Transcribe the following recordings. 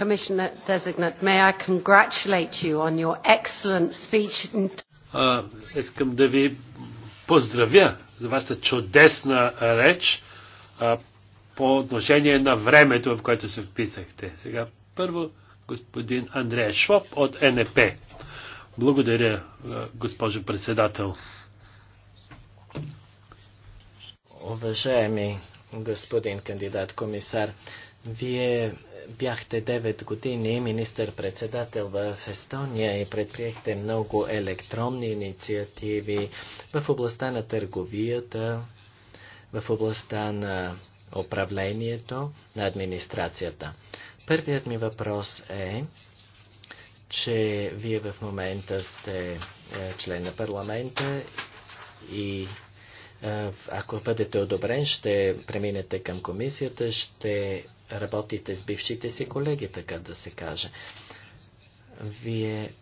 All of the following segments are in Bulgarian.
Commissioner Designate, may I congratulate you on your excellent speech. искам да ви поздравя за вашата чудесна реч по отношение на времето, в което се вписахте. Сега първо господин Андрея Швоб от НП. Благодаря, госпожо председател. Уважаеми господин кандидат комисар, вие бяхте 9 години министър-председател в Естония и предприехте много електронни инициативи в областта на търговията, в областта на управлението, на администрацията. Първият ми въпрос е, че вие в момента сте е, член на парламента и е, ако бъдете одобрен, ще преминете към комисията, ще работите с бившите си колеги, така да се каже. Вие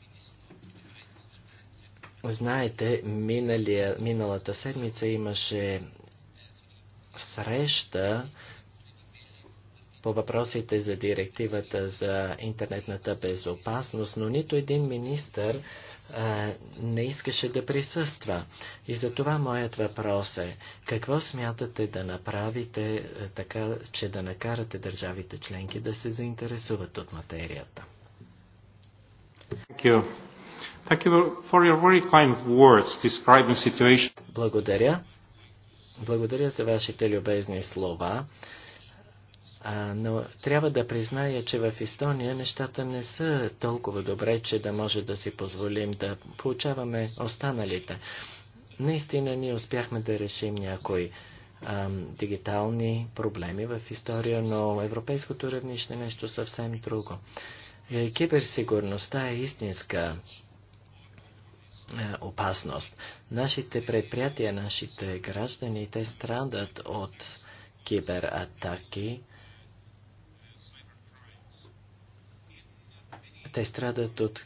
знаете, миналия, миналата седмица имаше среща по въпросите за директивата за интернетната безопасност, но нито един министър не искаше да присъства. И за това моят въпрос е, какво смятате да направите така, че да накарате държавите членки да се заинтересуват от материята? Thank you. Thank you for your very kind words describing situation. Благодаря. Благодаря за вашите любезни слова. А, но трябва да призная, че в Естония нещата не са толкова добре, че да може да си позволим да получаваме останалите. Наистина ние успяхме да решим някои а, дигитални проблеми в история, но европейското равнище е нещо съвсем друго. Е, киберсигурността е истинска е, опасност. Нашите предприятия, нашите граждани, те страдат от кибератаки Те страдат от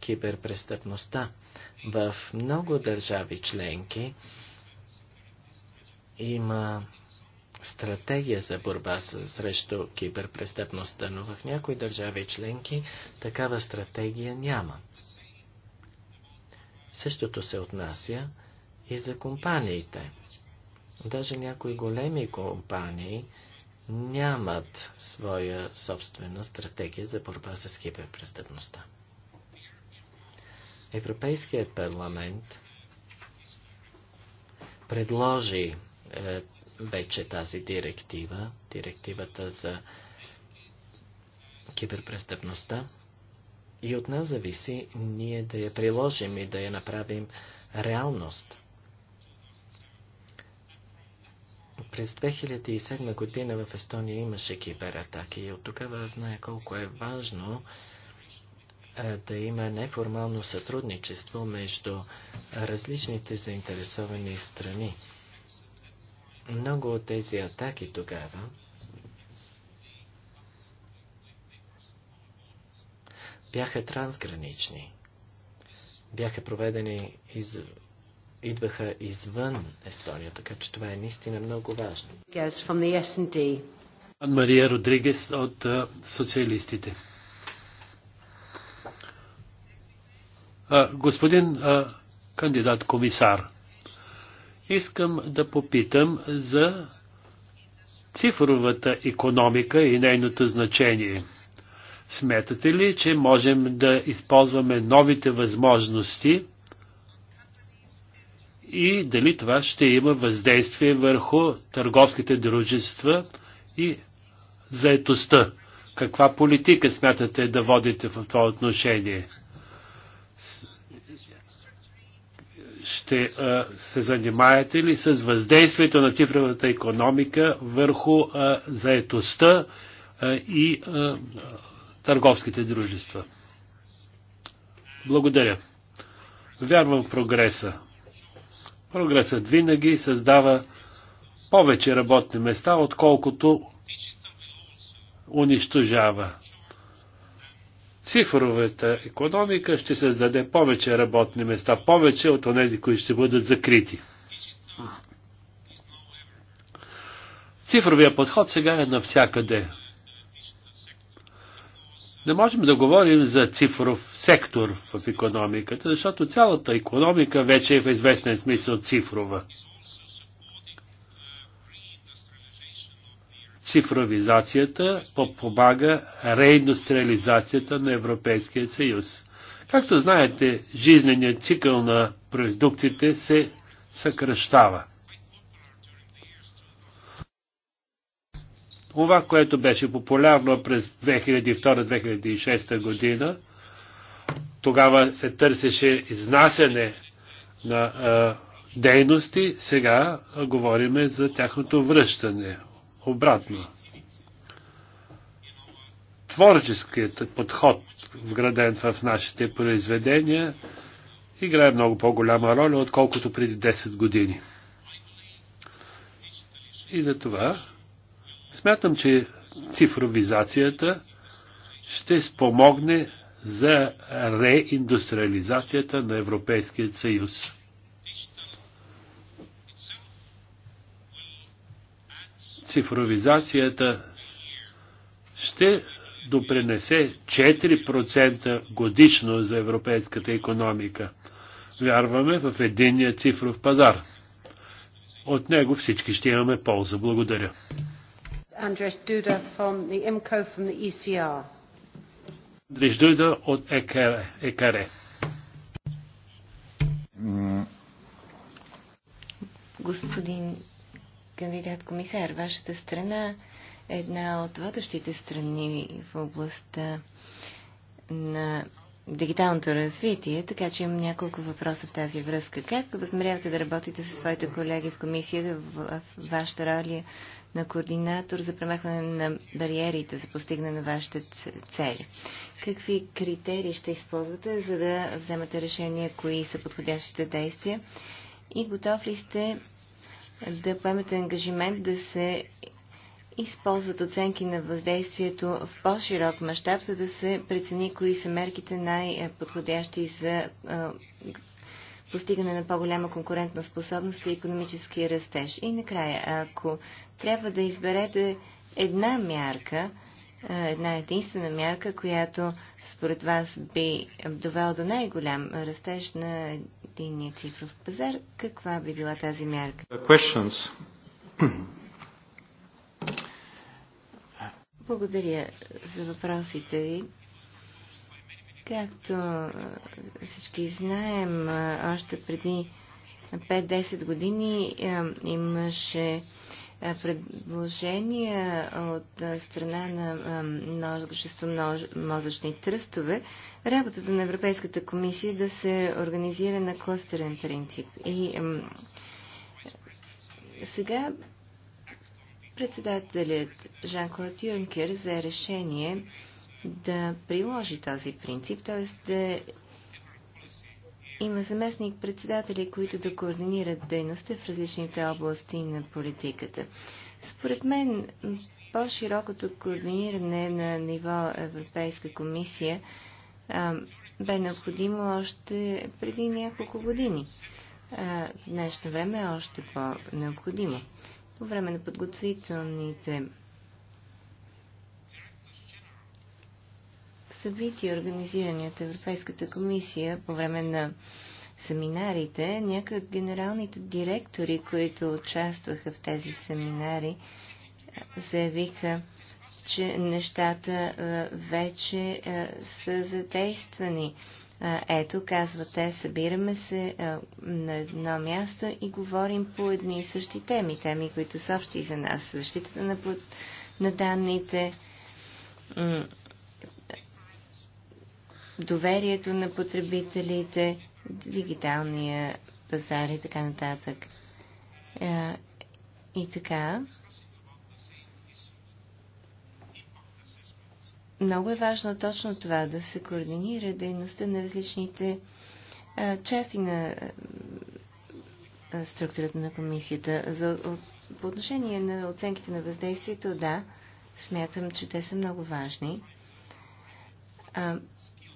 киберпрестъпността. В много държави членки има стратегия за борба срещу киберпрестъпността, но в някои държави членки такава стратегия няма. Същото се отнася и за компаниите. Даже някои големи компании нямат своя собствена стратегия за борба с киберпрестъпността. Европейският парламент предложи е, вече тази директива, директивата за киберпрестъпността и от нас зависи ние да я приложим и да я направим реалност – През 2007 година в Естония имаше кибератаки и от тогава знае колко е важно да има неформално сътрудничество между различните заинтересовани страни. Много от тези атаки тогава бяха трансгранични. Бяха проведени из идваха извън Естония, така че това е наистина много важно. Мария Родригес от социалистите. Господин кандидат комисар, искам да попитам за цифровата економика и нейното значение. Сметате ли, че можем да използваме новите възможности – и дали това ще има въздействие върху търговските дружества и заетостта. Каква политика смятате да водите в това отношение? Ще а, се занимаете ли с въздействието на цифровата економика върху а, заетостта а, и а, търговските дружества? Благодаря. Вярвам в прогреса. Прогресът винаги създава повече работни места, отколкото унищожава. Цифровата економика ще създаде повече работни места, повече от тези, които ще бъдат закрити. Цифровия подход сега е навсякъде. Не можем да говорим за цифров сектор в економиката, защото цялата економика вече е в известен смисъл цифрова. Цифровизацията помага реиндустриализацията на Европейския съюз. Както знаете, жизненият цикъл на продуктите се съкръщава. това, което беше популярно през 2002-2006 година, тогава се търсеше изнасяне на а, дейности, сега а, говориме за тяхното връщане. Обратно. Творческият подход, вграден в нашите произведения, играе много по-голяма роля, отколкото преди 10 години. И за това Смятам, че цифровизацията ще спомогне за реиндустриализацията на Европейския съюз. Цифровизацията ще допренесе 4% годишно за европейската економика. Вярваме в единния цифров пазар. От него всички ще имаме полза. Благодаря. Andres Duda from the IMCO from the ECR. Andres Duda od EKR. Господин кандидат комисар, вашата страна е една от водещите страни в областта на дигиталното развитие, така че имам няколко въпроса в тази връзка. Как възмерявате да работите с своите колеги в комисията в, в вашата роля на координатор за премахване на бариерите за постигане на вашите цели? Какви критерии ще използвате, за да вземате решение, кои са подходящите действия? И готов ли сте да поемете ангажимент да се използват оценки на въздействието в по-широк мащаб, за да се прецени кои са мерките най-подходящи за постигане на по-голяма конкурентна способност и економически растеж. И накрая, ако трябва да изберете една мярка, една единствена мярка, която според вас би довела до най-голям растеж на единния цифров пазар, каква би била тази мярка? Questions. Благодаря за въпросите ви. Както всички знаем, още преди 5-10 години е, имаше е, предложения от страна на е, множество мозъчни тръстове, работата на Европейската комисия да се организира на кластерен принцип. И сега Председателят Жан-Клод Юнкер взе решение да приложи този принцип, т.е. да има заместник председатели, които да координират дейността в различните области на политиката. Според мен по-широкото координиране на ниво Европейска комисия а, бе необходимо още преди няколко години. А, в днешно време е още по-необходимо по време на подготвителните събития, организирани от Европейската комисия по време на семинарите, някои от генералните директори, които участваха в тези семинари, заявиха, че нещата вече са задействани ето, казвате, събираме се на едно място и говорим по едни и същи теми, теми, които са общи и за нас. Защитата на, на данните, доверието на потребителите, дигиталния пазар и така нататък. И така, много е важно точно това да се координира дейността на различните а, части на а, структурата на комисията. За, от, по отношение на оценките на въздействието, да, смятам, че те са много важни. А,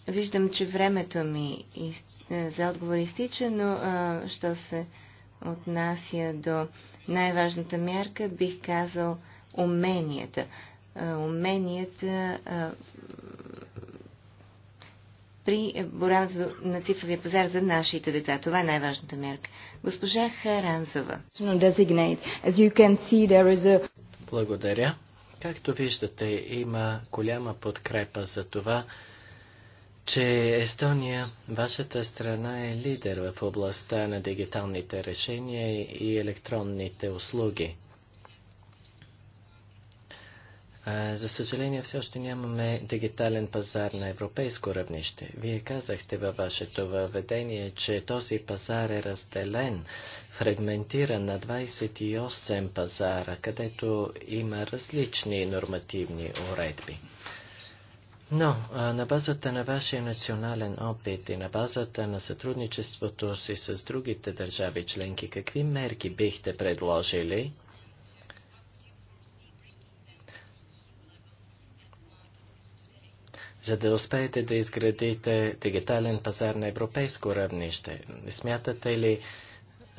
виждам, че времето ми из, а, е, за отговор изтича, но а, що се отнася до най-важната мярка, бих казал уменията уменията при бораването на цифровия пазар за нашите деца. Това е най-важната мерка. Госпожа Харанзова. Благодаря. Както виждате, има голяма подкрепа за това, че Естония, вашата страна е лидер в областта на дигиталните решения и електронните услуги. За съжаление, все още нямаме дигитален пазар на европейско равнище. Вие казахте във вашето въведение, че този пазар е разделен, фрагментиран на 28 пазара, където има различни нормативни уредби. Но на базата на вашия национален опит и на базата на сътрудничеството си с другите държави членки, какви мерки бихте предложили за да успеете да изградите дигитален пазар на европейско равнище? Смятате ли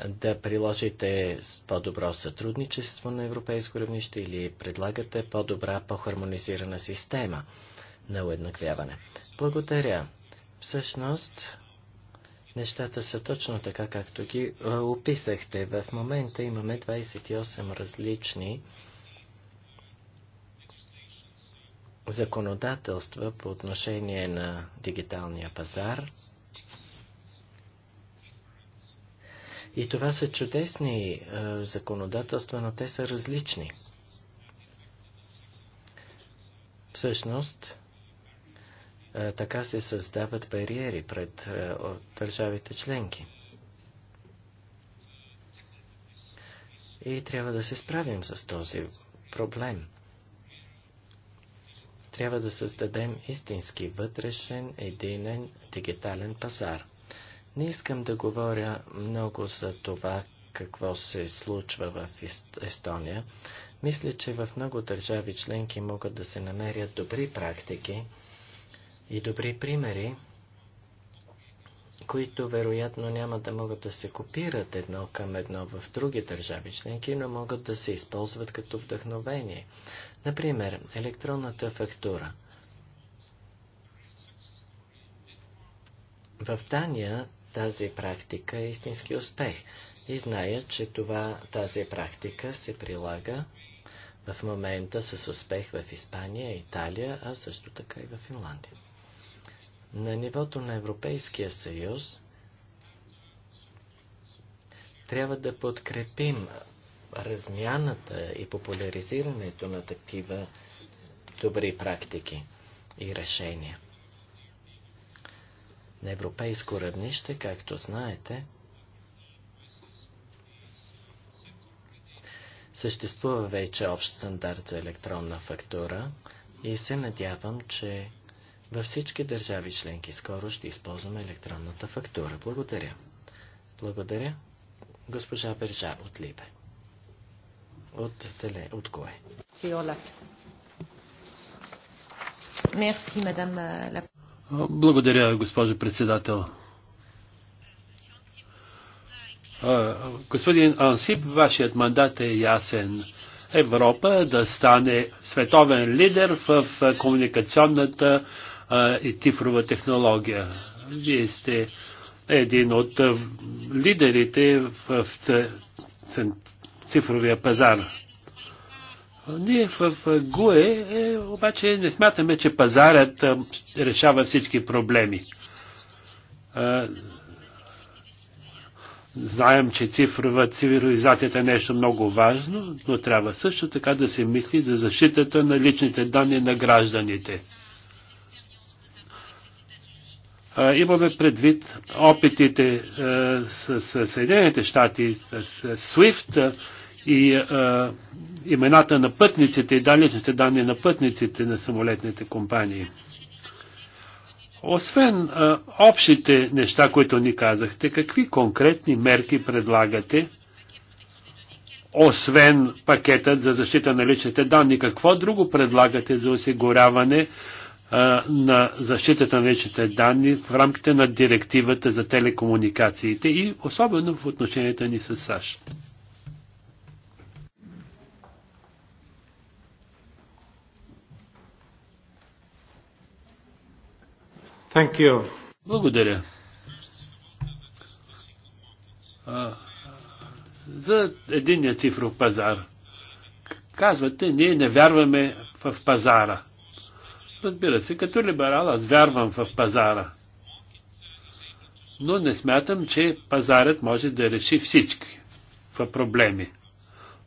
да приложите по-добро сътрудничество на европейско равнище или предлагате по-добра, по-хармонизирана система на уеднаквяване? Благодаря. Всъщност, нещата са точно така, както ги е, описахте. В момента имаме 28 различни законодателства по отношение на дигиталния пазар. И това са чудесни е, законодателства, но те са различни. Всъщност, е, така се създават бариери пред е, държавите членки. И трябва да се справим с този проблем – трябва да създадем истински вътрешен, единен, дигитален пазар. Не искам да говоря много за това, какво се случва в Естония. Мисля, че в много държави членки могат да се намерят добри практики и добри примери, които вероятно няма да могат да се копират едно към едно в други държави членки, но могат да се използват като вдъхновение. Например, електронната фактура. В Дания тази практика е истински успех и зная, че това, тази практика се прилага в момента с успех в Испания, Италия, а също така и в Финландия. На нивото на Европейския съюз трябва да подкрепим размяната и популяризирането на такива добри практики и решения. На европейско равнище, както знаете, съществува вече общ стандарт за електронна фактура и се надявам, че във всички държави членки скоро ще използваме електронната фактура. Благодаря. Благодаря. Госпожа Бержа от Либе. От Зеле, от Кое. Мерси, мадам. Благодаря, госпожа председател. Господин Ансип, вашият мандат е ясен. Европа да стане световен лидер в комуникационната а, и цифрова технология. Вие сте един от лидерите в цифровия пазар. Ние в ГУЕ е, обаче не смятаме, че пазарът решава всички проблеми. Знаем, че цифрова цивилизацията е нещо много важно, но трябва също така да се мисли за защитата на личните данни на гражданите. Имаме предвид опитите с Съединените щати, с SWIFT и имената на пътниците и далечните данни на пътниците на самолетните компании. Освен а, общите неща, които ни казахте, какви конкретни мерки предлагате, освен пакетът за защита на личните данни, какво друго предлагате за осигуряване на защитата на личните данни в рамките на директивата за телекомуникациите и особено в отношенията ни с САЩ. Thank you. Благодаря. А, за единия цифров пазар. Казвате, ние не вярваме в пазара. Разбира се, като либерал аз вярвам в пазара. Но не смятам, че пазарът може да реши всички проблеми.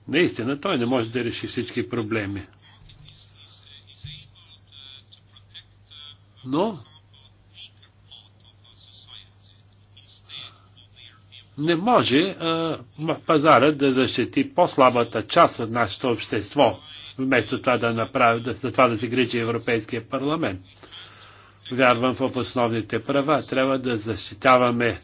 Наистина, той не може да реши всички проблеми. Но не може а, пазара да защити по-слабата част от нашето общество – вместо това да, направи, да, за това да се грижи Европейския парламент. Вярвам в основните права. Трябва да защитаваме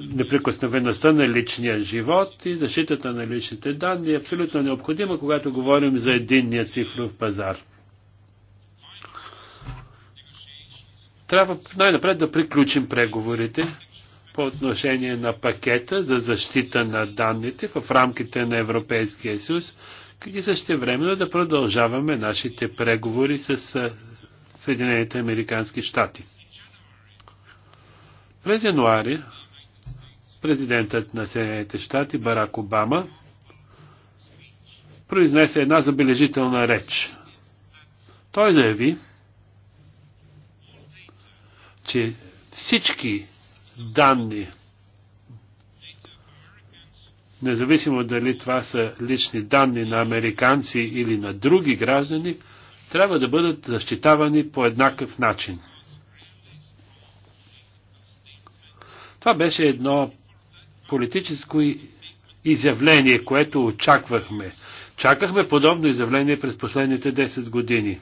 неприкосновеността на личния живот и защитата на личните данни е абсолютно необходима, когато говорим за единния цифров пазар. Трябва най-напред да приключим преговорите по отношение на пакета за защита на данните в рамките на Европейския съюз и времено да продължаваме нашите преговори с Съединените Американски щати. През януари президентът на Съединените щати Барак Обама произнесе една забележителна реч. Той заяви, че всички данни независимо дали това са лични данни на американци или на други граждани, трябва да бъдат защитавани по еднакъв начин. Това беше едно политическо изявление, което очаквахме. Чакахме подобно изявление през последните 10 години.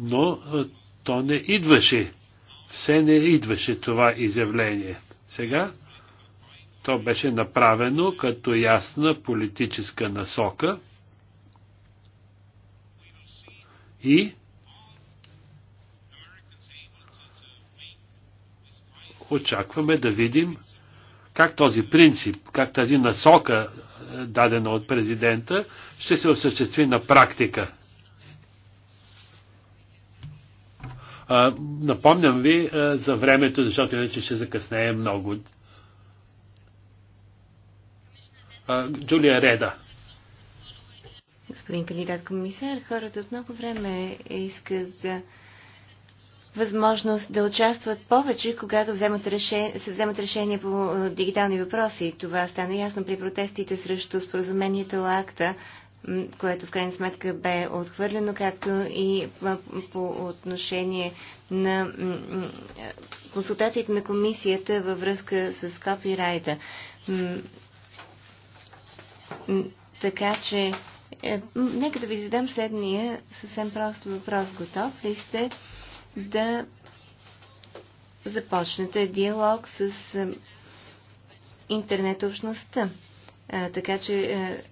Но то не идваше. Все не идваше това изявление. Сега то беше направено като ясна политическа насока и очакваме да видим как този принцип, как тази насока, е, дадена от президента, ще се осъществи на практика. напомням ви за времето, защото иначе ще закъснее много. Джулия Реда. Господин кандидат комисар, хората от много време искат да възможност да участват повече, когато вземат решение, се вземат решения по дигитални въпроси. Това стана ясно при протестите срещу споразумението АКТА, което в крайна сметка бе отхвърлено, както и по отношение на консултациите на комисията във връзка с копирайта. Така че, е, нека да ви задам следния съвсем прост въпрос. Готов ли сте да започнете диалог с е, интернет общността? Е, така че е,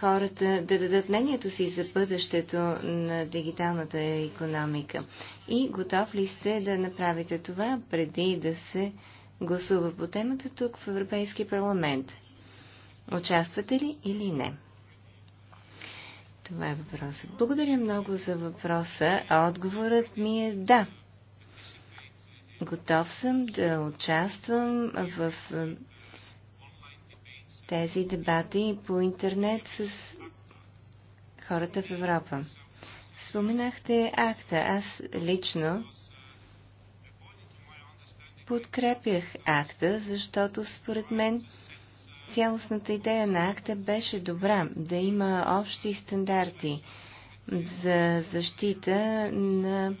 хората да дадат мнението си за бъдещето на дигиталната економика. И готов ли сте да направите това преди да се гласува по темата тук в Европейския парламент? Участвате ли или не? Това е въпросът. Благодаря много за въпроса, а отговорът ми е да. Готов съм да участвам в е, тези дебати по интернет с хората в Европа. Споменахте акта. Аз лично подкрепях акта, защото според мен цялостната идея на акта беше добра, да има общи стандарти за защита на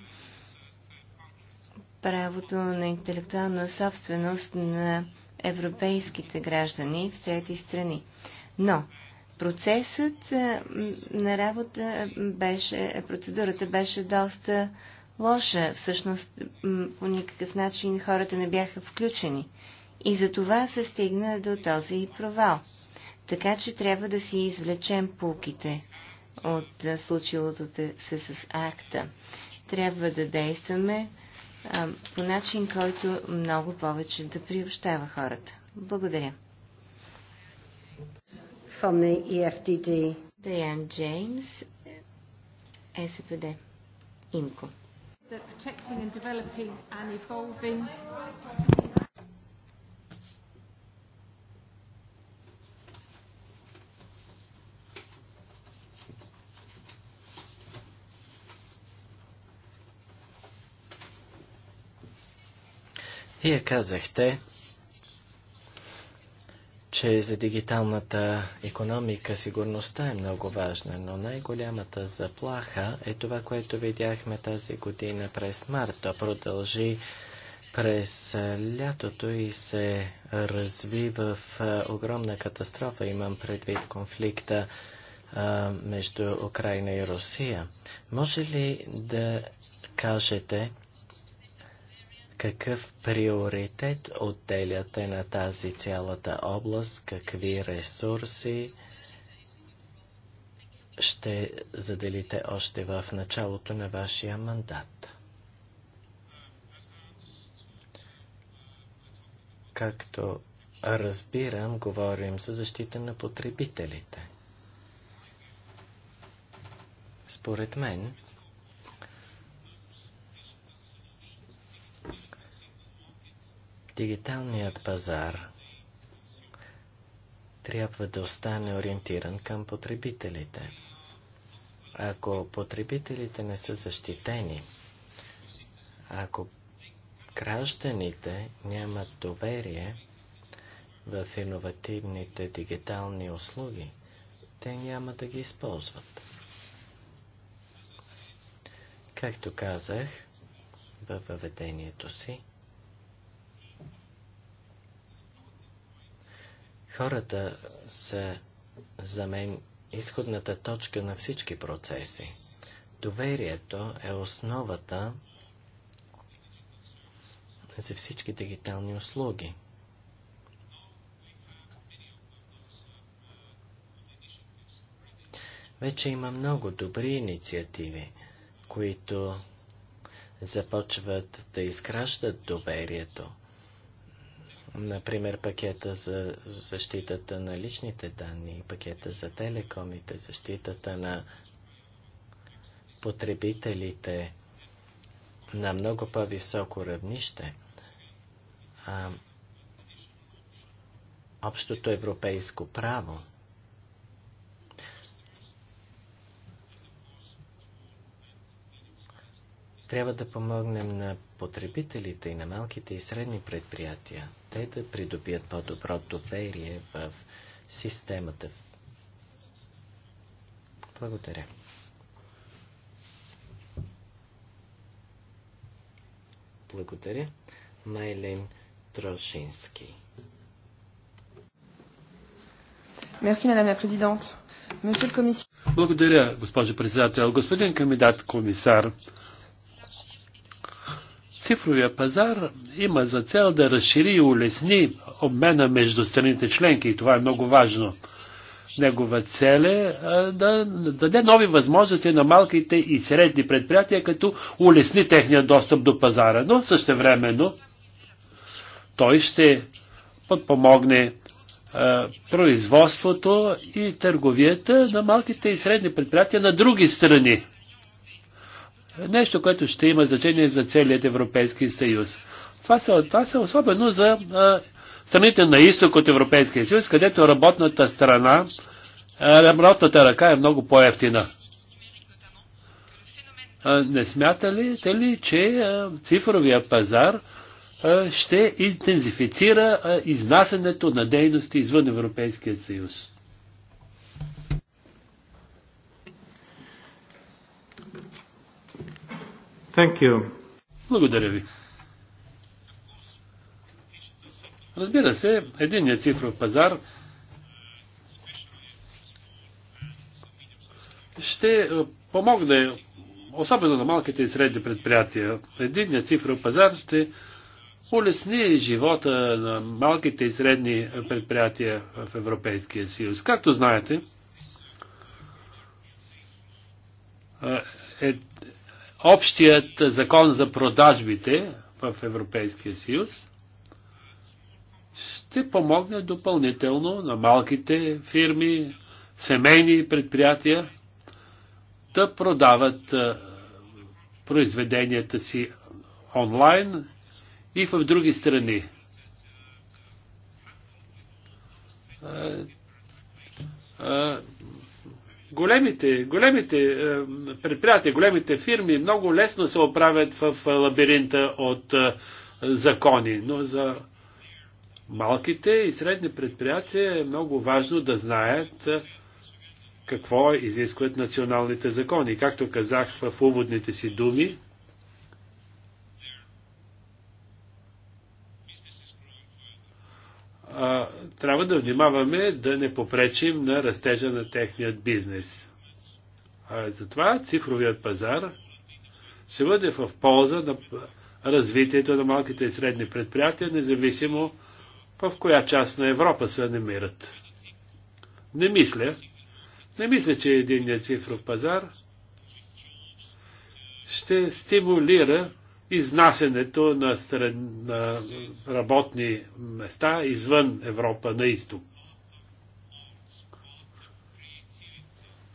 правото на интелектуална собственост на европейските граждани в трети страни. Но процесът е, на работа беше, процедурата беше доста лоша. Всъщност по никакъв начин хората не бяха включени. И за това се стигна до този провал. Така че трябва да си извлечем пулките от случилото се с акта. Трябва да действаме а, по начин, който много повече да приобщава хората. Благодаря. From the EFDD. Даян Джеймс, е СПД. Имко. protecting and developing and evolving Вие казахте, че за дигиталната економика сигурността е много важна, но най-голямата заплаха е това, което видяхме тази година през марта. Продължи през лятото и се разви в огромна катастрофа. Имам предвид конфликта между Украина и Русия. Може ли да кажете какъв приоритет отделяте на тази цялата област, какви ресурси ще заделите още в началото на вашия мандат. Както разбирам, говорим за защита на потребителите. Според мен, Дигиталният пазар трябва да остане ориентиран към потребителите. Ако потребителите не са защитени, ако гражданите нямат доверие в иновативните дигитални услуги, те няма да ги използват. Както казах във въведението си, Хората са за мен изходната точка на всички процеси. Доверието е основата за всички дигитални услуги. Вече има много добри инициативи, които започват да изкращат доверието. Например, пакета за защитата на личните данни, пакета за телекомите, защитата на потребителите на много по-високо равнище. А, общото европейско право. Трябва да помогнем на потребителите и на малките и средни предприятия те да придобият по-добро доверие в системата. Благодаря. Благодаря. Майлен Трошински. Мерси, мадам ла президент. Благодаря, госпожо председател. Господин кандидат комисар, Цифровия пазар има за цел да разшири и улесни обмена между страните членки и това е много важно. Негова цел е да даде нови възможности на малките и средни предприятия, като улесни техния достъп до пазара, но същевременно той ще подпомогне производството и търговията на малките и средни предприятия на други страни. Нещо, което ще има значение за целият Европейски съюз. Това са, това са особено за а, страните на изток от Европейския съюз, където работната страна, работната ръка е много по-ефтина. Не смятате ли, че цифровия пазар ще интензифицира изнасянето на дейности извън Европейския съюз? Thank you. Благодаря ви. Разбира се, единният цифров пазар ще е, помогне, особено на малките и средни предприятия. Единният цифров пазар ще улесни живота на малките и средни предприятия в Европейския съюз. Както знаете, е, е общият закон за продажбите в Европейския съюз ще помогне допълнително на малките фирми, семейни предприятия да продават произведенията си онлайн и в други страни големите, големите е, предприятия, големите фирми много лесно се оправят в е, лабиринта от е, закони, но за малките и средни предприятия е много важно да знаят какво изискват националните закони. Както казах в уводните си думи, трябва да внимаваме да не попречим на растежа на техният бизнес. А затова цифровият пазар ще бъде в полза на развитието на малките и средни предприятия, независимо в коя част на Европа се намират. Не мисля, не мисля, че единният цифров пазар ще стимулира изнасенето на, сред, на работни места извън Европа на изток.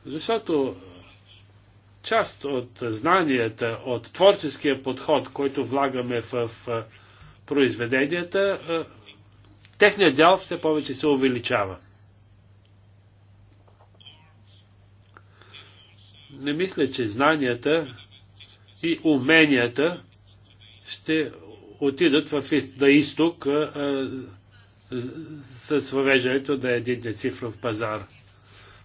Защото част от знанията, от творческия подход, който влагаме в произведенията, е, техният дял все повече се увеличава. Не мисля, че знанията и уменията ще отидат в, на изток с въвеждането на да един цифров пазар.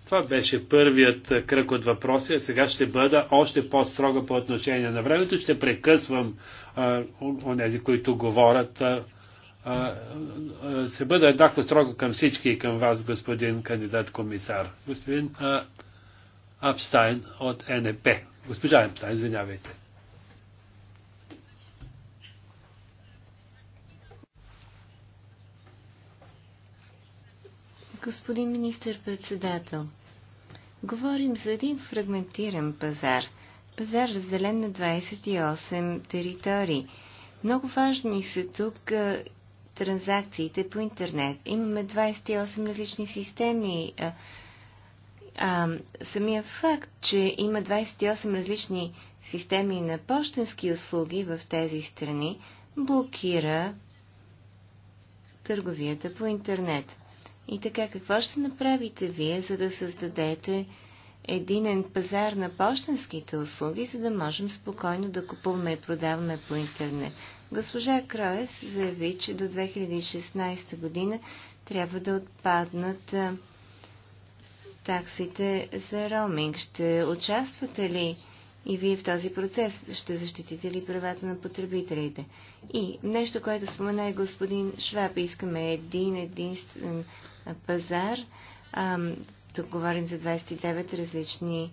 Това беше първият кръг от въпроси, а сега ще бъда още по-строга по отношение на времето. Ще прекъсвам онези, които говорят. А, а, а, се бъда еднакво строго към всички и към вас, господин кандидат комисар. Господин а, Апстайн от НП. Госпожа Апстайн, извинявайте. Господин министър-председател, говорим за един фрагментиран пазар. Пазар разделен на 28 територии. Много важни са тук транзакциите по интернет. Имаме 28 различни системи. А, а, самия факт, че има 28 различни системи на почтенски услуги в тези страни, блокира търговията по интернет. И така, какво ще направите вие, за да създадете единен пазар на почтенските услуги, за да можем спокойно да купуваме и продаваме по интернет? Госпожа Кроес заяви, че до 2016 година трябва да отпаднат таксите за роуминг. Ще участвате ли и вие в този процес ще защитите ли правата на потребителите? И нещо, което спомена и господин Шваб, искаме един единствен пазар. Ам, тук говорим за 29 различни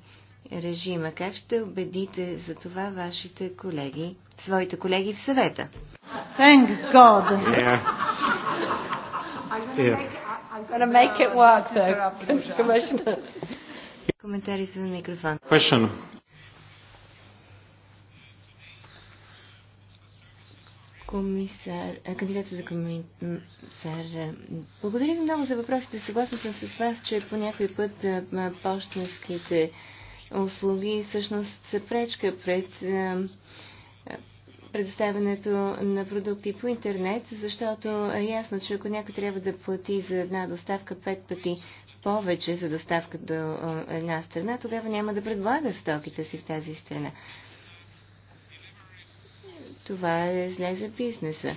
режима. Как ще убедите за това вашите колеги, своите колеги в съвета? Thank God! Yeah. I'm make it work, though, Commissioner. Коментари за микрофон. Question. комисар, кандидата за комисар. Благодаря ви много за въпросите. Съгласна съм с вас, че по някой път почтенските услуги всъщност са пречка пред предоставянето на продукти по интернет, защото е ясно, че ако някой трябва да плати за една доставка пет пъти повече за доставка до една страна, тогава няма да предлага стоките си в тази страна. Това е зле за бизнеса.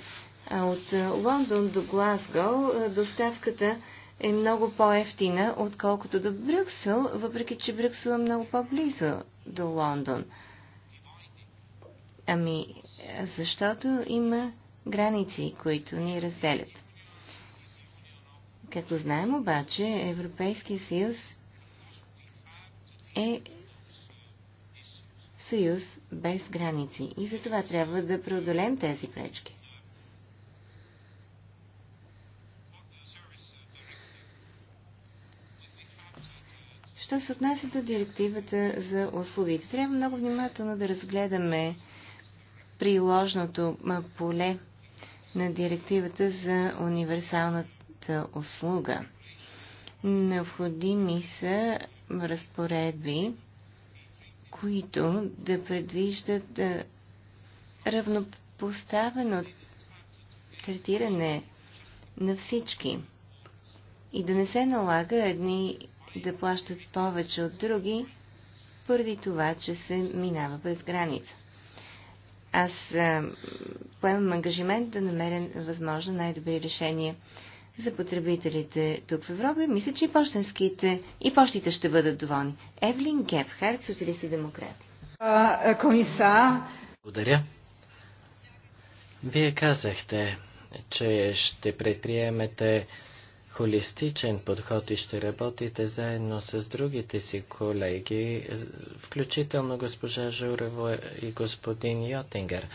А от е, Лондон до Глазго е, доставката е много по-ефтина, отколкото до Брюксел, въпреки че Брюксел е много по-близо до Лондон. Ами, защото има граници, които ни разделят. Както знаем обаче, Европейския съюз е съюз без граници. И за това трябва да преодолем тези пречки. Що се отнася до директивата за услугите, трябва много внимателно да разгледаме приложното поле на директивата за универсалната услуга. Необходими са разпоредби, които да предвиждат равнопоставено третиране на всички и да не се налага едни да плащат повече от други, поради това, че се минава през граница. Аз а, поемам ангажимент да намеря възможно най-добри решения за потребителите тук в Европа. Мисля, че и почтенските и почтите ще бъдат доволни. Евлин Гепхард, социалисти демократи. Е, комисар. Благодаря. Вие казахте, че ще предприемете холистичен подход и ще работите заедно с другите си колеги, включително госпожа Журево и господин Йотингер.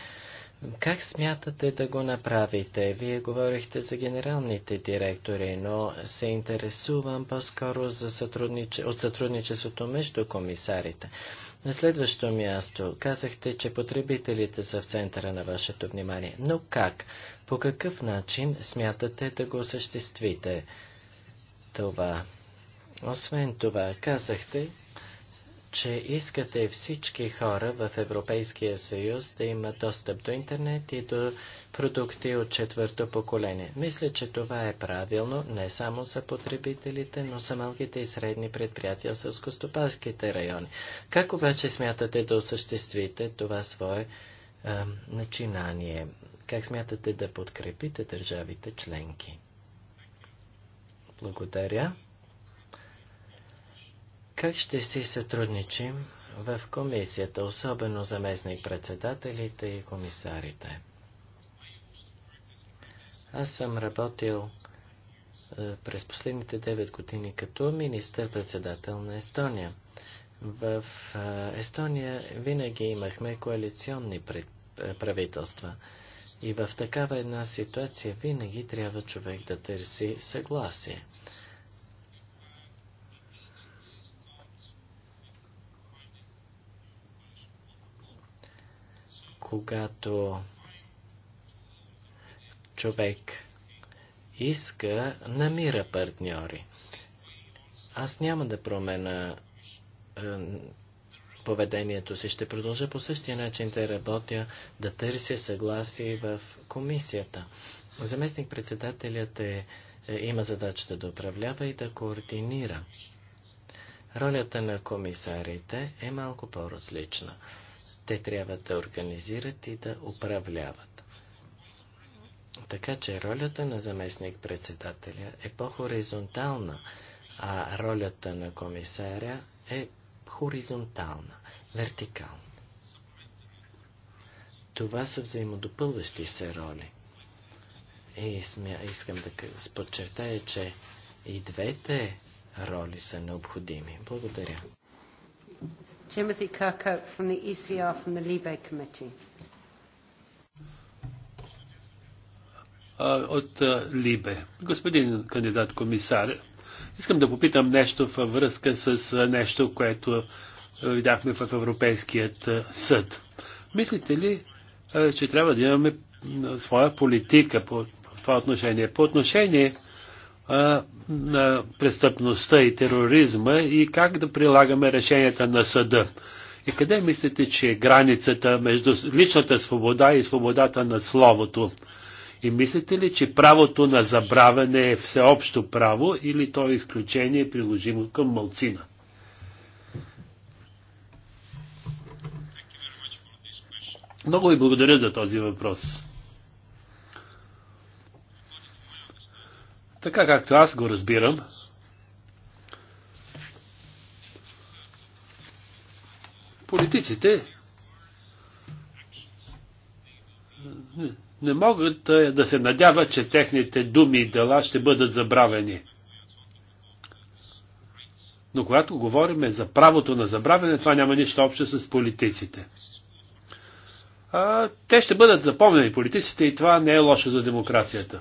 Как смятате да го направите? Вие говорихте за генералните директори, но се интересувам по-скоро за сътруднич... от сътрудничеството между комисарите. На следващо място казахте, че потребителите са в центъра на вашето внимание. Но как? По какъв начин смятате да го осъществите това? Освен това, казахте, че искате всички хора в Европейския съюз да имат достъп до интернет и до продукти от четвърто поколение. Мисля, че това е правилно не само за потребителите, но за малките и средни предприятия с сълскостопанските райони. Как обаче смятате да осъществите това свое е, начинание? Как смятате да подкрепите държавите членки? Благодаря. Как ще си сътрудничим в комисията, особено заместник-председателите и комисарите? Аз съм работил е, през последните 9 години като министър-председател на Естония. В е, Естония винаги имахме коалиционни е, правителства. И в такава една ситуация винаги трябва човек да търси съгласие. когато човек иска, намира партньори. Аз няма да променя е, поведението си. Ще продължа по същия начин да работя, да търся съгласие в комисията. Заместник-председателят е, е, има задачата да управлява и да координира. Ролята на комисарите е малко по-различна. Те трябва да организират и да управляват. Така че ролята на заместник-председателя е по-хоризонтална, а ролята на комисаря е хоризонтална, вертикална. Това са взаимодопълващи се роли. И смя, искам да подчертая, че и двете роли са необходими. Благодаря. Timothy Kirkhope from the ECR from the Libe Committee. Uh, от Либе. Uh, Господин кандидат комисар, искам да попитам нещо във връзка с uh, нещо, което видяхме в Европейският съд. Мислите ли, че трябва да имаме своя политика по това отношение? По отношение на престъпността и тероризма и как да прилагаме решенията на съда. И къде мислите, че е границата между личната свобода и свободата на словото? И мислите ли, че правото на забравяне е всеобщо право или то е изключение приложимо към мълцина? Много ви благодаря за този въпрос. Така както аз го разбирам, политиците не могат да се надяват, че техните думи и дела ще бъдат забравени. Но когато говорим за правото на забравяне, това няма нищо общо с политиците. А, те ще бъдат запомнени политиците и това не е лошо за демокрацията.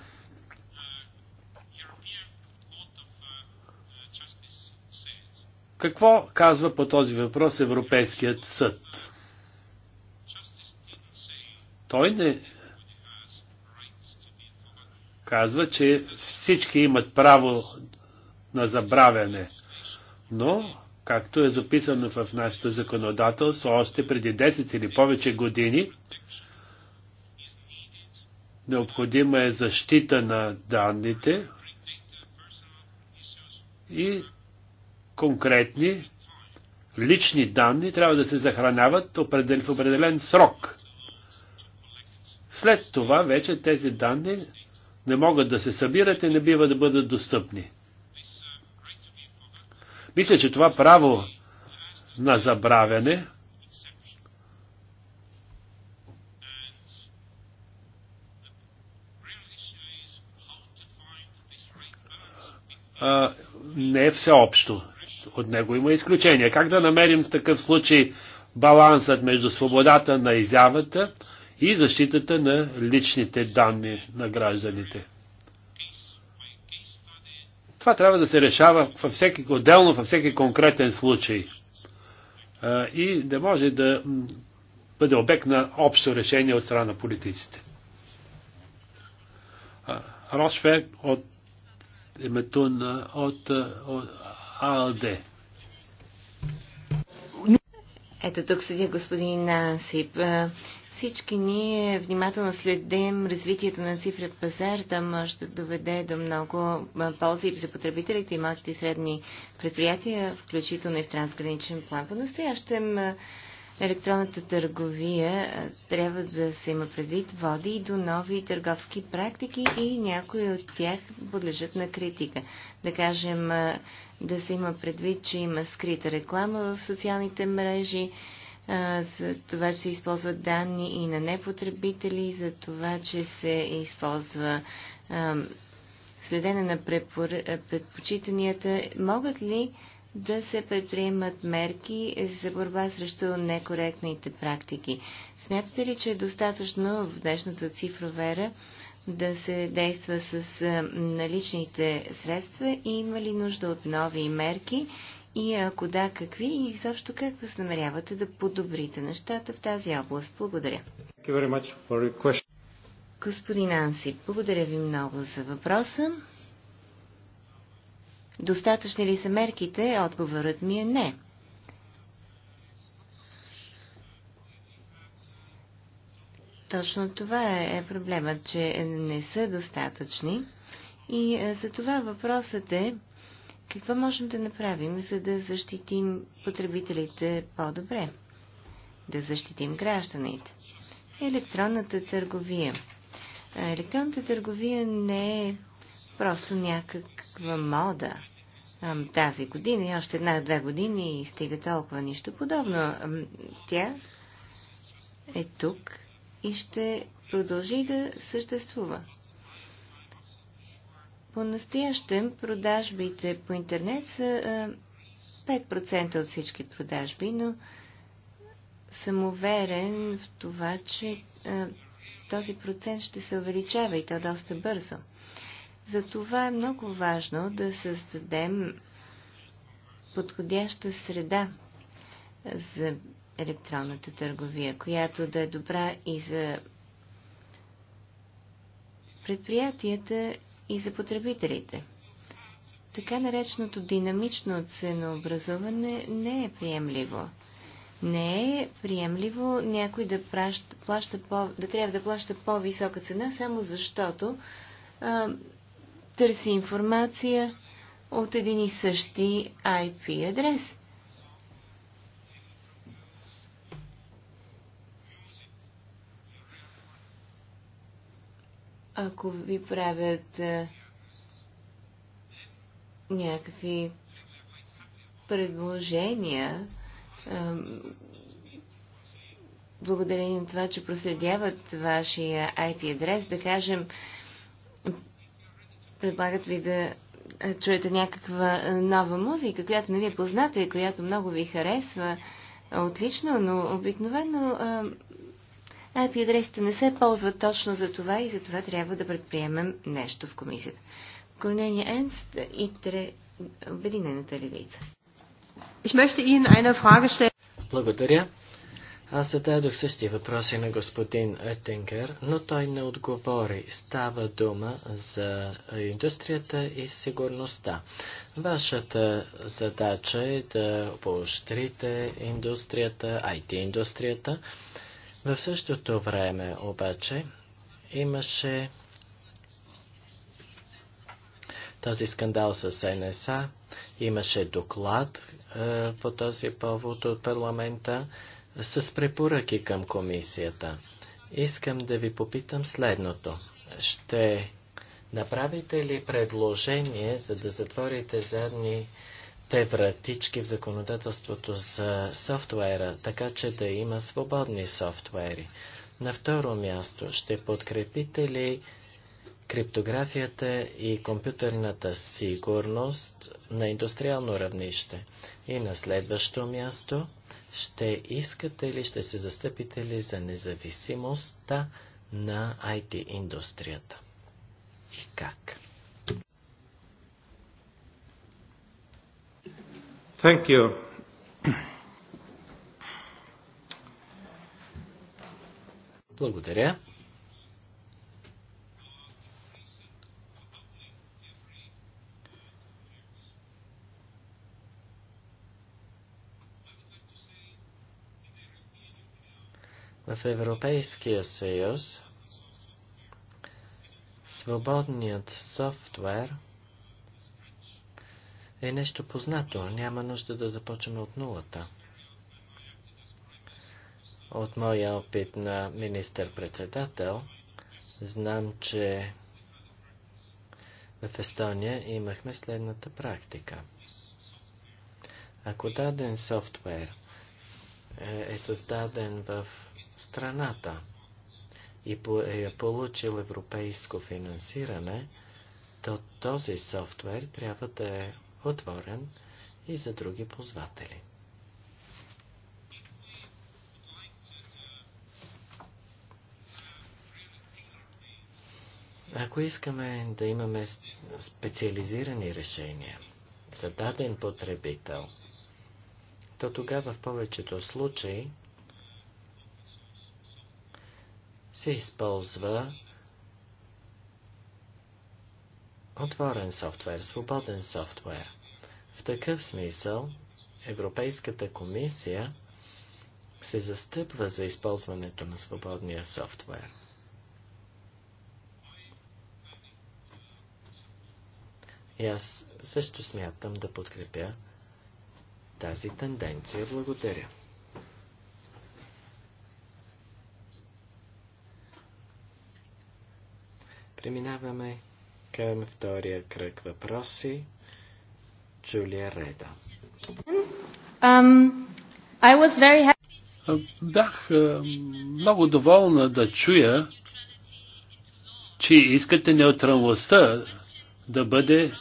Какво казва по този въпрос Европейският съд? Той не казва, че всички имат право на забравяне, но, както е записано в нашето законодателство, още преди 10 или повече години, необходима е защита на данните и конкретни лични данни трябва да се захраняват в определен срок. След това вече тези данни не могат да се събират и не бива да бъдат достъпни. Мисля, че това право на забравяне не е всеобщо от него има изключения. Как да намерим в такъв случай балансът между свободата на изявата и защитата на личните данни на гражданите? Това трябва да се решава във всеки, отделно във всеки конкретен случай и да може да бъде обект на общо решение от страна на политиците. Рошфер от името на, от, от АЛД. Ето тук седя господин Насип. Всички ние внимателно следим развитието на цифра пазар. Да може да доведе до много ползи за потребителите и малките и средни предприятия, включително и в трансграничен план. По настоящем електронната търговия трябва да се има предвид, води и до нови търговски практики и някои от тях подлежат на критика. Да кажем, да се има предвид, че има скрита реклама в социалните мрежи, за това, че се използват данни и на непотребители, за това, че се използва следене на предпочитанията. Могат ли да се предприемат мерки за борба срещу некоректните практики? Смятате ли, че е достатъчно в днешната цифровера да се действа с наличните средства и има ли нужда от нови мерки и ако да, какви и също, как възнамерявате да подобрите нещата в тази област? Благодаря. Господин Анси, благодаря ви много за въпроса. Достатъчни ли са мерките? Отговорът ми е не. Точно това е, е проблема, че не са достатъчни. И е, за това въпросът е какво можем да направим, за да защитим потребителите по-добре, да защитим гражданите. Електронната търговия. Електронната търговия не е просто някаква мода тази година и още една-две години и стига толкова нищо подобно. Тя е тук и ще продължи да съществува. По-настоящем продажбите по интернет са 5% от всички продажби, но съм уверен в това, че този процент ще се увеличава и то доста бързо. Затова е много важно да създадем подходяща среда за електронната търговия, която да е добра и за предприятията и за потребителите. Така нареченото динамично ценообразуване не е приемливо. Не е приемливо някой да, праща, плаща по, да трябва да плаща по-висока цена, само защото а, търси информация от един и същи IP адрес. ако ви правят а, някакви предложения, а, благодарение на това, че проследяват вашия IP адрес, да кажем, предлагат ви да чуете някаква нова музика, която не ви е позната и която много ви харесва, отлично, но обикновено IP адресите не се ползват точно за това и за това трябва да предприемем нещо в комисията. Корнелия Енст и Тре... Обединената левица. Благодаря. Аз зададох същия въпроси на господин Оттингер, но той не отговори. Става дума за индустрията и сигурността. Вашата задача е да поощрите индустрията, IT-индустрията, в същото време обаче имаше този скандал с НСА, имаше доклад е, по този повод от парламента с препоръки към комисията. Искам да ви попитам следното. Ще направите ли предложение, за да затворите задни те вратички в законодателството за софтуера, така че да има свободни софтуери. На второ място, ще подкрепите ли криптографията и компютърната сигурност на индустриално равнище? И на следващо място, ще искате ли, ще се застъпите ли за независимостта на IT индустрията? И как? Thank you. Благодаря. В Европейския съюз свободният софтуер е нещо познато. Няма нужда да започваме от нулата. От моя опит на министър-председател знам, че в Естония имахме следната практика. Ако даден софтуер е, е създаден в страната и е получил европейско финансиране, то този софтуер трябва да е отворен и за други ползватели. Ако искаме да имаме специализирани решения за даден потребител, то тогава в повечето случаи се използва отворен софтуер, свободен софтуер. В такъв смисъл Европейската комисия се застъпва за използването на свободния софтуер. И аз също смятам да подкрепя тази тенденция. Благодаря. Преминаваме към втория кръг въпроси. Джулия Реда. Бях много доволна да чуя, че искате неутралността да бъде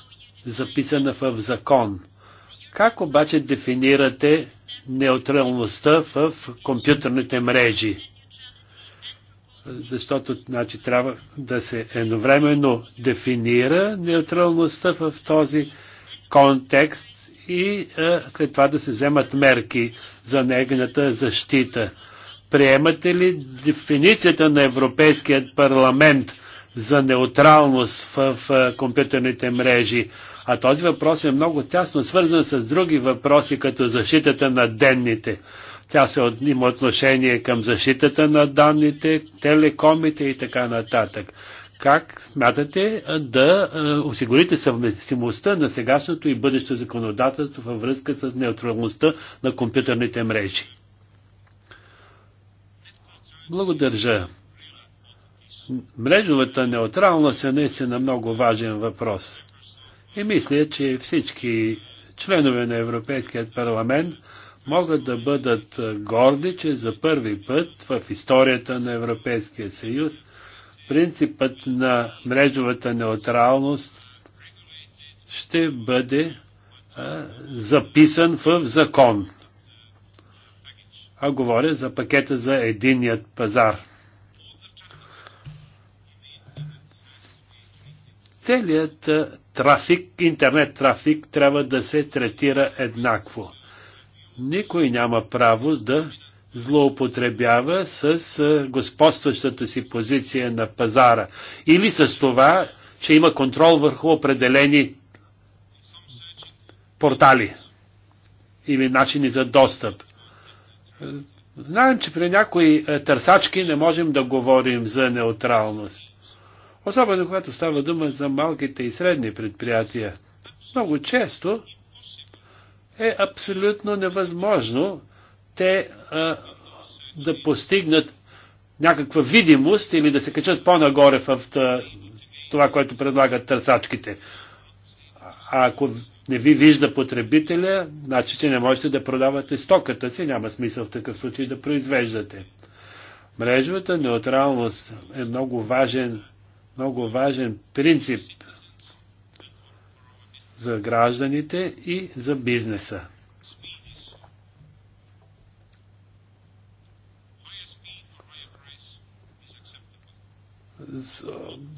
записана в закон. Как обаче дефинирате неутралността в компютърните мрежи? защото значи, трябва да се едновременно дефинира неутралността в този контекст и а, след това да се вземат мерки за нейната защита. Приемате ли дефиницията на Европейският парламент за неутралност в, в компютърните мрежи. А този въпрос е много тясно свързан с други въпроси, като защитата на денните. Тя се от, има отношение към защитата на данните, телекомите и така нататък. Как смятате да осигурите съвместимостта на сегашното и бъдещо законодателство във връзка с неутралността на компютърните мрежи? Благодаря мрежовата неутралност е наистина много важен въпрос. И мисля, че всички членове на Европейският парламент могат да бъдат горди, че за първи път в историята на Европейския съюз принципът на мрежовата неутралност ще бъде а, записан в закон. А говоря за пакета за единият пазар. целият трафик, интернет трафик трябва да се третира еднакво. Никой няма право да злоупотребява с господстващата си позиция на пазара или с това, че има контрол върху определени портали или начини за достъп. Знаем, че при някои търсачки не можем да говорим за неутралност. Особено когато става дума за малките и средни предприятия. Много често е абсолютно невъзможно те а, да постигнат някаква видимост или да се качат по-нагоре в това, което предлагат търсачките. А ако не ви вижда потребителя, значи, че не можете да продавате стоката си, няма смисъл в такъв случай да произвеждате. Мрежовата неутралност е много важен много важен принцип за гражданите и за бизнеса.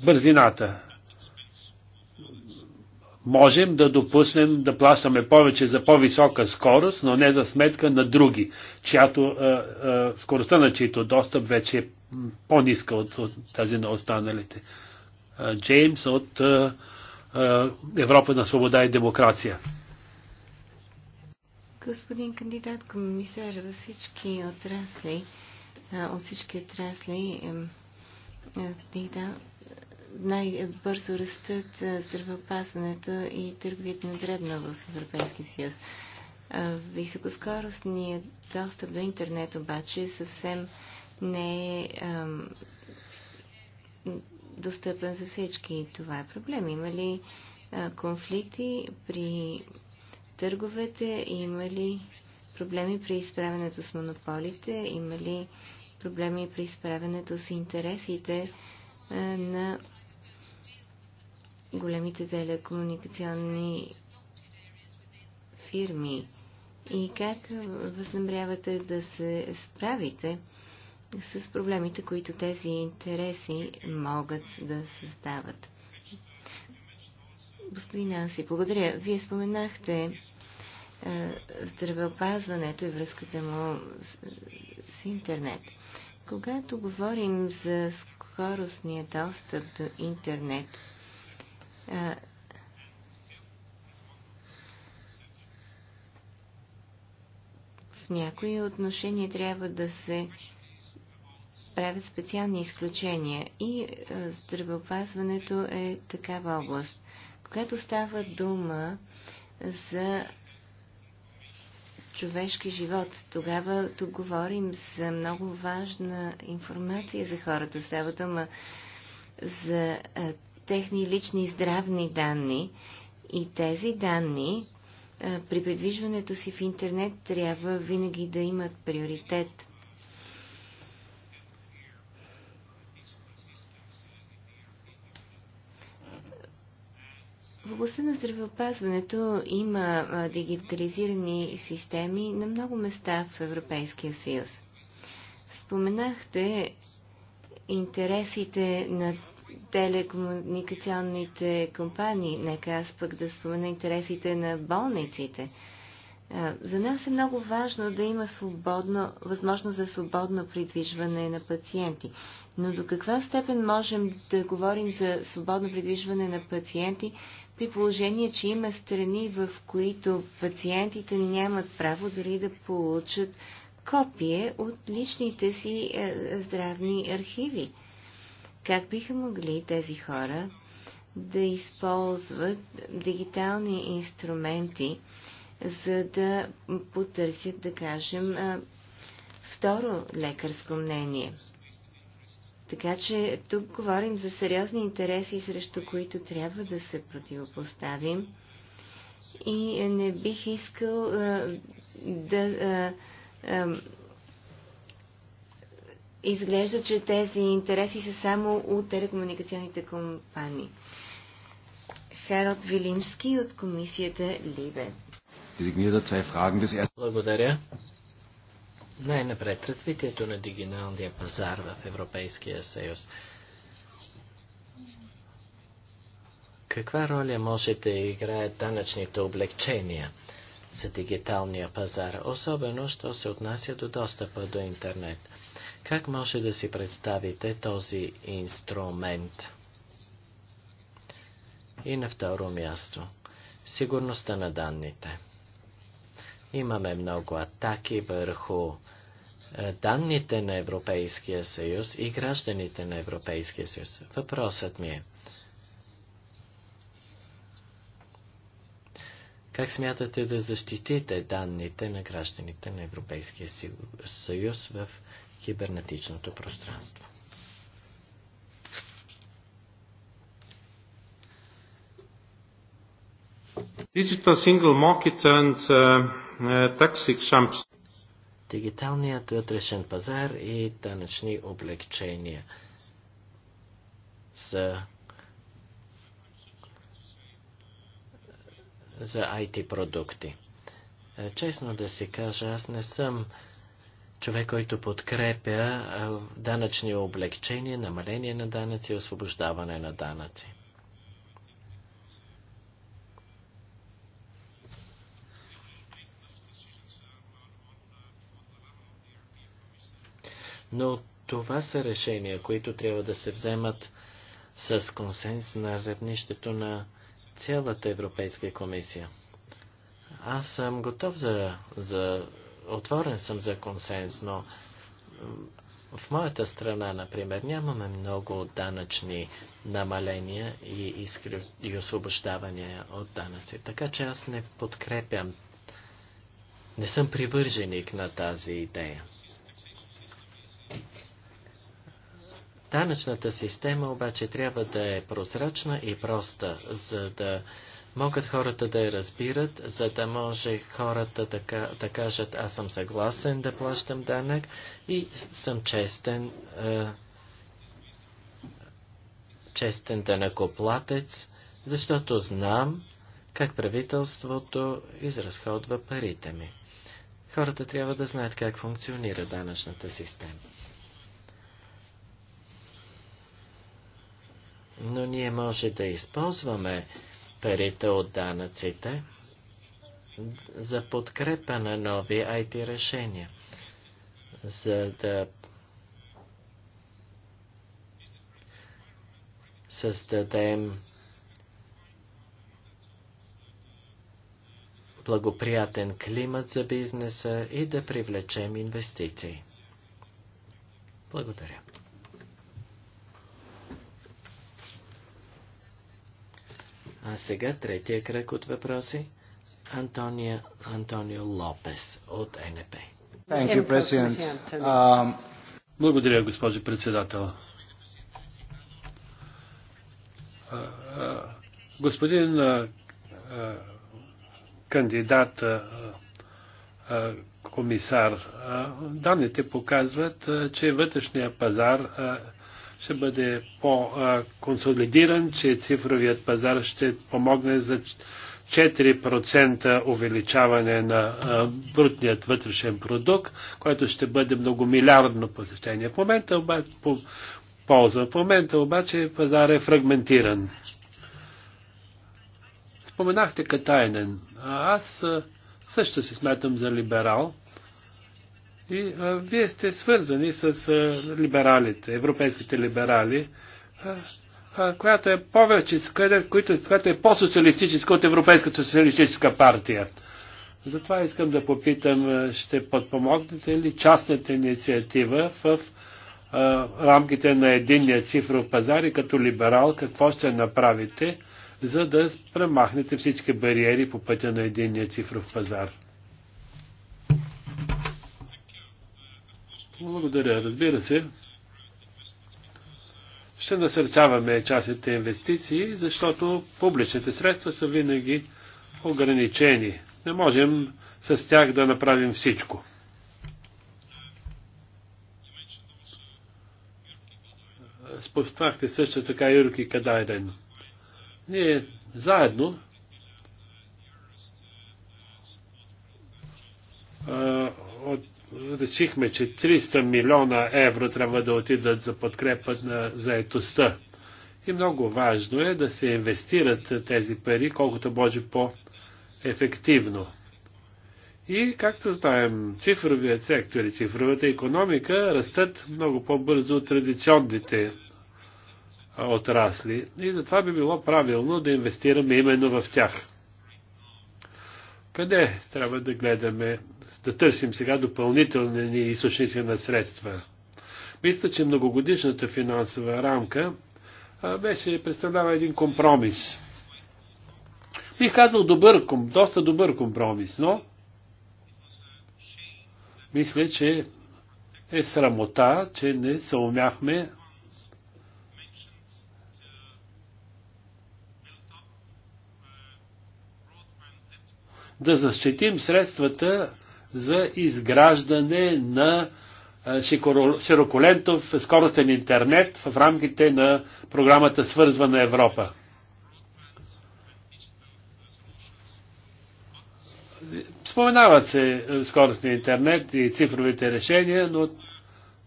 Бързината. Можем да допуснем да плащаме повече за по-висока скорост, но не за сметка на други, чиято, скоростта на чието достъп вече е по-ниска от, от тази на останалите. Джеймс от Европа на свобода и демокрация. Господин кандидат комисар, във всички отрасли, от всички отрасли, да, най-бързо растат здравеопазването и търговията на дребно в Европейския съюз. Високоскоростният достъп до интернет обаче е съвсем не е достъпен за всички. Това е проблем. Има ли конфликти при търговете? Има ли проблеми при изправенето с монополите? Има ли проблеми при изправенето с интересите на големите телекомуникационни фирми? И как възнамрявате да се справите с проблемите, които тези интереси могат да създават. Господин Анси, благодаря. Вие споменахте е, здравеопазването и връзката му с интернет. Когато говорим за скоростния достъп до интернет, е, в някои отношения трябва да се правят специални изключения и е, здравеопазването е такава област. Когато става дума за човешки живот, тогава тук говорим за много важна информация за хората. Става дума за е, техни лични здравни данни и тези данни е, при предвижването си в интернет трябва винаги да имат приоритет В областта на здравеопазването има дигитализирани системи на много места в Европейския съюз. Споменахте интересите на телекомуникационните компании. Нека аз пък да спомена интересите на болниците. За нас е много важно да има свободно, възможност за свободно придвижване на пациенти. Но до каква степен можем да говорим за свободно придвижване на пациенти, при положение, че има страни, в които пациентите нямат право дори да получат копие от личните си е, здравни архиви. Как биха могли тези хора да използват дигитални инструменти, за да потърсят, да кажем, е, второ лекарско мнение? Така че тук говорим за сериозни интереси, срещу които трябва да се противопоставим. И не бих искал а, да. А, а, изглежда, че тези интереси са само от телекомуникационните компании. Харот Вилимски от комисията Либе. Благодаря. Най-напред, развитието на дигиналния пазар в Европейския съюз. Каква роля може да играят данъчните облегчения за дигиталния пазар, особено, що се отнася до достъпа до интернет? Как може да си представите този инструмент? И на второ място, сигурността на данните – Имаме много атаки върху е, данните на Европейския съюз и гражданите на Европейския съюз. Въпросът ми е, Как смятате да защитите данните на гражданите на Европейския съюз в кибернетичното пространство? Digital Single Market and uh, uh Tax Exemptions. Дигиталният вътрешен пазар и данъчни облегчения за, за IT продукти. Е, честно да си кажа, аз не съм човек, който подкрепя е, данъчни облегчения, намаление на данъци и освобождаване на данъци. Но това са решения, които трябва да се вземат с консенс на равнището на цялата Европейска комисия. Аз съм готов за, за отворен съм за консенс, но в моята страна, например, нямаме много данъчни намаления и, изклю... и освобождавания от данъци. Така че аз не подкрепям, не съм привърженик на тази идея. Данъчната система обаче трябва да е прозрачна и проста, за да могат хората да я разбират, за да може хората да, да кажат аз съм съгласен да плащам данък и съм честен, е, честен данъкоплатец, защото знам как правителството изразходва парите ми. Хората трябва да знаят как функционира данъчната система. но ние може да използваме парите от данъците за подкрепа на нови IT решения, за да създадем благоприятен климат за бизнеса и да привлечем инвестиции. Благодаря. А сега третия кръг от въпроси. Антония, Антонио Лопес от НП. You, um... Благодаря, госпожи председател. Господин кандидат комисар, данните показват, че вътрешния пазар ще бъде по-консолидиран, че цифровият пазар ще помогне за 4% увеличаване на брутният вътрешен продукт, който ще бъде многомилиардно посещение. В момента обаче, по, полза. В момента обаче пазар е фрагментиран. Споменахте Катайнен. аз също се смятам за либерал – и а, вие сте свързани с а, либералите, европейските либерали, а, а, която е повече, която, която е по-социалистическа от Европейската социалистическа партия. Затова искам да попитам, ще подпомогнете ли частната инициатива в а, рамките на единния цифров пазар и като либерал какво ще направите, за да премахнете всички бариери по пътя на единния цифров пазар? Благодаря. Разбира се, ще насърчаваме частните инвестиции, защото публичните средства са винаги ограничени. Не можем с тях да направим всичко. Споменахте също така Юрки Кадайден. Ние заедно от решихме, че 300 милиона евро трябва да отидат за подкрепа на заетостта. И много важно е да се инвестират тези пари колкото може по-ефективно. И, както знаем, цифровият сектор и цифровата економика растат много по-бързо от традиционните отрасли и затова би било правилно да инвестираме именно в тях. Къде трябва да гледаме, да търсим сега допълнителни източници на средства? Мисля, че многогодишната финансова рамка а, беше представлява един компромис. Бих казал добър, доста добър компромис, но мисля, че е срамота, че не съумяхме да защитим средствата за изграждане на широколентов скоростен интернет в рамките на програмата Свързвана Европа. Споменават се скоростния интернет и цифровите решения, но,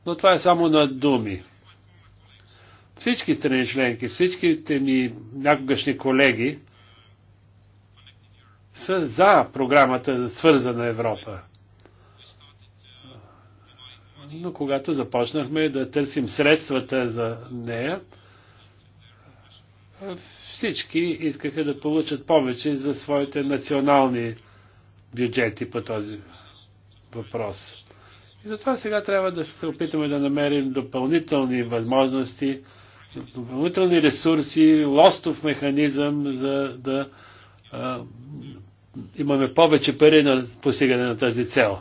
но това е само на думи. Всички страни членки, всичките ми някогашни колеги са за програмата за свързана Европа. Но когато започнахме да търсим средствата за нея, всички искаха да получат повече за своите национални бюджети по този въпрос. И затова сега трябва да се опитаме да намерим допълнителни възможности, допълнителни ресурси, лостов механизъм, за да имаме повече пари на постигане на тази цел.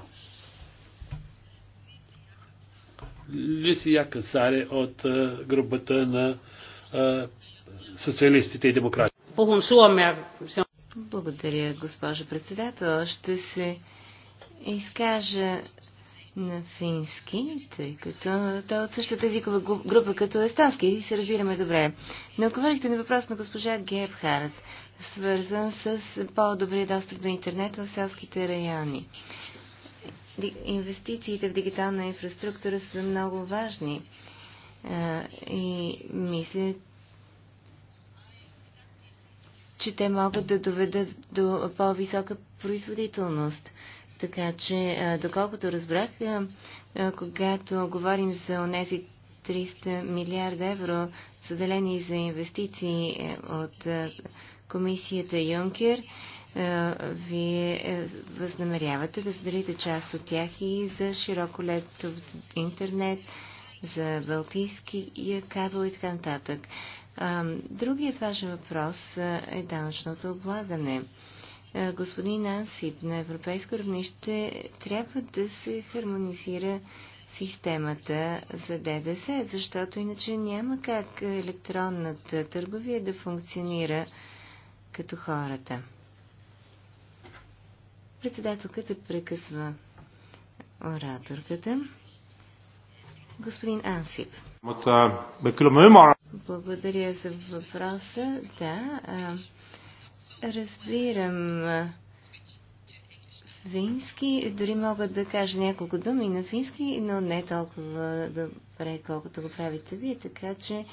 Лисия Касаре от а, групата на а, социалистите и демократи. Благодаря, госпожа председател. Ще се изкажа на фински, тъй като той е от същата езикова група като естонски и се разбираме добре. Не отговорихте на въпрос на госпожа Гебхарт свързан с по-добрия достъп до интернет в селските райони. Инвестициите в дигитална инфраструктура са много важни и мисля, че те могат да доведат до по-висока производителност. Така че, доколкото разбрах, когато говорим за онези 300 милиарда евро, заделени за инвестиции е, от комисията Юнкер, вие възнамерявате да задарите част от тях и за широко лето интернет, за Балтийския кабел и така нататък. Другият важен въпрос е данъчното облагане. Господин Ансип, на европейско равнище трябва да се хармонизира системата за ДДС, защото иначе няма как електронната търговия да функционира като хората. Председателката прекъсва ораторката. Господин Ансип. Благодаря за въпроса. Да, разбирам фински. Дори мога да кажа няколко думи на фински, но не толкова добре, колкото го правите вие. Така че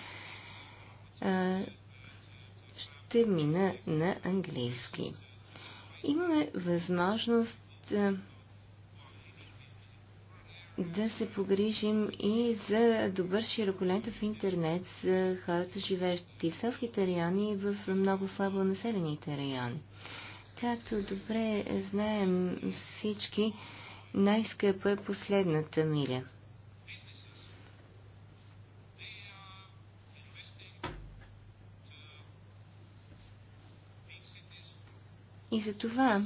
термина мина на английски. Имаме възможност да се погрижим и за добър широколентов интернет за хората, живеещи в селските райони и в много слабо населените райони. Както добре знаем всички, най-скъпа е последната миля – И за това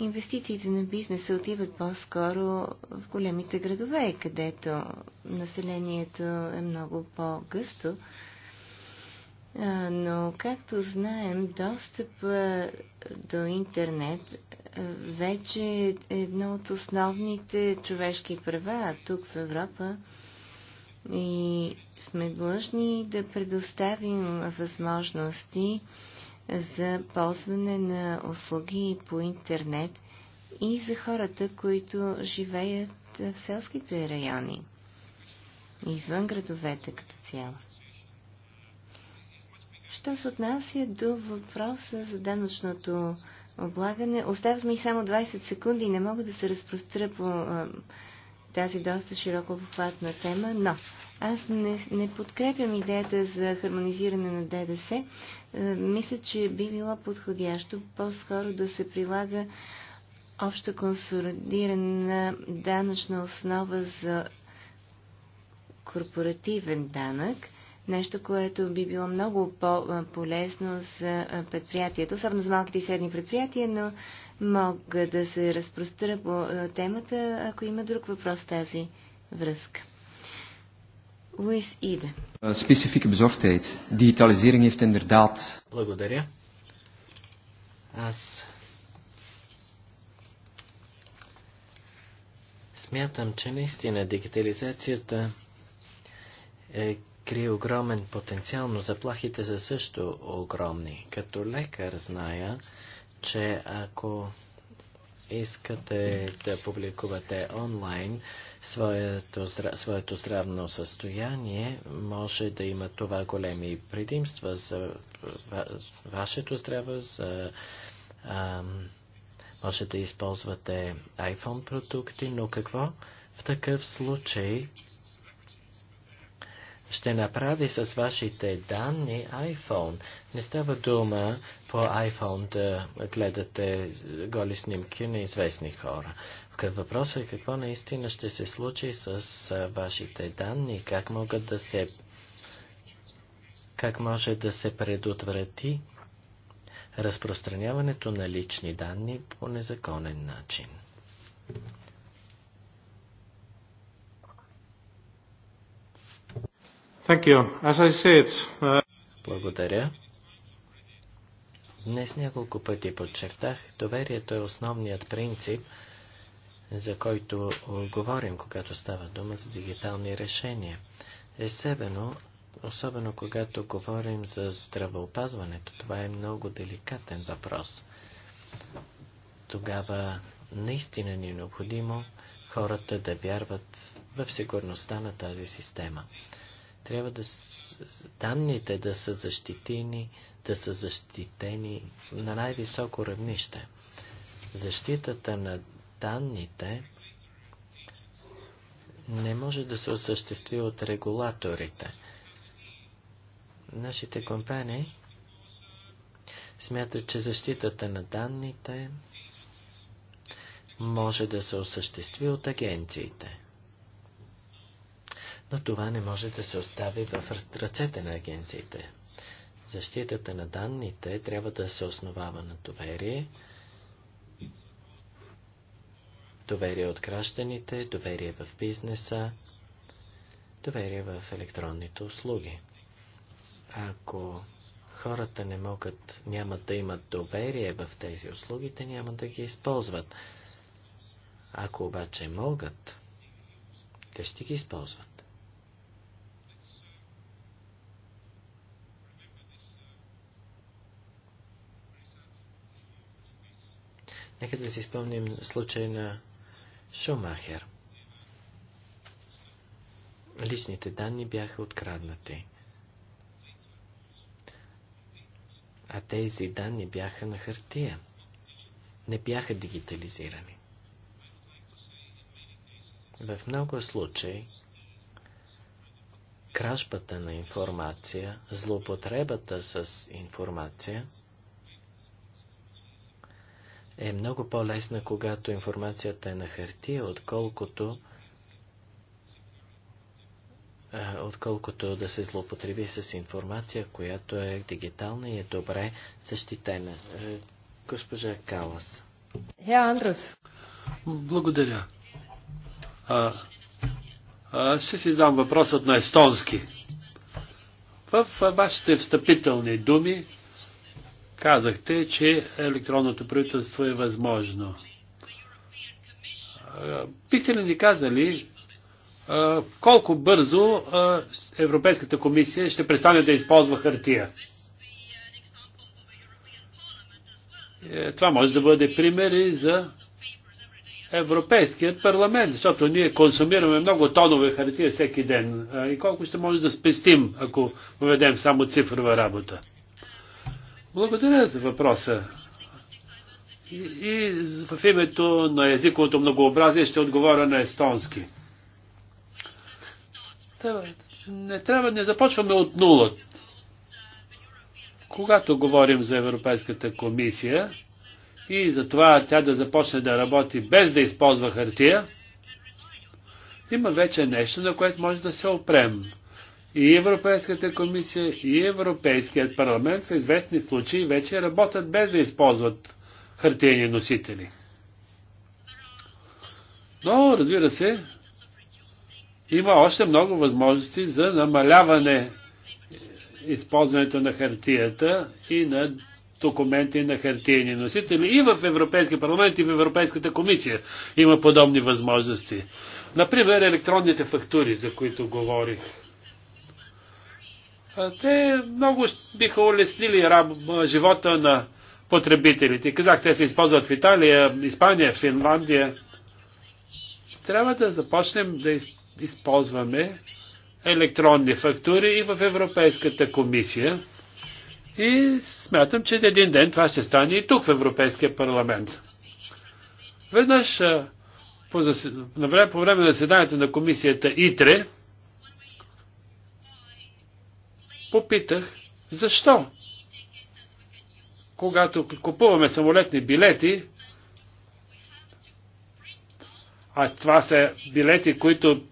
инвестициите на бизнеса отиват по-скоро в големите градове, където населението е много по-гъсто. Но, както знаем, достъп до интернет вече е едно от основните човешки права тук в Европа и сме длъжни да предоставим възможности за ползване на услуги по интернет и за хората, които живеят в селските райони, извън градовете като цяло. Що се отнася до въпроса за данъчното облагане, остават ми само 20 секунди и не мога да се разпростра по тази доста широко обхватна тема, но аз не, не подкрепям идеята за хармонизиране на ДДС. Е, мисля, че би било подходящо по-скоро да се прилага обща консолидирана данъчна основа за корпоративен данък нещо, което би било много по-полезно за предприятията, особено за малките и средни предприятия, но мога да се разпростра по темата, ако има друг въпрос в тази връзка. Луис Иде. Специфика bezorgdheid. е в тендердат. Благодаря. Аз смятам, че наистина дигитализацията е крие огромен потенциал, но заплахите са също огромни. Като лекар зная, че ако искате да публикувате онлайн своето, своето здравно състояние, може да има това големи предимства за вашето здраве, за, ам, може да използвате iPhone продукти, но какво в такъв случай ще направи с вашите данни iPhone. Не става дума по iPhone да гледате голи снимки на известни хора. Въпросът е какво наистина ще се случи с вашите данни, как могат да се как може да се предотврати разпространяването на лични данни по незаконен начин. Thank you. As I said, uh... Благодаря. Днес няколко пъти подчертах, доверието е основният принцип, за който говорим, когато става дума за дигитални решения. Есебено, особено когато говорим за здравеопазването, това е много деликатен въпрос. Тогава наистина ни е необходимо хората да вярват в сигурността на тази система. Трябва да данните да са защитени, да са защитени на най-високо равнище. Защитата на данните не може да се осъществи от регулаторите. Нашите компании смятат, че защитата на данните може да се осъществи от агенциите но това не може да се остави в ръцете на агенциите. Защитата на данните трябва да се основава на доверие, доверие от гражданите, доверие в бизнеса, доверие в електронните услуги. Ако хората не могат, няма да имат доверие в тези услуги, те няма да ги използват. Ако обаче могат, те ще ги използват. Нека да си спомним случай на Шумахер. Личните данни бяха откраднати. А тези данни бяха на хартия. Не бяха дигитализирани. В много случаи кражбата на информация, злоупотребата с информация – е много по-лесна, когато информацията е на хартия, отколкото отколкото да се злоупотреби с информация, която е дигитална и е добре защитена. Е, госпожа Калас. Я, Андрус. Благодаря. А, а, ще си задам въпросът на естонски. В вашите встъпителни думи Казахте, че електронното правителство е възможно. Бихте ли ни казали колко бързо Европейската комисия ще престане да използва хартия? Е, това може да бъде пример и за Европейският парламент, защото ние консумираме много тонове хартия всеки ден. И колко ще може да спестим, ако въведем само цифрова работа? Благодаря за въпроса. И, и в името на езиковото многообразие ще отговоря на естонски. не трябва, не започваме от нула. Когато говорим за Европейската комисия и за това тя да започне да работи без да използва хартия, има вече нещо, на което може да се опрем и Европейската комисия, и Европейският парламент в известни случаи вече работят без да използват хартиени носители. Но, разбира се, има още много възможности за намаляване използването на хартията и на документи на хартиени носители и в Европейския парламент и в Европейската комисия има подобни възможности. Например, електронните фактури, за които говорих те много биха улеснили живота на потребителите. Казах, те се използват в Италия, Испания, Финландия. Трябва да започнем да използваме електронни фактури и в Европейската комисия. И смятам, че един ден това ще стане и тук в Европейския парламент. Веднъж по, засед... по време на заседанието на комисията ИТРЕ, попитах защо. Когато купуваме самолетни билети, а това са билети, които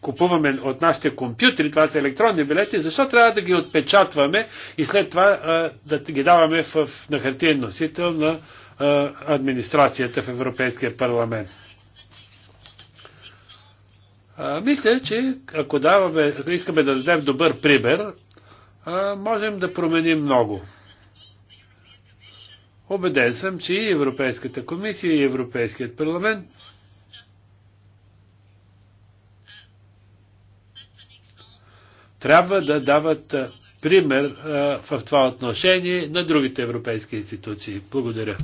купуваме от нашите компютри, това са електронни билети, защо трябва да ги отпечатваме и след това а, да ги даваме в, на хартиен носител на а, администрацията в Европейския парламент? А, мисля, че ако даваме, ако искаме да дадем добър пример, можем да променим много. Обеден съм, че и Европейската комисия, и Европейският парламент трябва да дават пример в това отношение на другите европейски институции. Благодаря.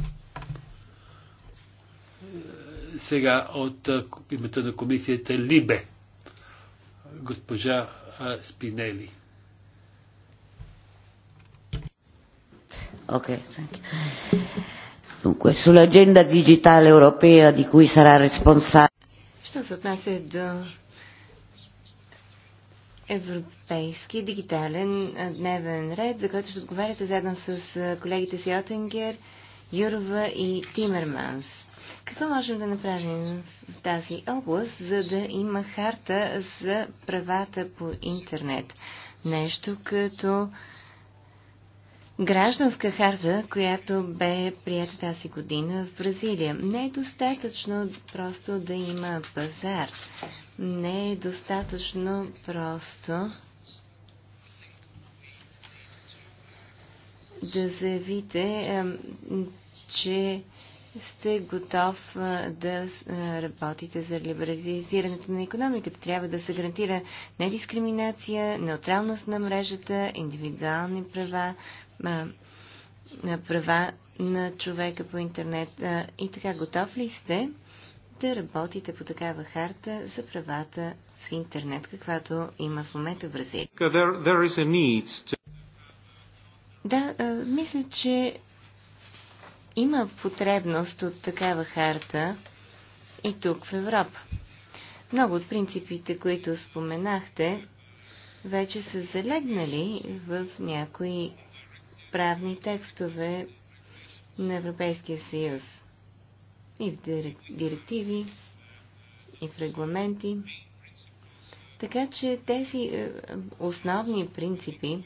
Сега от името на комисията Либе, госпожа Спинели. Dunque, sull'agenda digitale europea di cui sarà responsabile. Що се отнася до европейски дигитален дневен ред, за който ще отговаряте заедно с колегите си Отенгер, Юрова и Тимерманс. Какво можем да направим в тази област, за да има харта за правата по интернет? Нещо като гражданска харта, която бе прията тази година в Бразилия. Не е достатъчно просто да има пазар. Не е достатъчно просто да заявите, че сте готов да работите за либерализирането на економиката. Трябва да се гарантира недискриминация, неутралност на мрежата, индивидуални права, права на човека по интернет. И така, готов ли сте да работите по такава харта за правата в интернет, каквато има в момента в Бразилия? Да, мисля, че има потребност от такава харта и тук в Европа. Много от принципите, които споменахте, вече са залегнали в някои правни текстове на Европейския съюз. И в директиви, и в регламенти. Така че тези е, е, основни принципи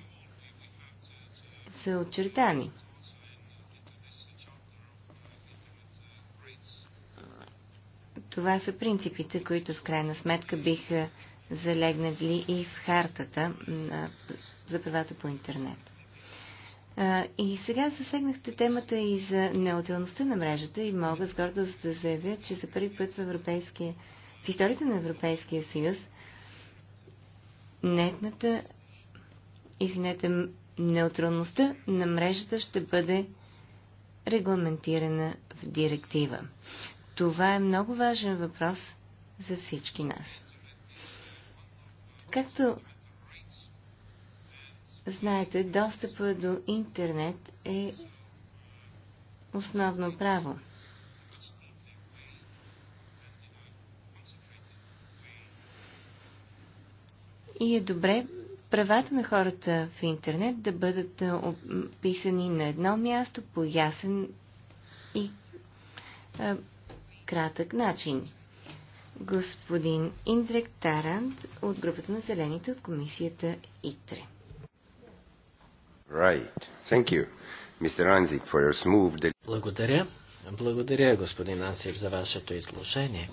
са очертани. Това са принципите, които в крайна сметка биха залегнали и в хартата за правата по интернет. И сега засегнахте темата и за неутралността на мрежата и мога с гордост да заявя, че за първи път в, европейския, в историята на Европейския съюз нетната, извинете, неутралността на мрежата ще бъде регламентирана в директива. Това е много важен въпрос за всички нас. Както знаете, достъпа до интернет е основно право. И е добре правата на хората в интернет да бъдат описани на едно място по ясен и кратък начин. Господин Индрек Тарант от групата на зелените от комисията ИТРЕ. Right. Thank you, Mr. Anzip, for your smooth... Благодаря. Благодаря, господин Ансип, за вашето изложение.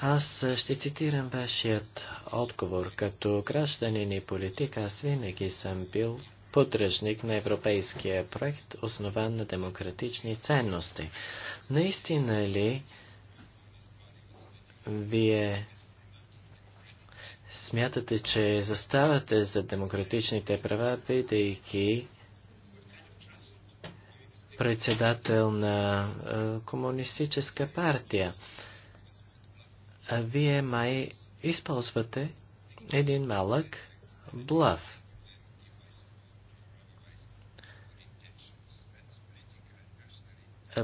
Аз ще цитирам вашият отговор. Като гражданин и политик аз винаги съм бил подръжник на европейския проект, основан на демократични ценности. Наистина ли вие смятате, че заставате за демократичните права, бидейки председател на комунистическа партия? А вие май използвате един малък блав.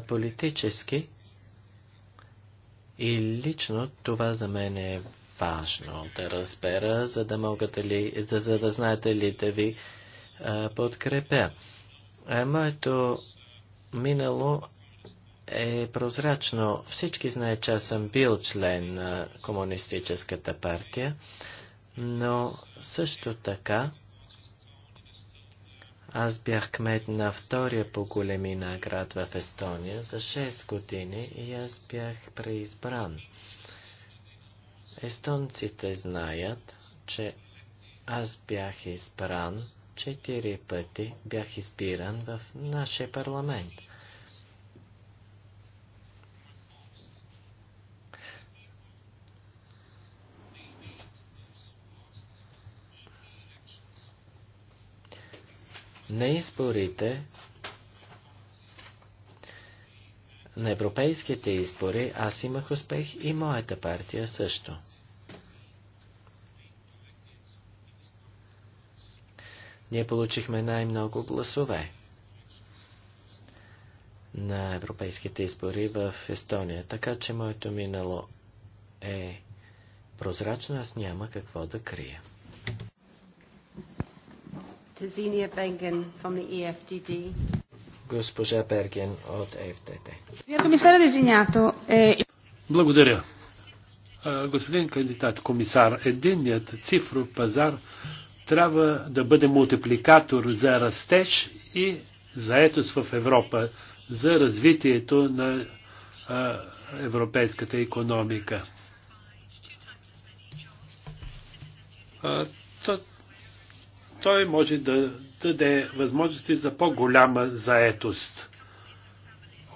политически и лично това за мен е важно да разбера, за да мога да ли, да, за да знаете ли да ви а, подкрепя. А, моето минало е прозрачно. Всички знаят, че аз съм бил член на Комунистическата партия, но също така аз бях кмет на втория по големина град в Естония за 6 години и аз бях преизбран. Естонците знаят, че аз бях избран четири пъти, бях избиран в нашия парламент. на изборите, на европейските избори, аз имах успех и моята партия също. Ние получихме най-много гласове на европейските избори в Естония, така че моето минало е прозрачно, аз няма какво да крия. Тезиния Бенген from the EFDD. Госпожа Берген от ЕФТТ. Е е, Благодаря. Господин кандидат комисар, единният цифров пазар трябва да бъде мултипликатор за растеж и заетост в Европа, за развитието на европейската економика той може да даде възможности за по-голяма заетост.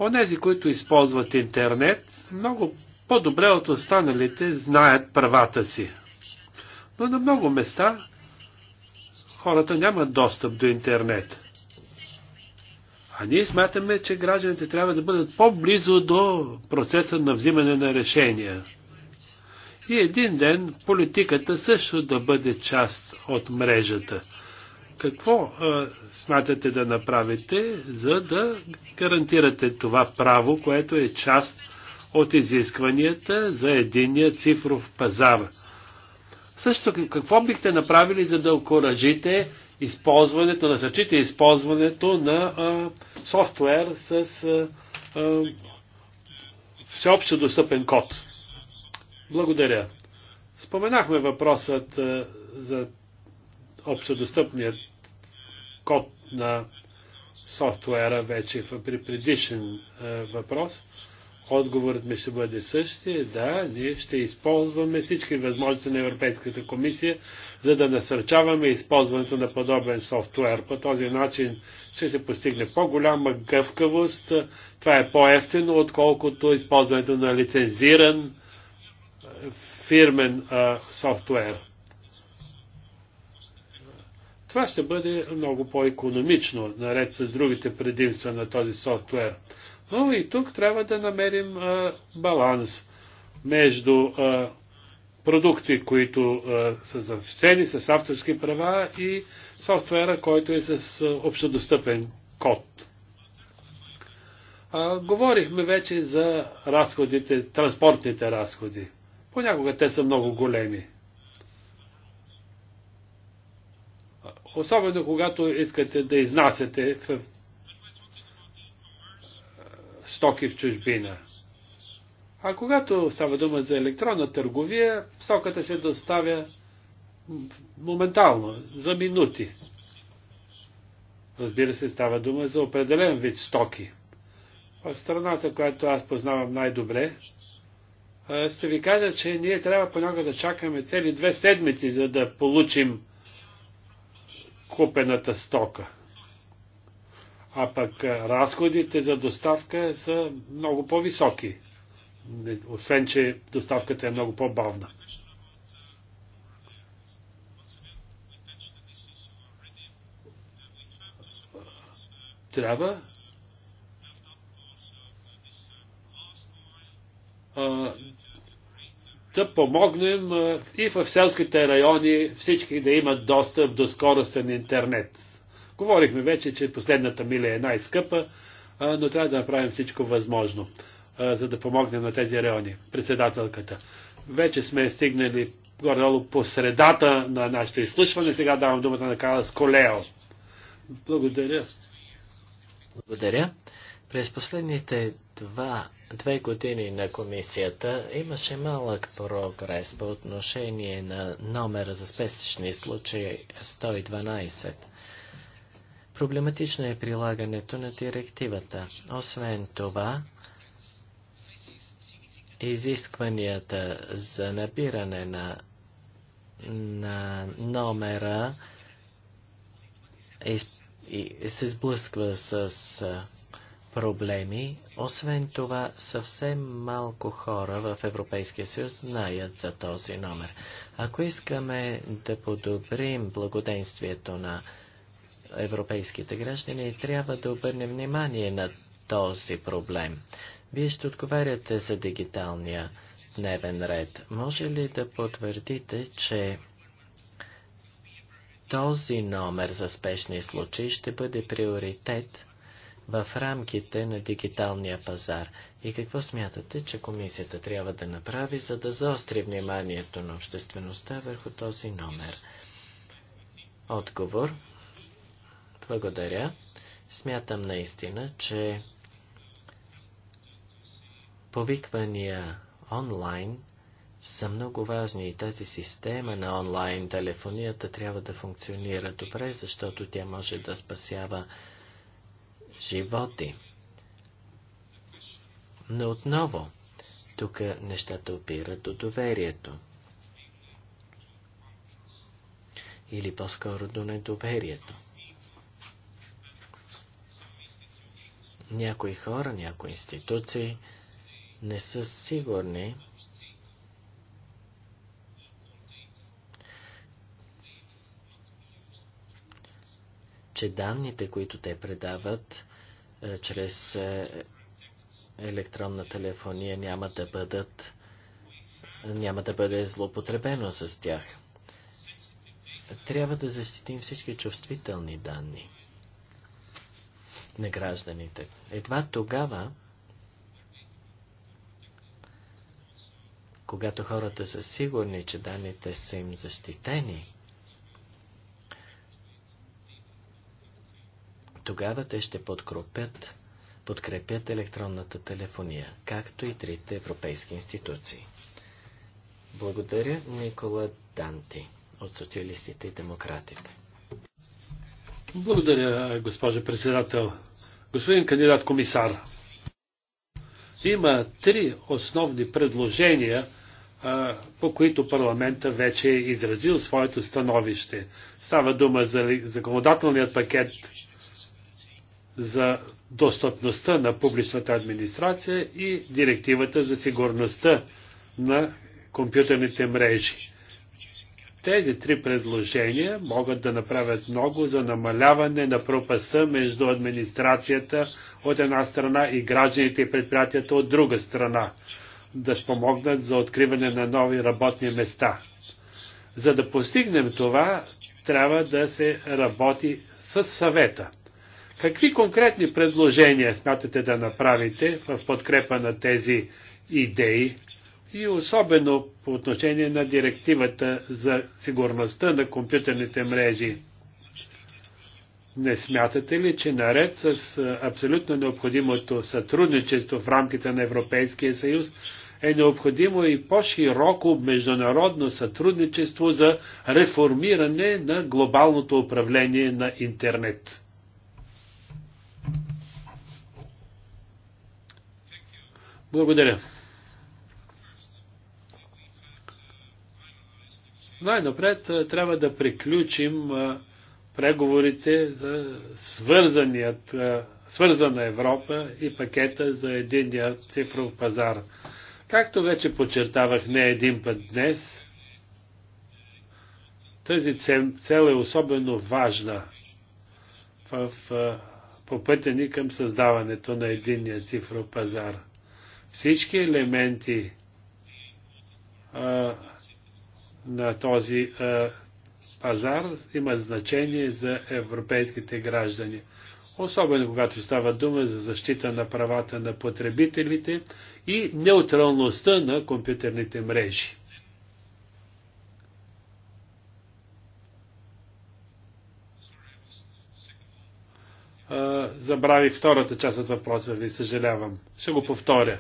Онези, които използват интернет, много по-добре от останалите знаят правата си. Но на много места хората нямат достъп до интернет. А ние смятаме, че гражданите трябва да бъдат по-близо до процеса на взимане на решения и един ден политиката също да бъде част от мрежата. Какво а, смятате да направите, за да гарантирате това право, което е част от изискванията за единия цифров пазар? Също какво бихте направили, за да окоражите използването, насърчите използването на а, софтуер с а, а, всеобщо достъпен код? Благодаря. Споменахме въпросът е, за общодостъпният код на софтуера вече при предишен е, въпрос. Отговорът ми ще бъде същия. Да, ние ще използваме всички възможности на Европейската комисия, за да насърчаваме използването на подобен софтуер. По този начин ще се постигне по-голяма гъвкавост. Е, това е по-ефтино, отколкото използването на лицензиран фирмен а, софтуер. Това ще бъде много по-економично, наред с другите предимства на този софтуер. Но и тук трябва да намерим а, баланс между а, продукти, които а, са защитени с авторски права и софтуера, който е с а, общодостъпен код. А, говорихме вече за разходите, транспортните разходи. Понякога те са много големи. Особено когато искате да изнасяте в стоки в чужбина. А когато става дума за електронна търговия, стоката се доставя моментално, за минути. Разбира се, става дума за определен вид стоки. В страната, която аз познавам най-добре, ще ви кажа, че ние трябва понякога да чакаме цели две седмици, за да получим купената стока. А пък разходите за доставка са много по-високи, освен че доставката е много по-бавна. Трябва а, да помогнем и в селските райони всички да имат достъп до скоростен интернет. Говорихме вече, че последната миля е най-скъпа, но трябва да направим всичко възможно, за да помогнем на тези райони. Председателката. Вече сме стигнали горе-долу по средата на нашето изслушване. Сега давам думата на Калас Колео. Благодаря. Благодаря. През последните два, две години на комисията имаше малък прогрес по отношение на номера за спесечни случаи 112. Проблематично е прилагането на директивата. Освен това, изискванията за набиране на, на номера е и, и, се сблъсква с проблеми. Освен това, съвсем малко хора в Европейския съюз знаят за този номер. Ако искаме да подобрим благоденствието на европейските граждани, трябва да обърнем внимание на този проблем. Вие ще отговаряте за дигиталния дневен ред. Може ли да потвърдите, че този номер за спешни случаи ще бъде приоритет – в рамките на дигиталния пазар? И какво смятате, че комисията трябва да направи, за да заостри вниманието на обществеността върху този номер? Отговор. Благодаря. Смятам наистина, че повиквания онлайн са много важни и тази система на онлайн телефонията трябва да функционира добре, защото тя може да спасява животи. Но отново, тук нещата опират до доверието. Или по-скоро до недоверието. Някои хора, някои институции не са сигурни, че данните, които те предават, е, чрез е, електронна телефония няма да бъдат няма да бъде злоупотребено с тях. Трябва да защитим всички чувствителни данни на гражданите. Едва тогава, когато хората са сигурни, че данните са им защитени, Тогава те ще подкрепят, подкрепят електронната телефония, както и трите европейски институции. Благодаря Никола Данти от социалистите и демократите. Благодаря, госпожа председател. Господин кандидат комисар, има три основни предложения, по които парламента вече е изразил своето становище. Става дума за законодателният пакет за достъпността на публичната администрация и директивата за сигурността на компютърните мрежи. Тези три предложения могат да направят много за намаляване на пропаса между администрацията от една страна и гражданите и предприятията от друга страна, да спомогнат за откриване на нови работни места. За да постигнем това, трябва да се работи с съвета. Какви конкретни предложения смятате да направите в подкрепа на тези идеи и особено по отношение на директивата за сигурността на компютърните мрежи? Не смятате ли, че наред с абсолютно необходимото сътрудничество в рамките на Европейския съюз е необходимо и по-широко международно сътрудничество за реформиране на глобалното управление на интернет? Благодаря. Най-напред трябва да приключим преговорите за свързаният, свързана Европа и пакета за единия цифров пазар. Както вече подчертавах не един път днес, тази цел е особено важна в, по пътя ни към създаването на единния цифров пазар – всички елементи а, на този а, пазар имат значение за европейските граждани. Особено когато става дума за защита на правата на потребителите и неутралността на компютърните мрежи. забрави втората част от въпроса ви, съжалявам. Ще го повторя.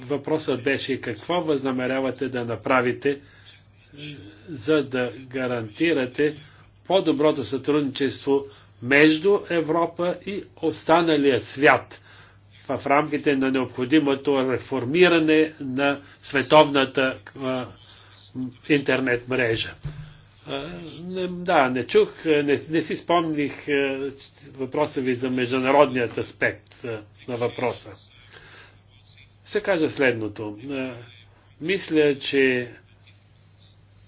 Въпросът беше какво възнамерявате да направите, за да гарантирате по-доброто сътрудничество между Европа и останалия свят в рамките на необходимото реформиране на световната а, интернет мрежа. Не, да, не чух, не, не си спомних е, въпроса ви за международният аспект е, на въпроса. Ще кажа следното. Е, мисля, че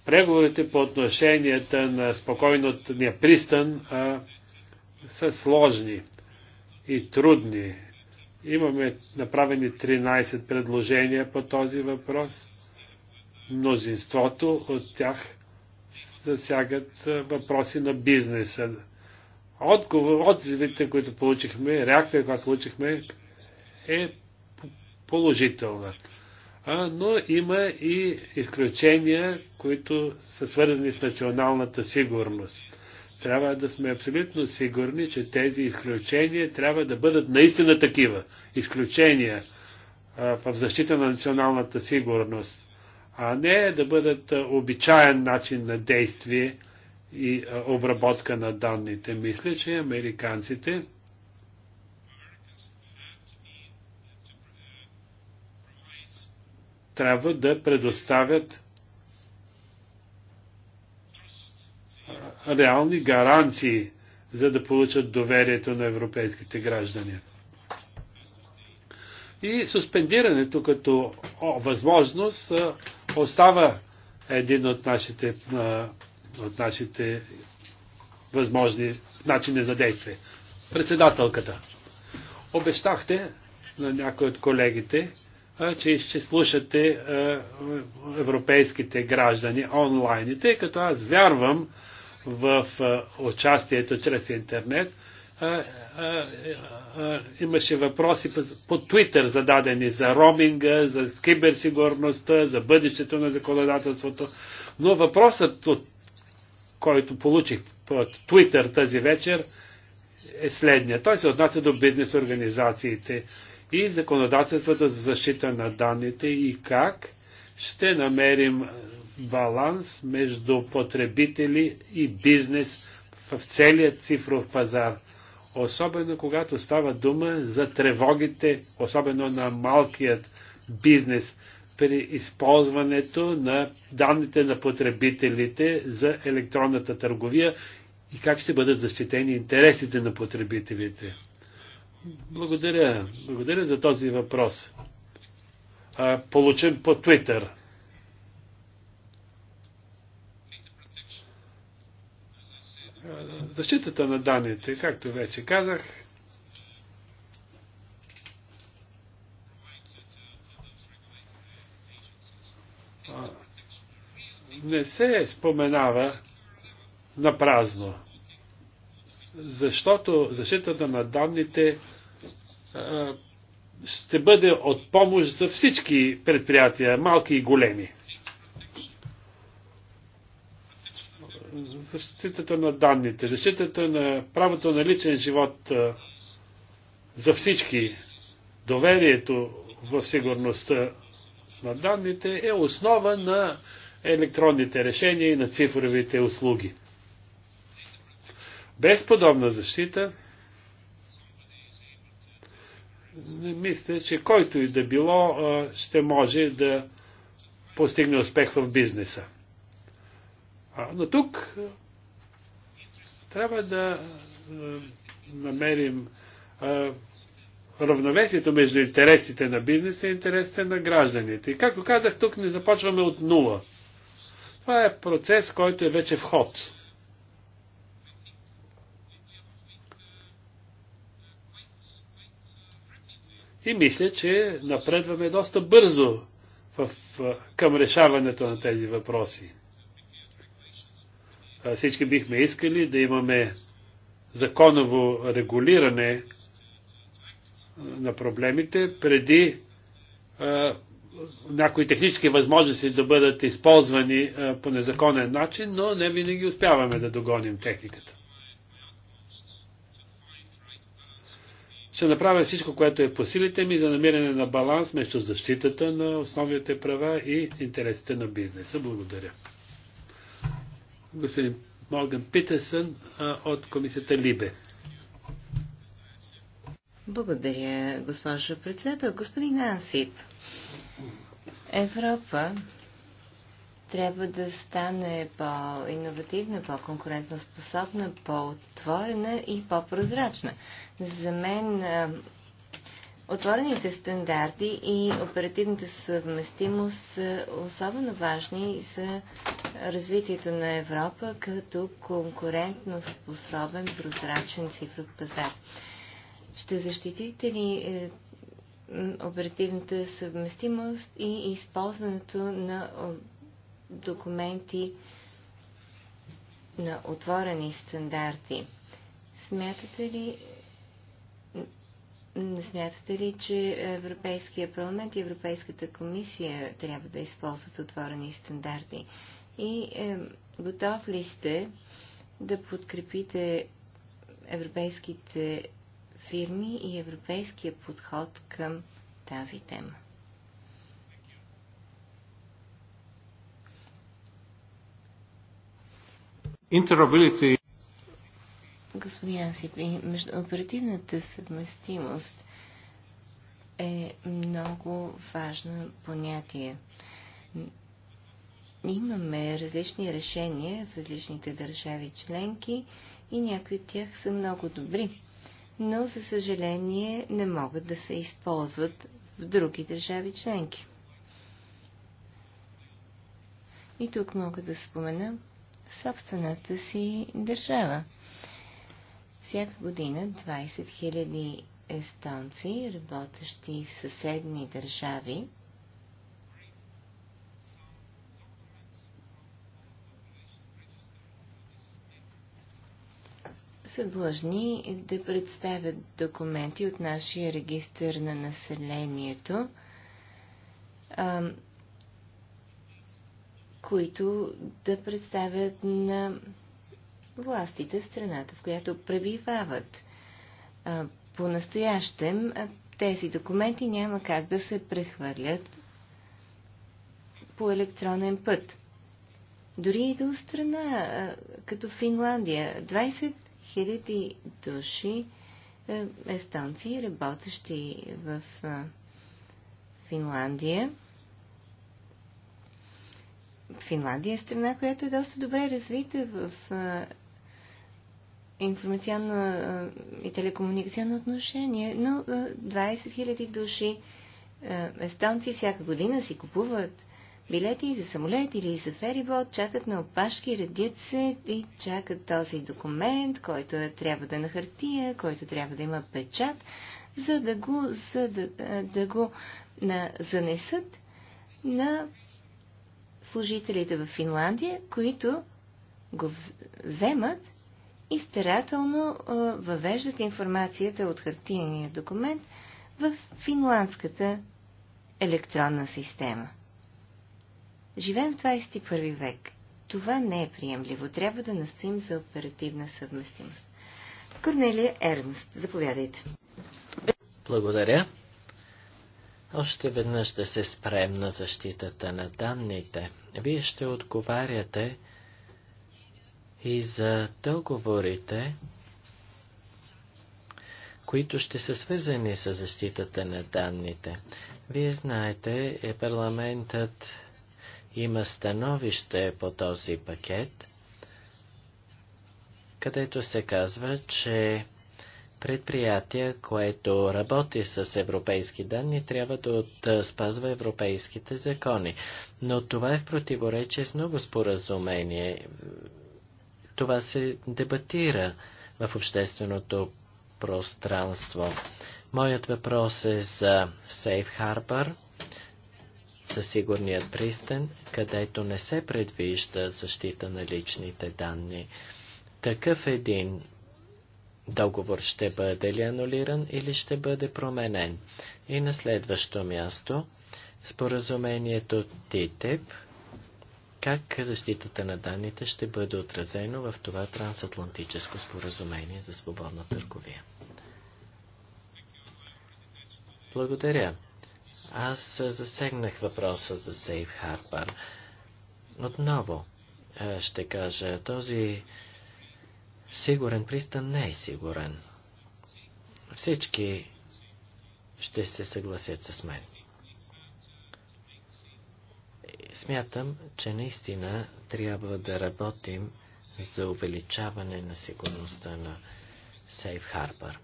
преговорите по отношенията на спокойния пристан а, са сложни и трудни. Имаме направени 13 предложения по този въпрос. Мнозинството от тях засягат въпроси на бизнеса. Отговор, отзивите, които получихме, реакция, която получихме, е положителна. А, но има и изключения, които са свързани с националната сигурност. Трябва да сме абсолютно сигурни, че тези изключения трябва да бъдат наистина такива. Изключения а, в защита на националната сигурност а не да бъдат обичаен начин на действие и обработка на данните. Мисля, че американците трябва да предоставят реални гаранции, за да получат доверието на европейските граждани. И суспендирането като възможност остава един от нашите, от нашите възможни начини на действие. Председателката. Обещахте на някои от колегите, че ще слушате европейските граждани онлайн. И тъй като аз вярвам в участието чрез интернет, а, а, а, имаше въпроси по, по Twitter зададени за роминга, за киберсигурността, за бъдещето на законодателството. Но въпросът, от, който получих по Twitter тази вечер, е следния. Той се отнася до бизнес организациите и законодателството за защита на данните и как ще намерим баланс между потребители и бизнес в целият цифров пазар особено когато става дума за тревогите, особено на малкият бизнес при използването на данните на потребителите за електронната търговия и как ще бъдат защитени интересите на потребителите. Благодаря. Благодаря за този въпрос. получен по Твитър. Защитата на данните, както вече казах, не се споменава на празно. Защото защитата на данните ще бъде от помощ за всички предприятия, малки и големи. защитата на данните, защитата на правото на личен живот за всички, доверието в сигурността на данните е основа на електронните решения и на цифровите услуги. Без подобна защита, не мисля, че който и да било ще може да постигне успех в бизнеса. Но тук трябва да намерим равновесието между интересите на бизнеса и интересите на гражданите. И както казах, тук не започваме от нула. Това е процес, който е вече вход. И мисля, че напредваме доста бързо в, към решаването на тези въпроси. Всички бихме искали да имаме законово регулиране на проблемите преди някои технически възможности да бъдат използвани по незаконен начин, но не винаги успяваме да догоним техниката. Ще направя всичко, което е по силите ми за намиране на баланс между защитата на основните права и интересите на бизнеса. Благодаря господин Морган Питерсън от комисията Либе. Благодаря, госпожо председател. Господин Ансип, Европа трябва да стане по-инновативна, по-конкурентно способна, по-отворена и по-прозрачна. За мен Отворените стандарти и оперативната съвместимост са особено важни за развитието на Европа като конкурентно способен прозрачен цифров пазар. Ще защитите ли е, оперативната съвместимост и използването на документи на отворени стандарти? Смятате ли, не смятате ли, че Европейския парламент и Европейската комисия трябва да използват отворени стандарти? И е, готов ли сте да подкрепите европейските фирми и европейския подход към тази тема? Interoperability господин Ансипи, междуоперативната съвместимост е много важно понятие. Имаме различни решения в различните държави членки и някои от тях са много добри, но за съжаление не могат да се използват в други държави членки. И тук мога да спомена собствената си държава. Всяка година 20 000 естонци, работещи в съседни държави, са длъжни да представят документи от нашия регистр на населението, които да представят на властите в страната, в която пребивават. По-настоящем тези документи няма как да се прехвърлят по електронен път. Дори и до страна, като Финландия, 20 000 души естонци, работещи в Финландия. Финландия е страна, която е доста добре развита в информационно и телекомуникационно отношение, но 20 000 души естонци всяка година си купуват билети за самолет или за ферибот, чакат на опашки, редят се и чакат този документ, който е, трябва да е на хартия, който трябва да има печат, за да го, за да, да го на, занесат на служителите в Финландия, които го вземат и старателно въвеждат информацията от хартияния документ в финландската електронна система. Живеем в 21 век. Това не е приемливо. Трябва да настоим за оперативна съвместимост. Корнелия Ернст, заповядайте. Благодаря. Още веднъж ще се спрем на защитата на данните. Вие ще отговаряте и за договорите, които ще са свързани с защитата на данните. Вие знаете, е парламентът има становище по този пакет, където се казва, че предприятия, което работи с европейски данни, трябва да спазва европейските закони. Но това е в противоречие с много споразумение това се дебатира в общественото пространство. Моят въпрос е за Сейф Харбър, за сигурният пристен, където не се предвижда защита на личните данни. Такъв един договор ще бъде ли анулиран или ще бъде променен? И на следващо място, споразумението ТИТЕП – как защитата на данните ще бъде отразено в това трансатлантическо споразумение за свободна търговия. Благодаря. Аз засегнах въпроса за Сейф Харпар. Отново ще кажа, този сигурен пристан не е сигурен. Всички ще се съгласят с мен. Смятам, че наистина трябва да работим за увеличаване на сигурността на Сейф Харбър.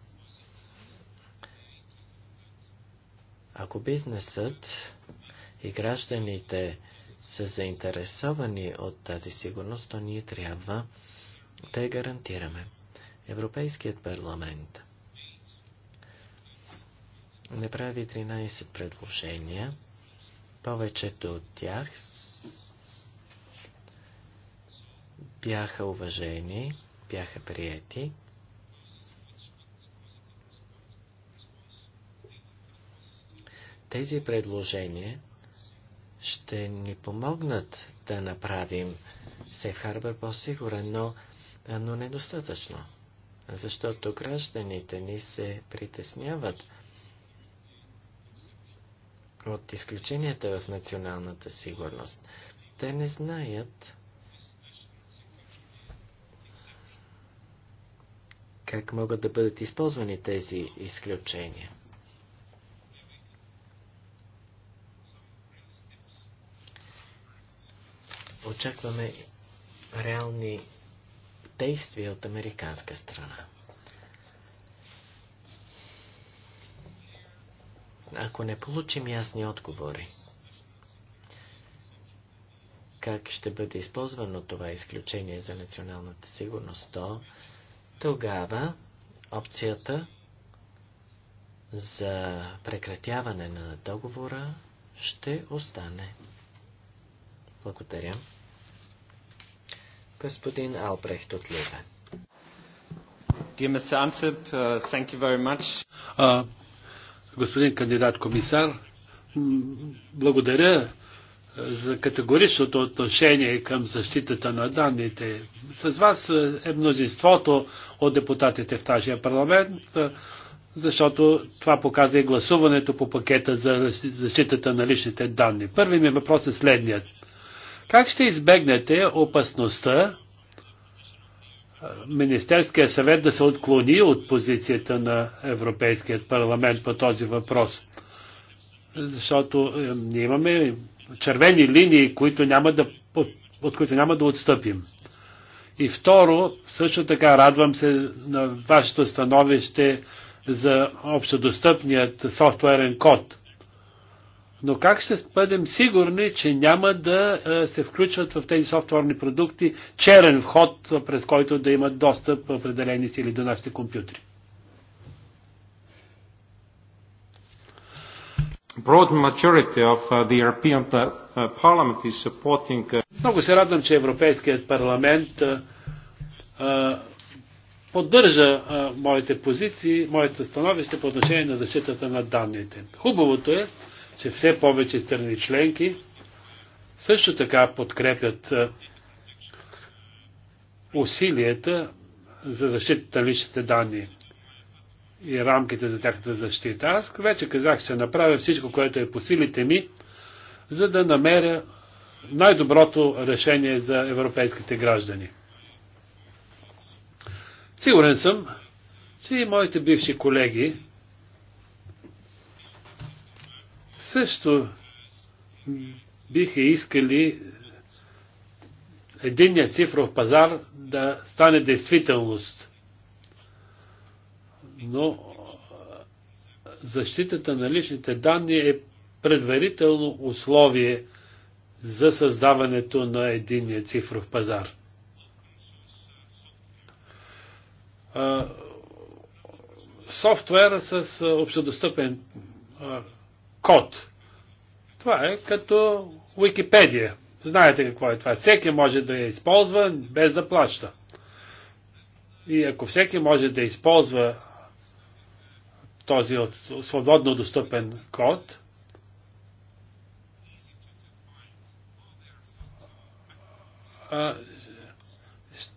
Ако бизнесът и гражданите са заинтересовани от тази сигурност, то ние трябва да я гарантираме. Европейският парламент не прави 13 предложения повечето от тях бяха уважени, бяха приети. Тези предложения ще ни помогнат да направим Сейф Харбър по-сигурен, но, но недостатъчно, защото гражданите ни се притесняват – от изключенията в националната сигурност. Те не знаят как могат да бъдат използвани тези изключения. Очакваме реални действия от американска страна. Ако не получим ясни отговори, как ще бъде използвано това изключение за националната сигурност, то тогава опцията за прекратяване на договора ще остане. Благодаря. Господин Албрехт от Ливен. Uh, господин кандидат комисар, благодаря за категоричното отношение към защитата на данните. С вас е мнозинството от депутатите в тази парламент, защото това показва и гласуването по пакета за защитата на личните данни. Първи ми въпрос е следният. Как ще избегнете опасността Министерския съвет да се отклони от позицията на Европейският парламент по този въпрос. Защото е, ние имаме червени линии, които няма да, от, които няма да отстъпим. И второ, също така радвам се на вашето становище за общодостъпният софтуерен код – но как ще бъдем сигурни, че няма да се включват в тези софтуерни продукти черен вход, през който да имат достъп определени сили до нашите компютри? broad majority of uh, the European uh, uh, Parliament is supporting. Много се радвам, че Европейският парламент поддържа моите позиции, моето становище по отношение на защитата на данните. Хубавото е, че все повече страни членки също така подкрепят усилията за защита на личните данни и рамките за тяхната защита. Аз вече казах, че направя всичко, което е по силите ми, за да намеря най-доброто решение за европейските граждани. Сигурен съм, че и моите бивши колеги също биха искали единният цифров пазар да стане действителност. Но защитата на личните данни е предварително условие за създаването на единния цифров пазар. Софтуера с общодостъпен код. Това е като Википедия. Знаете какво е това. Всеки може да я използва без да плаща. И ако всеки може да използва този от свободно достъпен код,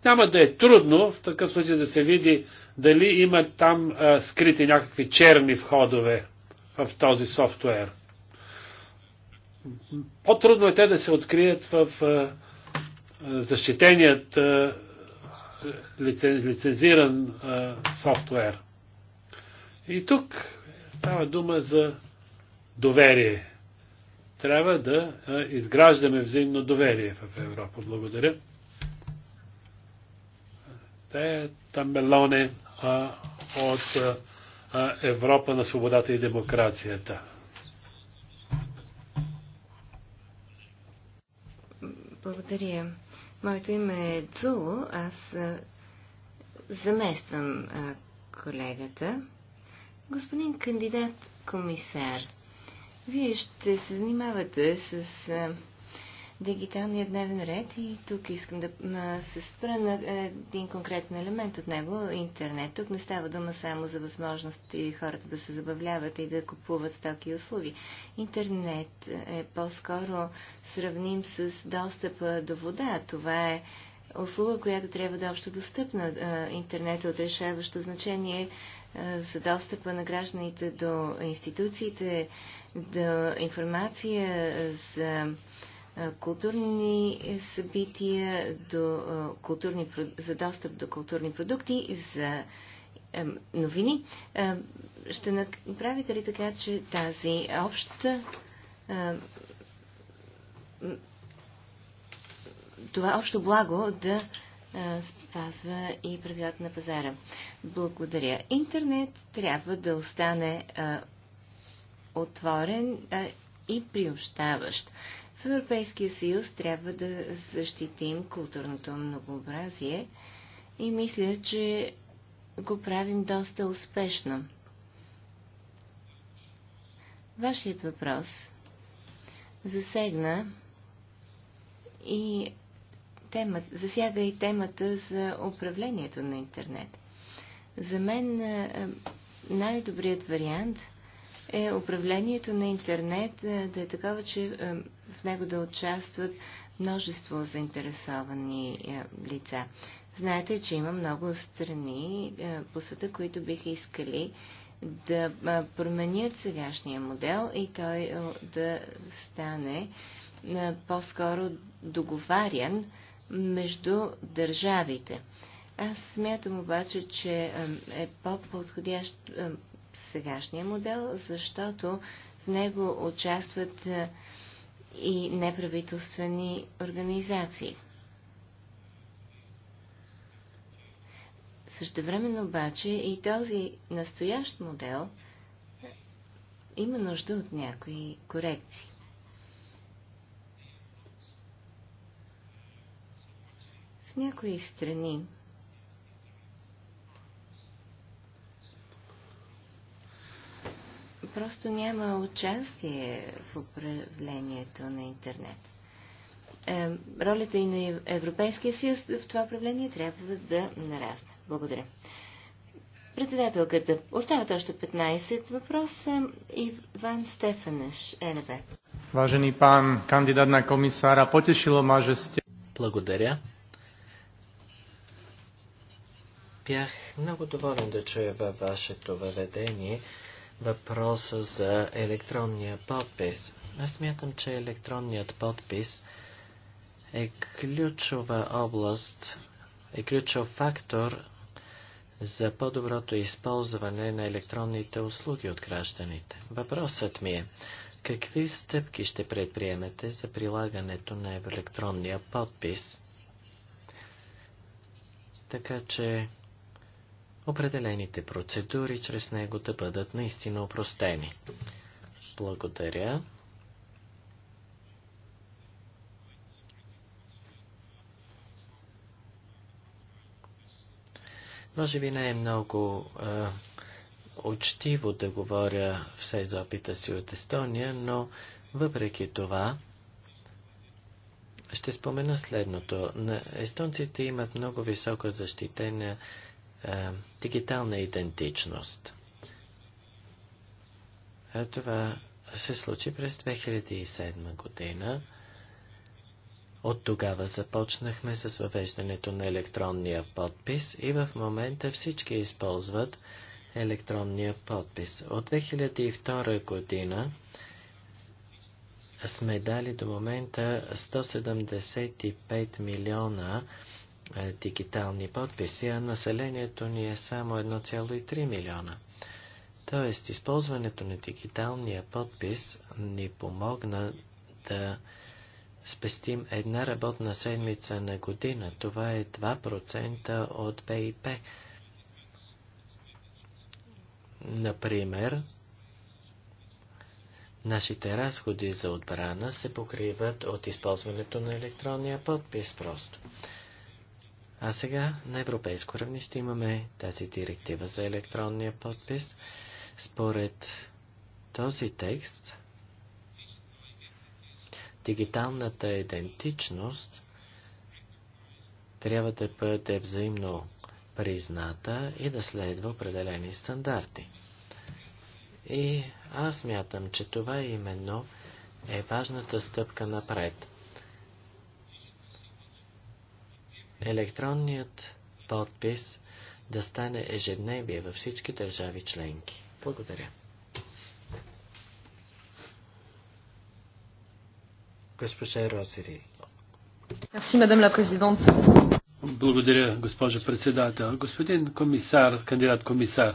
няма да е трудно в такъв случай да се види дали има там скрити някакви черни входове в този софтуер. По-трудно е те да се открият в защитеният лицензиран софтуер. И тук става дума за доверие. Трябва да изграждаме взаимно доверие в Европа. Благодаря. Те е Тамбелоне от Европа на свободата и демокрацията. Благодаря. Моето име е Цу. Аз замествам колегата. Господин кандидат комисар, вие ще се занимавате с дигиталния дневен ред и тук искам да се спра на един конкретен елемент от него – интернет. Тук не става дума само за възможност и хората да се забавляват и да купуват стоки и услуги. Интернет е по-скоро сравним с достъпа до вода. Това е услуга, която трябва да е общо достъпна. Е, интернет е от решаващо значение е, за достъпа на гражданите до институциите, до информация е, за културни събития, до, културни, за достъп до културни продукти, за новини. Ще направите ли така, че тази обща това общо благо да спазва и правилата на пазара. Благодаря. Интернет трябва да остане отворен и приобщаващ. В Европейския съюз трябва да защитим културното многообразие и мисля, че го правим доста успешно. Вашият въпрос засегна и темата, засяга и темата за управлението на интернет. За мен е, най-добрият вариант – е управлението на интернет е, да е такова, че е, в него да участват множество заинтересовани е, лица. Знаете, че има много страни по света, които биха искали да променят сегашния модел и той да стане по-скоро договарян между държавите. Аз смятам обаче, че е по-подходящ сегашния модел, защото в него участват е, и неправителствени организации. Същевременно обаче и този настоящ модел има нужда от някои корекции. В някои страни просто няма участие в управлението на интернет. Е, ролята и на Европейския съюз в това управление трябва да нарасне. Благодаря. Председателката, остават още 15 въпроса. Иван Стефанеш, ЕНБ. Важени пан кандидат на комисара, потешило ма, сте... Благодаря. Бях много доволен да чуя във вашето въведение, въпроса за електронния подпис. Аз смятам, че електронният подпис е ключова област, е ключов фактор за по-доброто използване на електронните услуги от гражданите. Въпросът ми е, какви стъпки ще предприемете за прилагането на електронния подпис, така че определените процедури чрез него да бъдат наистина опростени. Благодаря. Може би не е много е, учтиво да говоря все за опита си от Естония, но въпреки това ще спомена следното. На естонците имат много високо защитение дигитална идентичност. това се случи през 2007 година. От тогава започнахме с въвеждането на електронния подпис и в момента всички използват електронния подпис. От 2002 година сме дали до момента 175 милиона е, дигитални подписи, а населението ни е само 1,3 милиона. Тоест, използването на дигиталния подпис ни помогна да спестим една работна седмица на година. Това е 2% от БИП. Например, нашите разходи за отбрана се покриват от използването на електронния подпис просто. А сега на европейско равнище имаме тази директива за електронния подпис. Според този текст, дигиталната идентичност трябва да бъде взаимно призната и да следва определени стандарти. И аз мятам, че това именно е важната стъпка напред – електронният подпис да стане ежедневие във всички държави членки. Благодаря. Госпожа Розери. Merci, madame la présidente. Благодаря, госпожа председател. Господин комисар, кандидат комисар,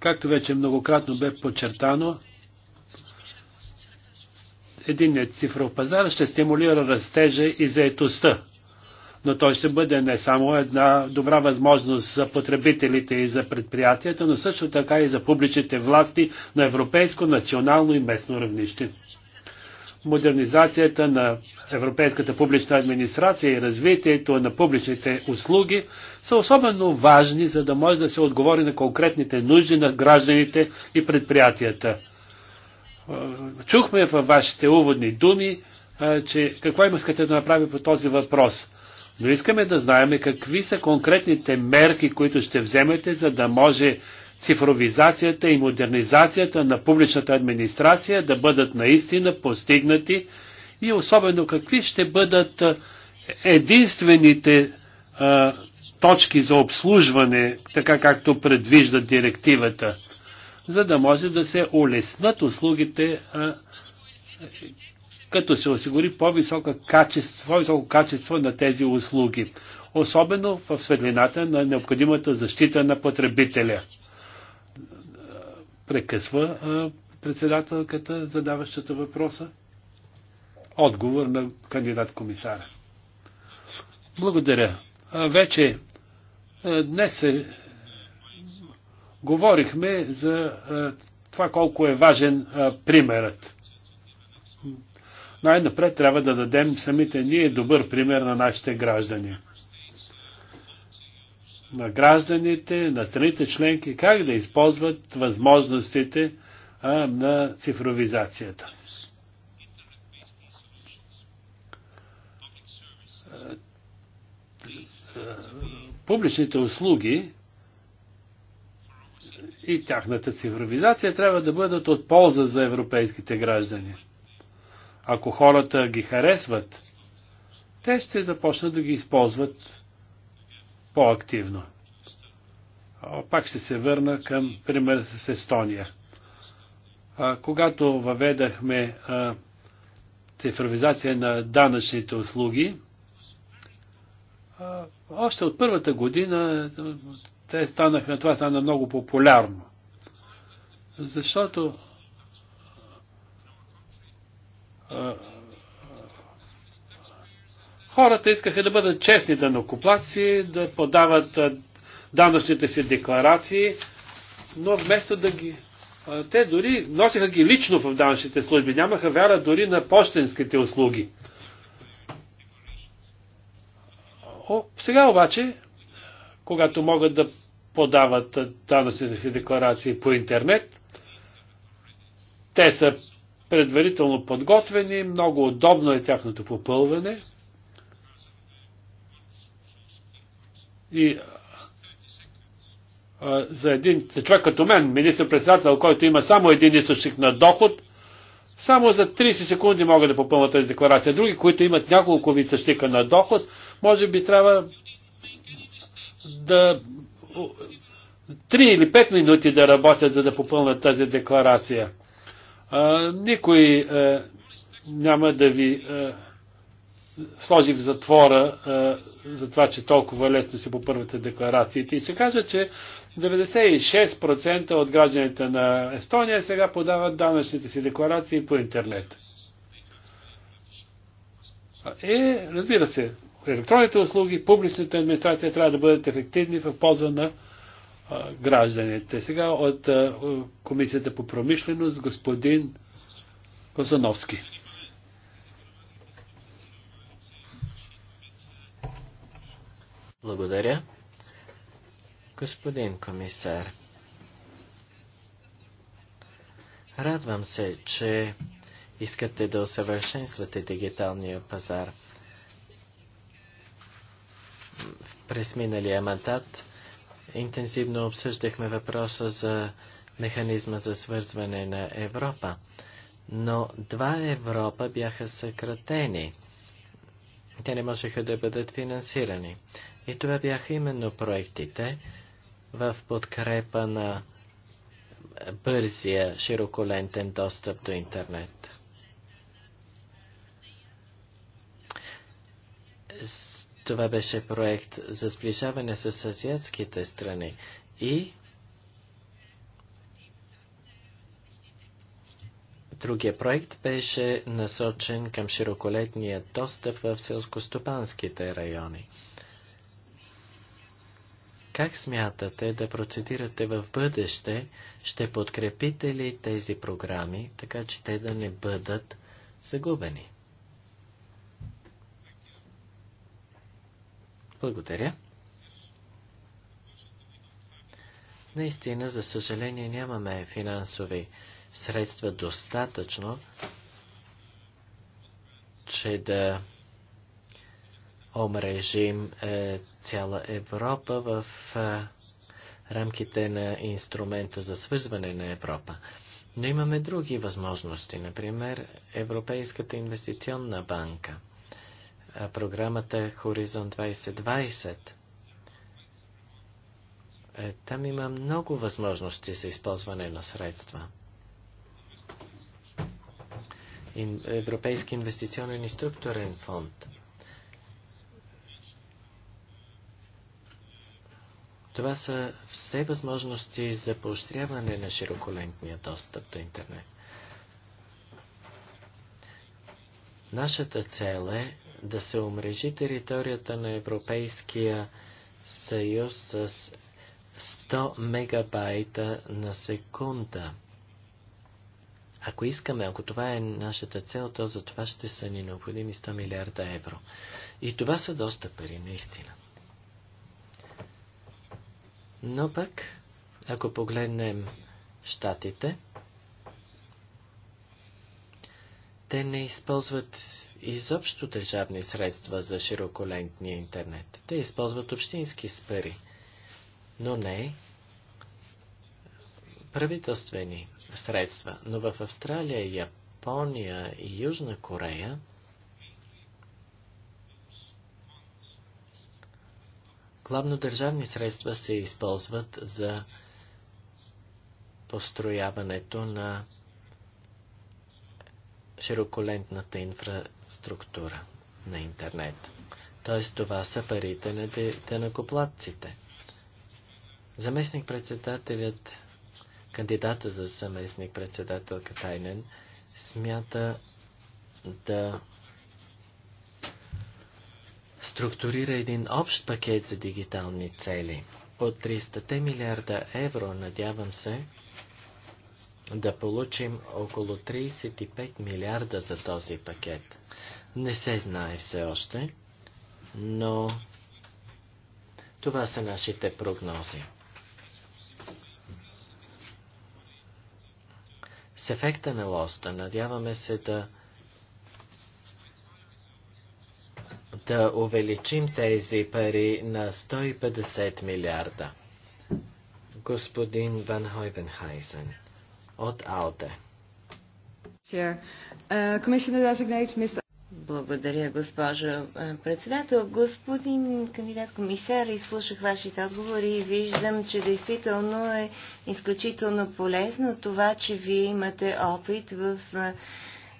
както вече многократно бе подчертано, Единният цифров пазар ще стимулира растежа и заетостта, но той ще бъде не само една добра възможност за потребителите и за предприятията, но също така и за публичните власти на европейско, национално и местно равнище. Модернизацията на европейската публична администрация и развитието на публичните услуги са особено важни, за да може да се отговори на конкретните нужди на гражданите и предприятията чухме във вашите уводни думи, че какво искате да направи по този въпрос. Но искаме да знаем какви са конкретните мерки, които ще вземете, за да може цифровизацията и модернизацията на публичната администрация да бъдат наистина постигнати и особено какви ще бъдат единствените а, точки за обслужване, така както предвижда директивата за да може да се улеснат услугите, а, като се осигури по-високо качество, по качество на тези услуги, особено в светлината на необходимата защита на потребителя. Прекъсва а, председателката, задаващата въпроса. Отговор на кандидат-комисара. Благодаря. Вече днес се говорихме за това колко е важен примерът. Най-напред трябва да дадем самите ние добър пример на нашите граждани. На гражданите, на страните членки, как да използват възможностите а, на цифровизацията. Публичните услуги и тяхната цифровизация трябва да бъдат от полза за европейските граждани. Ако хората ги харесват, те ще започнат да ги използват по-активно. Пак ще се върна към пример с Естония. А, когато въведахме а, цифровизация на данъчните услуги, а, още от първата година те станаха, това стана много популярно. Защото а, хората искаха да бъдат честни данокоплаци, да подават а, данъчните си декларации, но вместо да ги... А, те дори носиха ги лично в данъчните служби, нямаха вяра дори на почтенските услуги. О, сега обаче когато могат да подават данъчните си декларации по интернет. Те са предварително подготвени, много удобно е тяхното попълване. И за един за човек като мен, министр-председател, който има само един източник на доход, само за 30 секунди мога да попълна тази декларация. Други, които имат няколко източника на доход, може би трябва да 3 или 5 минути да работят, за да попълнат тази декларация. А, никой а, е, няма да ви а, е, сложи в затвора а, е, за това, че толкова лесно си първата декларациите. И се кажа, че 96% от гражданите на Естония сега подават данъчните си декларации по интернет. Е, разбира се, електронните услуги, публичната администрация трябва да бъдат ефективни в полза на а, гражданите. Сега от а, Комисията по промишленост господин Козановски. Благодаря. Господин комисар, радвам се, че искате да усъвършенствате дигиталния пазар през миналия мандат интензивно обсъждахме въпроса за механизма за свързване на Европа. Но два Европа бяха съкратени. Те не можеха да бъдат финансирани. И това бяха именно проектите в подкрепа на бързия широколентен достъп до интернет. Това беше проект за сближаване с азиатските страни и Другия проект беше насочен към широколетния достъп в селскостопанските райони. Как смятате да процедирате в бъдеще? Ще подкрепите ли тези програми, така че те да не бъдат загубени? Благодаря. Наистина, за съжаление, нямаме финансови средства достатъчно, че да омрежим е, цяла Европа в е, рамките на инструмента за свързване на Европа. Но имаме други възможности, например Европейската инвестиционна банка – програмата е Хоризонт 2020. Е, там има много възможности за използване на средства. Европейски инвестиционен и структурен фонд. Това са все възможности за поощряване на широколентния достъп до интернет. Нашата цел е да се омрежи територията на Европейския съюз с 100 мегабайта на секунда. Ако искаме, ако това е нашата цел, то за това ще са ни необходими 100 милиарда евро. И това са доста пари, наистина. Но пък, ако погледнем щатите, те не използват изобщо държавни средства за широколентния интернет. Те използват общински спари, но не правителствени средства. Но в Австралия, Япония и Южна Корея главно държавни средства се използват за построяването на широколентната инфраструктура на интернет. Т.е. това са парите на денакоплатците. Заместник-председателят, кандидата за заместник-председател Катайнен, смята да структурира един общ пакет за дигитални цели. От 300 милиарда евро, надявам се, да получим около 35 милиарда за този пакет. Не се знае все още, но това са нашите прогнози. С ефекта на лоста надяваме се да да увеличим тези пари на 150 милиарда. Господин Ван Хойвенхайзен от АЛДЕ. Uh, Благодаря, госпожо председател. Господин кандидат комисар, изслушах вашите отговори и виждам, че действително е изключително полезно това, че вие имате опит в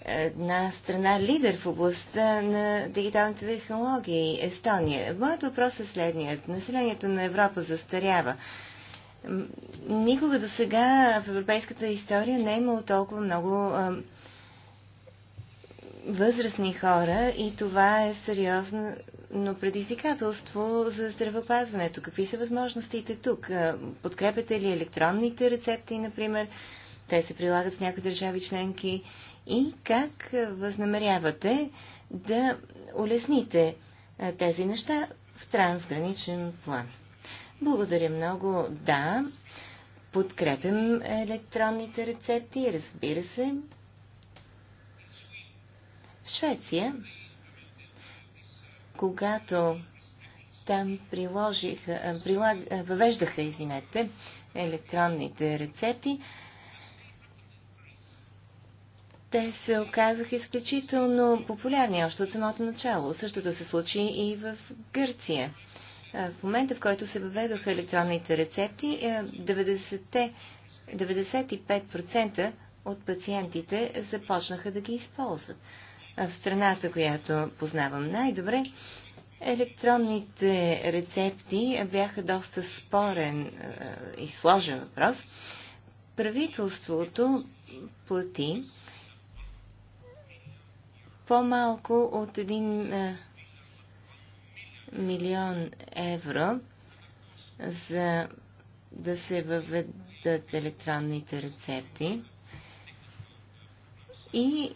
една страна лидер в областта на дигиталните технологии Естония. Моят въпрос е следният. Населението на Европа застарява. Никога до сега в европейската история не е имало толкова много възрастни хора и това е сериозно но предизвикателство за здравеопазването. Какви са възможностите тук? Подкрепяте ли електронните рецепти, например? Те се прилагат в някои държави членки. И как възнамерявате да улесните тези неща в трансграничен план? Благодаря много. Да, подкрепям електронните рецепти, разбира се. В Швеция, когато там приложиха, прилаг, въвеждаха, извинете, електронните рецепти, те се оказаха изключително популярни още от самото начало. Същото се случи и в Гърция. В момента, в който се въведоха електронните рецепти, 90 е, 95% от пациентите започнаха да ги използват. В страната, която познавам най-добре, електронните рецепти бяха доста спорен и сложен въпрос. Правителството плати по-малко от 1 милион евро за да се въведат електронните рецепти. И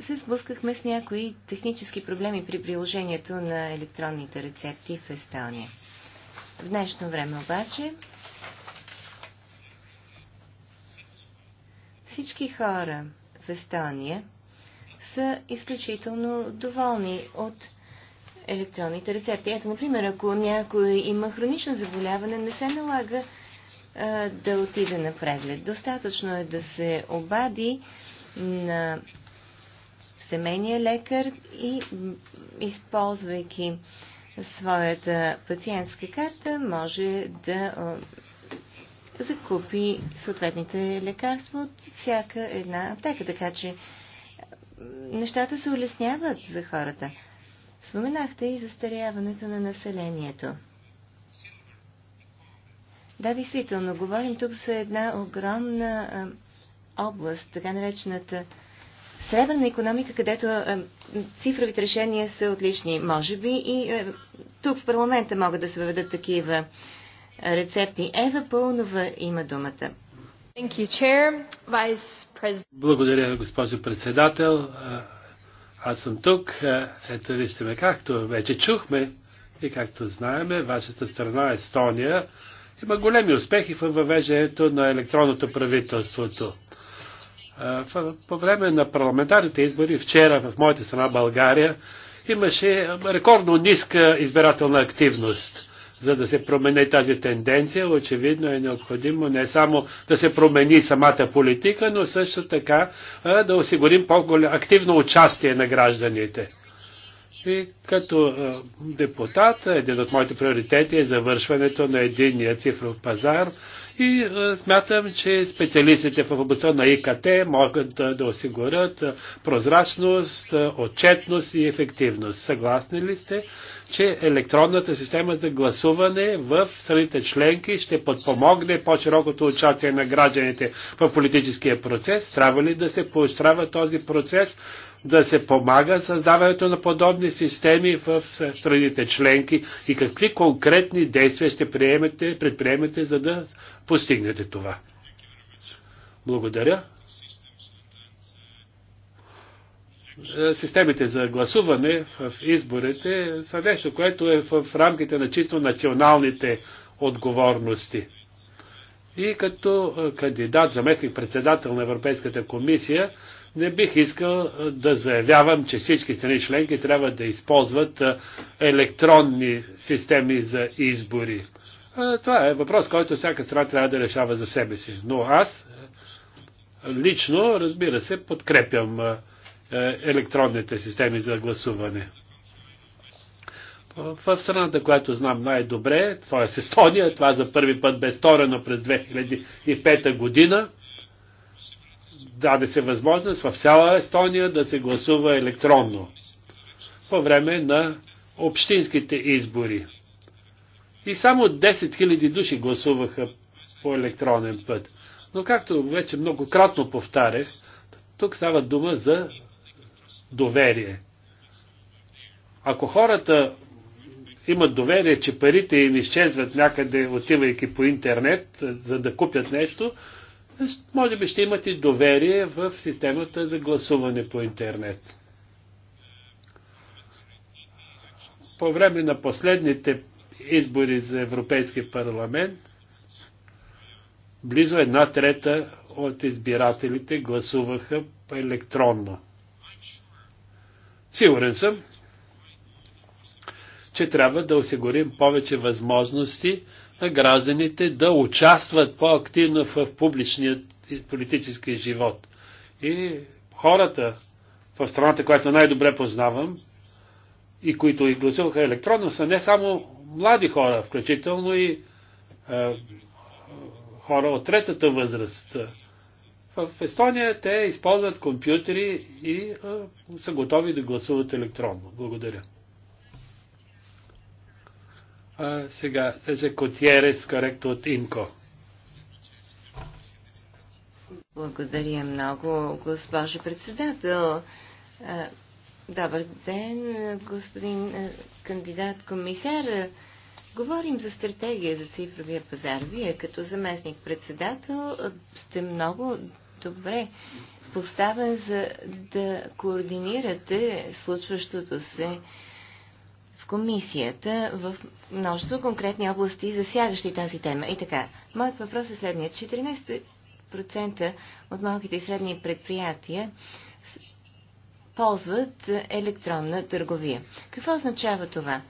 се сблъскахме с някои технически проблеми при приложението на електронните рецепти в Естония. В днешно време обаче всички хора в Естония са изключително доволни от електронните рецепти. Ето, например, ако някой има хронично заболяване, не се налага а, да отиде на преглед. Достатъчно е да се обади на семейния лекар и използвайки своята пациентска карта, може да а, закупи съответните лекарства от всяка една аптека. Така че нещата се улесняват за хората. Споменахте и застаряването на населението. Да, действително, говорим тук за една огромна а, област, така наречената сребърна економика, където а, цифровите решения са отлични. Може би и а, тук в парламента могат да се въведат такива рецепти. Ева Пълнова има думата. Благодаря, госпожо председател аз съм тук, е, ето вижте ме, както вече чухме и както знаеме, вашата страна Естония има големи успехи в въвеждането на електронното правителството. Е, по време на парламентарните избори вчера в моята страна България имаше рекордно ниска избирателна активност. За да се промени тази тенденция, очевидно е необходимо не само да се промени самата политика, но също така да осигурим по-активно участие на гражданите. И като депутат, един от моите приоритети е завършването на единния цифров пазар и а, смятам, че специалистите в областта на ИКТ могат а, да осигурят а, прозрачност, а, отчетност и ефективност. Съгласни ли сте, че електронната система за гласуване в страните членки ще подпомогне по-широкото участие на гражданите в политическия процес? Трябва ли да се поощрява този процес? да се помага създаването на подобни системи в страните членки и какви конкретни действия ще приемете, предприемете, за да постигнете това. Благодаря. Е, системите за гласуване в изборите са нещо, което е в рамките на чисто националните отговорности. И като е, кандидат, заместник председател на Европейската комисия, не бих искал е, да заявявам, че всички страни членки трябва да използват електронни системи за избори. Това е въпрос, който всяка страна трябва да решава за себе си. Но аз е, лично, разбира се, подкрепям е, е, електронните системи за гласуване. В страната, която знам най-добре, това е Естония, това за първи път бе сторено през 2005 година, даде се възможност в цяла Естония да се гласува електронно по време на общинските избори. И само 10 000 души гласуваха по електронен път. Но както вече многократно повтарях, тук става дума за доверие. Ако хората имат доверие, че парите им изчезват някъде, отивайки по интернет, за да купят нещо, може би ще имат и доверие в системата за гласуване по интернет. По време на последните избори за Европейски парламент, близо една трета от избирателите гласуваха електронно. Сигурен съм, че трябва да осигурим повече възможности на гражданите да участват по-активно в публичния политически живот. И хората в страната, която най-добре познавам, и които гласуваха електронно, са не само млади хора, включително и е, хора от третата възраст. В Естония те използват компютри и е, са готови да гласуват електронно. Благодаря. А, сега, Сеже Коцерес, коректо от Инко. Благодаря много, госпожо председател. Е, Добър ден, господин е, кандидат комисар. Говорим за стратегия за цифровия пазар. Вие като заместник председател сте много добре поставен за да координирате случващото се в комисията в множество конкретни области, засягащи тази тема. И така, моят въпрос е следният. 14% от малките и средни предприятия ползват електронна търговия. Какво означава това?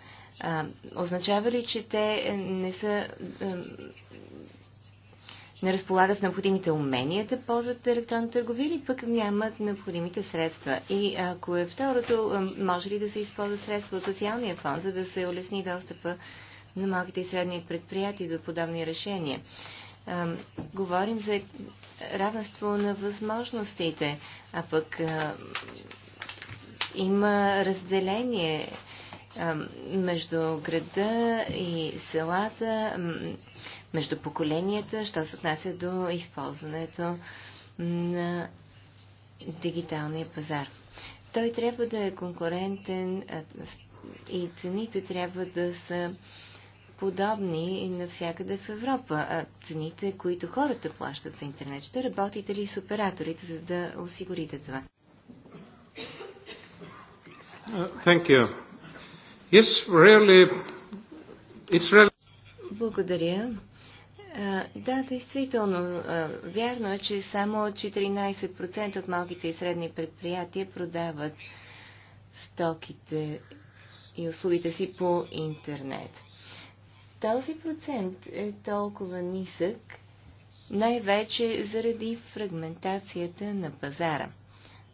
А, означава ли, че те не са. А, не разполагат с необходимите умения да ползват електронна търговия или пък нямат необходимите средства. И ако е второто, може ли да се използва средства от социалния фонд, за да се улесни достъпа на малките и средни предприятия до подобни решения? А, говорим за равенство на възможностите, а пък а, има разделение между града и селата, между поколенията, що се отнася до използването на дигиталния пазар. Той трябва да е конкурентен и цените трябва да са подобни навсякъде в Европа. А цените, които хората плащат за интернет, ще работите ли с операторите, за да осигурите това? Uh, thank you. Yes, really, it's really... Благодаря. Да, действително. Вярно е, че само 14% от малките и средни предприятия продават стоките и услугите си по интернет. Този процент е толкова нисък, най-вече заради фрагментацията на пазара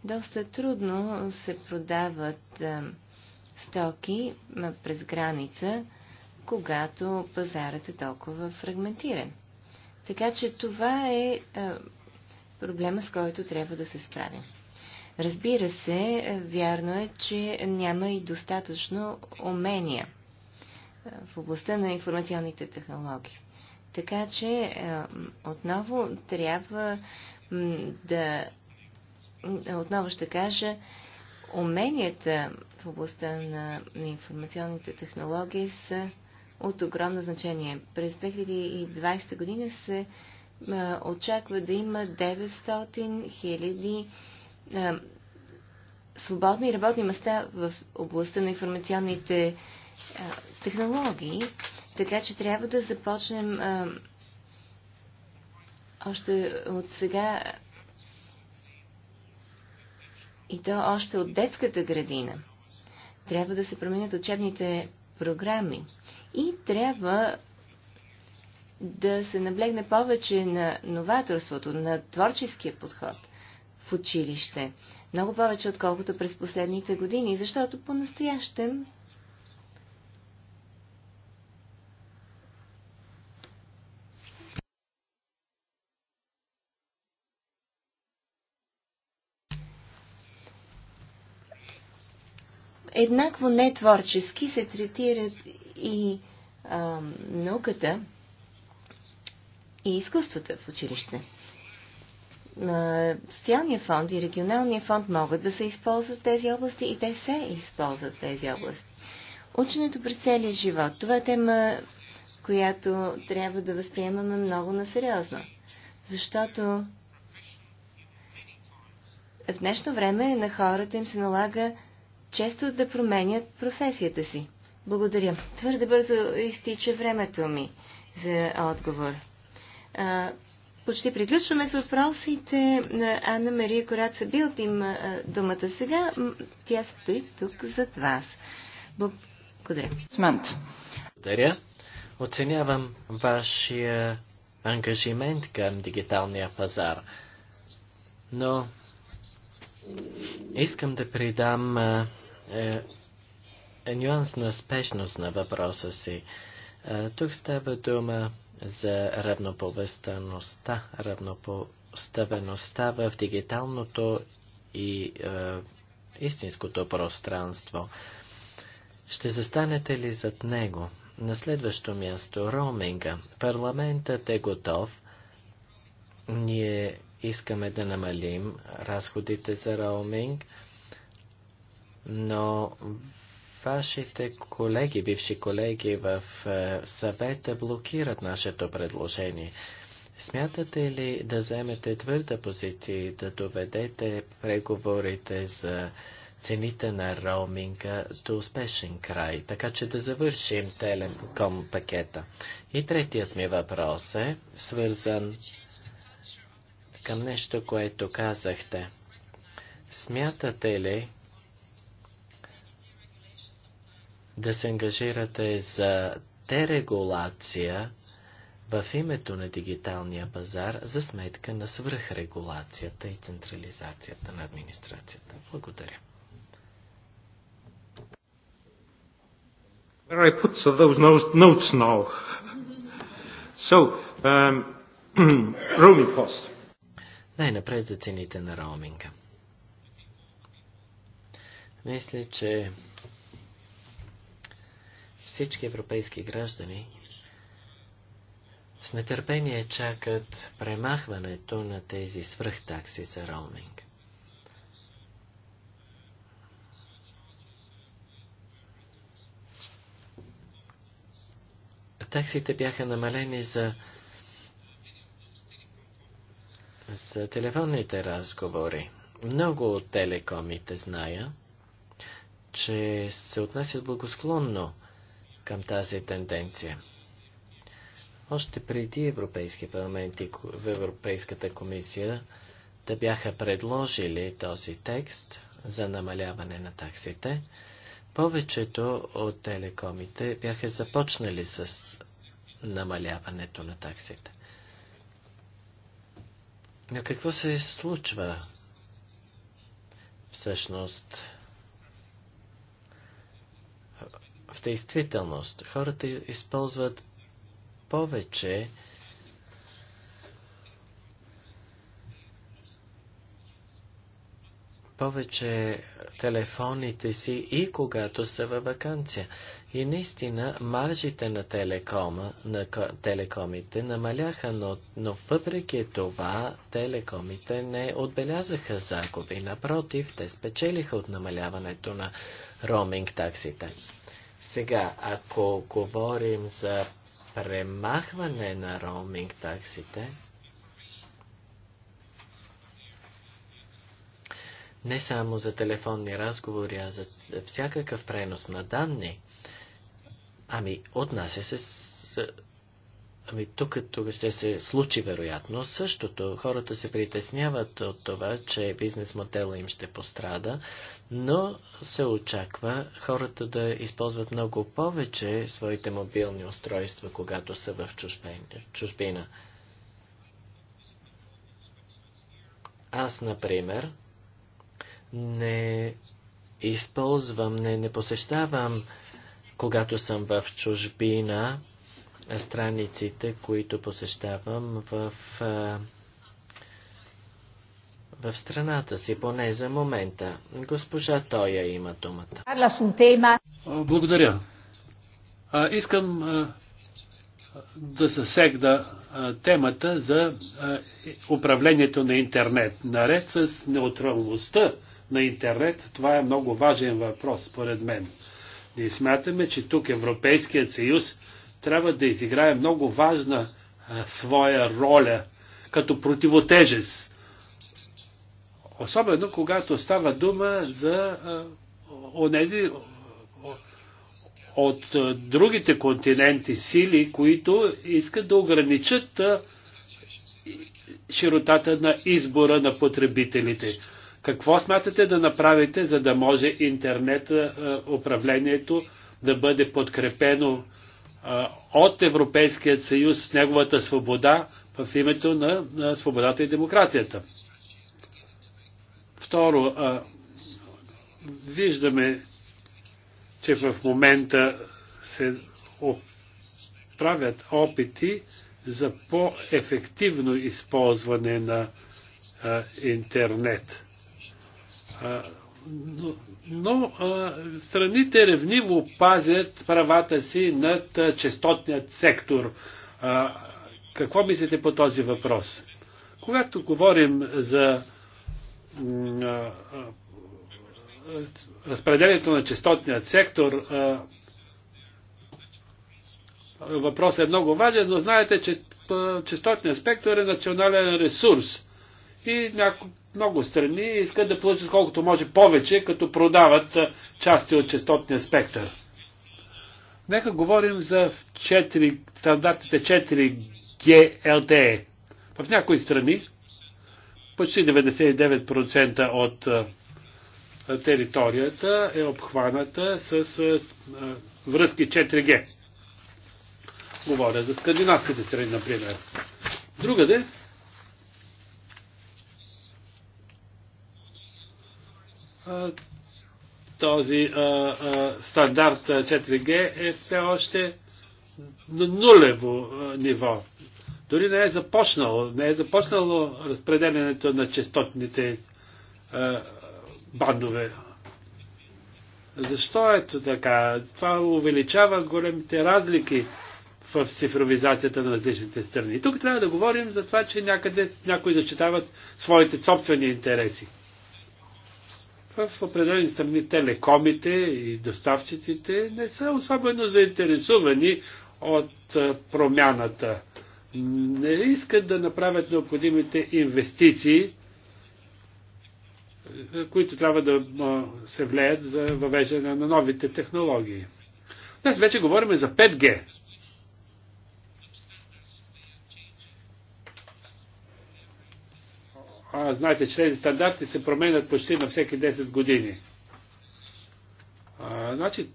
доста трудно се продават стоки през граница, когато пазарът е толкова фрагментиран. Така че това е проблема, с който трябва да се справим. Разбира се, вярно е, че няма и достатъчно умения в областта на информационните технологии. Така че отново трябва да отново ще кажа, уменията в областта на информационните технологии са от огромно значение. През 2020 година се очаква да има 900 хиляди свободни работни места в областта на информационните технологии, така че трябва да започнем още от сега и то още от детската градина. Трябва да се променят учебните програми. И трябва да се наблегне повече на новаторството, на творческия подход в училище. Много повече, отколкото през последните години, защото по-настоящем еднакво нетворчески се третират и а, науката и изкуствата в училище. Социалния фонд и регионалния фонд могат да се използват тези области и те се използват тези области. Ученето през целия живот. Това е тема, която трябва да възприемаме много насериозно. Защото в днешно време на хората им се налага често да променят професията си. Благодаря. Твърде бързо изтича времето ми за отговор. А, почти приключваме с въпросите на Анна Мария Кораца Билт. Има думата сега. Тя стои тук зад вас. Благодаря. Благодаря. Оценявам вашия ангажимент към дигиталния пазар. Но искам да придам е, е, нюанс на спешност на въпроса си. Е, тук става дума за равнопоставеността, равнопоставеността в дигиталното и е, истинското пространство. Ще застанете ли зад него? На следващо място роуминга. Парламентът е готов. Ние искаме да намалим разходите за роуминг но вашите колеги, бивши колеги в е, съвета блокират нашето предложение. Смятате ли да вземете твърда позиция и да доведете преговорите за цените на роуминга до успешен край, така че да завършим телеком пакета? И третият ми въпрос е свързан към нещо, което казахте. Смятате ли, да се ангажирате за дерегулация в името на дигиталния пазар за сметка на свръхрегулацията и централизацията на администрацията. Благодаря. Where I put those notes now. So, um, roaming cost. Най-напред за цените на роуминга. Мисля, че всички европейски граждани с нетърпение чакат премахването на тези свръхтакси за роуминг. Таксите бяха намалени за, за телефонните разговори. Много от телекомите зная, че се отнасят благосклонно към тази тенденция. Още преди Европейския парламент и в Европейската комисия да бяха предложили този текст за намаляване на таксите, повечето от телекомите бяха започнали с намаляването на таксите. Но какво се случва? Всъщност, действителност. Хората използват повече повече телефоните си и когато са във вакансия. И наистина маржите на, телекома, на телекомите намаляха, но, но въпреки това телекомите не отбелязаха загуби. Напротив, те спечелиха от намаляването на роуминг таксите. Сега, ако говорим за премахване на роуминг таксите, не само за телефонни разговори, а за всякакъв пренос на данни, ами отнася се с... Ами тук, тук ще се случи вероятно същото. Хората се притесняват от това, че бизнес модела им ще пострада, но се очаква хората да използват много повече своите мобилни устройства, когато са в чужбина. Аз, например, не използвам, не, не посещавам, когато съм в чужбина, страниците, които посещавам в а, в страната си, поне за момента. Госпожа Тоя има думата. Благодаря. А, искам а, да засегна темата за а, управлението на интернет. Наред с неутралността на интернет, това е много важен въпрос, според мен. Ние смятаме, че тук Европейският съюз трябва да изиграе много важна а, своя роля като противотежест Особено когато става дума за онези от другите континенти сили, които искат да ограничат широтата на избора на потребителите. Какво смятате да направите, за да може интернет управлението да бъде подкрепено от Европейският съюз с неговата свобода в името на свободата и демокрацията? Второ, а, виждаме, че в момента се правят опити за по-ефективно използване на а, интернет. А, но но а, страните ревниво пазят правата си над а, частотният сектор. А, какво мислите по този въпрос? Когато говорим за разпределението на частотният сектор Въпросът е много важен, но знаете, че частотният спектър е национален ресурс. И няко, много страни искат да получат колкото може повече, като продават части от частотния спектър. Нека говорим за 4, стандартите 4G LTE. Е. В някои страни почти 99% от територията е обхваната с връзки 4G. Говоря за скандинавските страни, например. Другаде, този а, а, стандарт 4G е все още на нулево ниво. Дори не е започнало, не е започнало разпределенето на частотните а, е, бандове. Защо ето така? Това увеличава големите разлики в цифровизацията на различните страни. И тук трябва да говорим за това, че някъде някои защитават своите собствени интереси. В определени страни телекомите и доставчиците не са особено заинтересувани от е, промяната не искат да направят необходимите инвестиции, които трябва да се влеят за въвеждане на новите технологии. Днес вече говорим за 5G. А, знаете, че тези стандарти се променят почти на всеки 10 години. А, значи,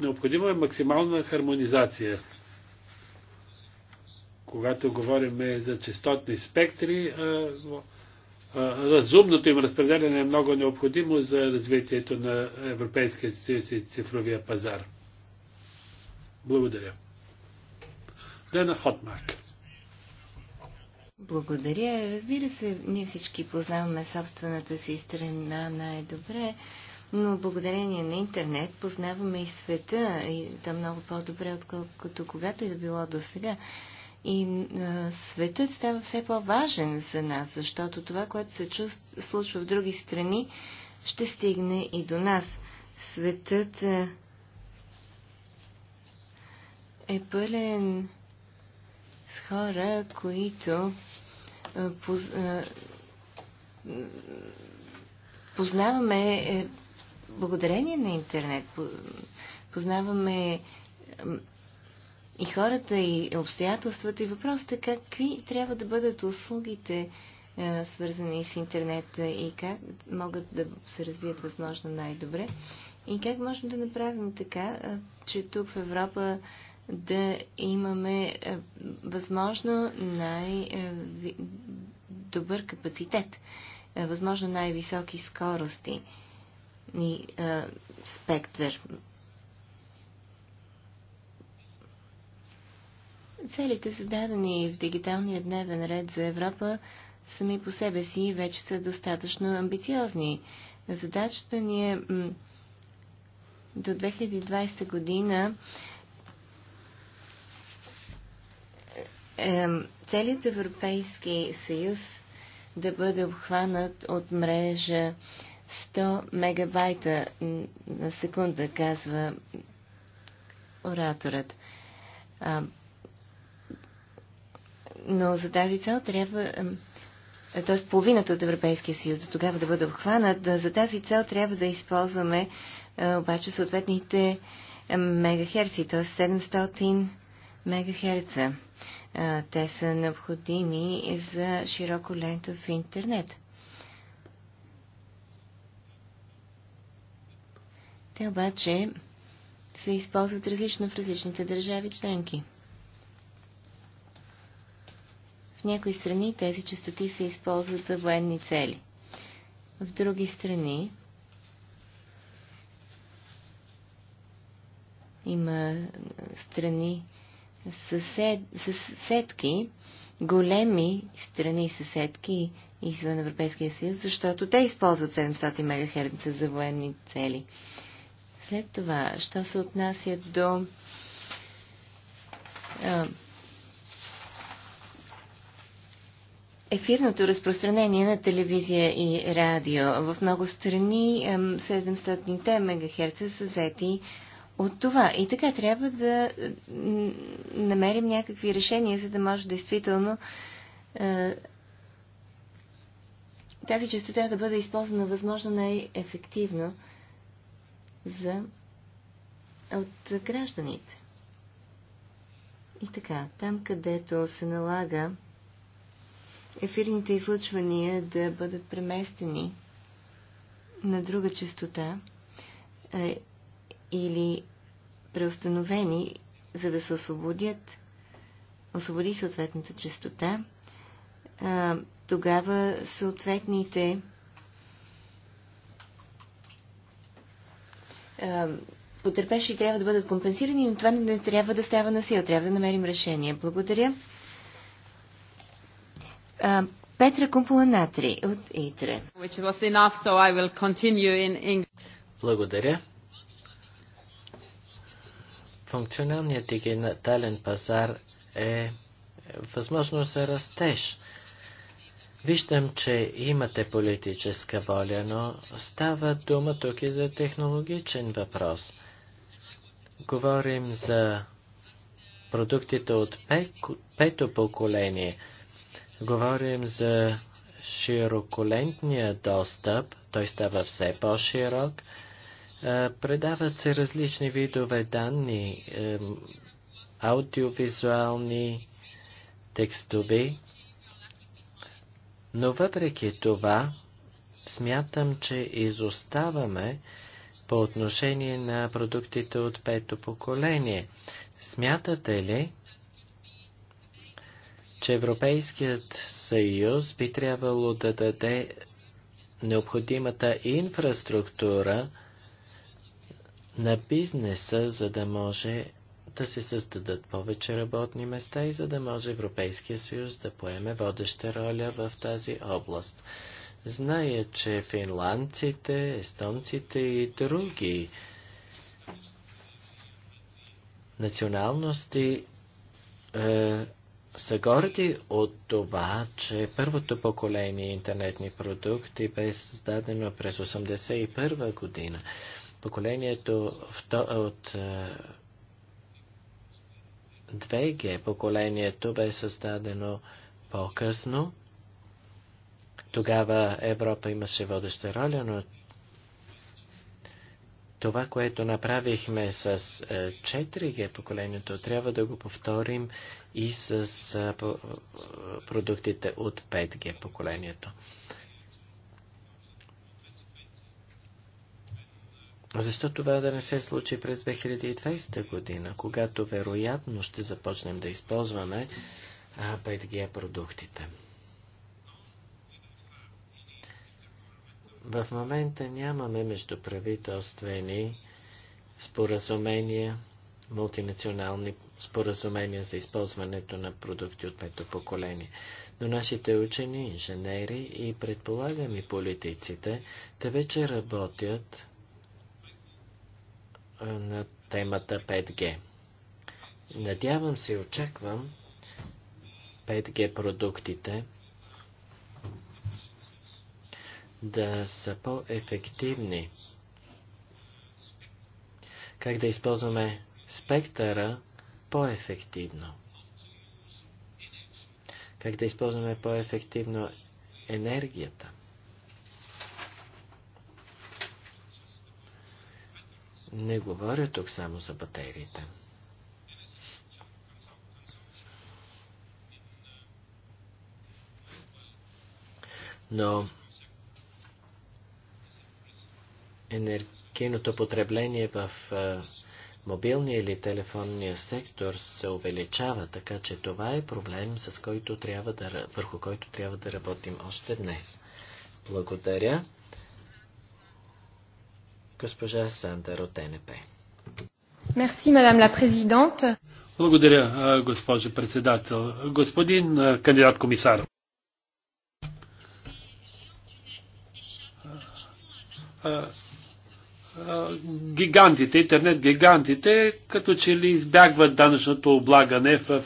необходима е максимална хармонизация когато говорим за частотни спектри, разумното им разпределение е много необходимо за развитието на Европейския съюз и цифровия пазар. Благодаря. Лена Хотмарк. Благодаря. Разбира се, ние всички познаваме собствената си страна най-добре, но благодарение на интернет познаваме и света, и да много по-добре, отколкото когато и е да било до сега. И а, светът става все по-важен за нас, защото това, което се чувств, случва в други страни, ще стигне и до нас. Светът а, е пълен с хора, които а, поз, а, познаваме е, благодарение на интернет. Познаваме и хората, и обстоятелствата, и въпросът е какви трябва да бъдат услугите, е, свързани с интернета и как могат да се развият възможно най-добре и как можем да направим така, е, че тук в Европа да имаме е, възможно най-добър капацитет, възможно най-високи скорости и спектър Целите, зададени в дигиталния дневен ред за Европа, сами по себе си вече са достатъчно амбициозни. Задачата ни е до 2020 година е, целият Европейски съюз да бъде обхванат от мрежа 100 мегабайта на секунда, казва ораторът но за тази цел трябва т.е. половината от Европейския съюз до тогава да бъде обхванат. За тази цел трябва да използваме е, обаче съответните мегахерци, т.е. 700 мегахерца. Е, те са необходими за широко в интернет. Те обаче се използват различно в различните държави членки. В някои страни тези частоти се използват за военни цели. В други страни има страни съсед, съседки, големи страни съседки извън Европейския съюз, защото те използват 700 МГц за военни цели. След това, що се отнася до а, ефирното разпространение на телевизия и радио. В много страни 700-те МГц са взети от това. И така трябва да намерим някакви решения, за да може действително е, тази частота да бъде използвана възможно най-ефективно за от гражданите. И така, там където се налага ефирните излъчвания да бъдат преместени на друга частота е, или преустановени, за да се освободят, освободи съответната частота, е, тогава съответните е, потерпевши трябва да бъдат компенсирани, но това не трябва да става сила. Трябва да намерим решение. Благодаря. Петра Кумпула Натри от ИТРЕ. Enough, so Благодаря. Функционалният дигитален пазар е възможност за растеж. Виждам, че имате политическа воля, но става дума тук и за технологичен въпрос. Говорим за продуктите от пето поколение – Говорим за широколентния достъп, той става все по-широк. Е, предават се различни видове данни, аудиовизуални, текстови. Но въпреки това, смятам, че изоставаме по отношение на продуктите от пето поколение. Смятате ли, че Европейският съюз би трябвало да даде необходимата инфраструктура на бизнеса, за да може да се създадат повече работни места и за да може Европейския съюз да поеме водеща роля в тази област. Зная, че финландците, естонците и други националности е, са горди от това, че първото поколение интернетни продукти бе създадено през 1981 година. Поколението от 2G е, поколението бе създадено по-късно. Тогава Европа имаше водеща роля, но това, което направихме с 4G е, поколението, трябва да го повторим и с е, е, продуктите от 5G поколението. Защо това да не се случи през 2020 година, когато вероятно ще започнем да използваме 5G продуктите? В момента нямаме междуправителствени споразумения, мултинационални споразумения за използването на продукти от пето поколение. Но нашите учени, инженери и предполагам и политиците, те вече работят на темата 5G. Надявам се и очаквам 5G продуктите да са по-ефективни. Как да използваме спектъра по-ефективно? Как да използваме по-ефективно енергията? Не говоря тук само за батериите. Но енергийното потребление в мобилния или телефонния сектор се увеличава, така че това е проблем, с който трябва да, върху който трябва да работим още днес. Благодаря. Госпожа Сандър от НП. Мерси, мадам ла президент. Благодаря, госпожа председател. Господин кандидат комисар. Uh, гигантите, интернет гигантите, като че ли избягват данъчното облагане в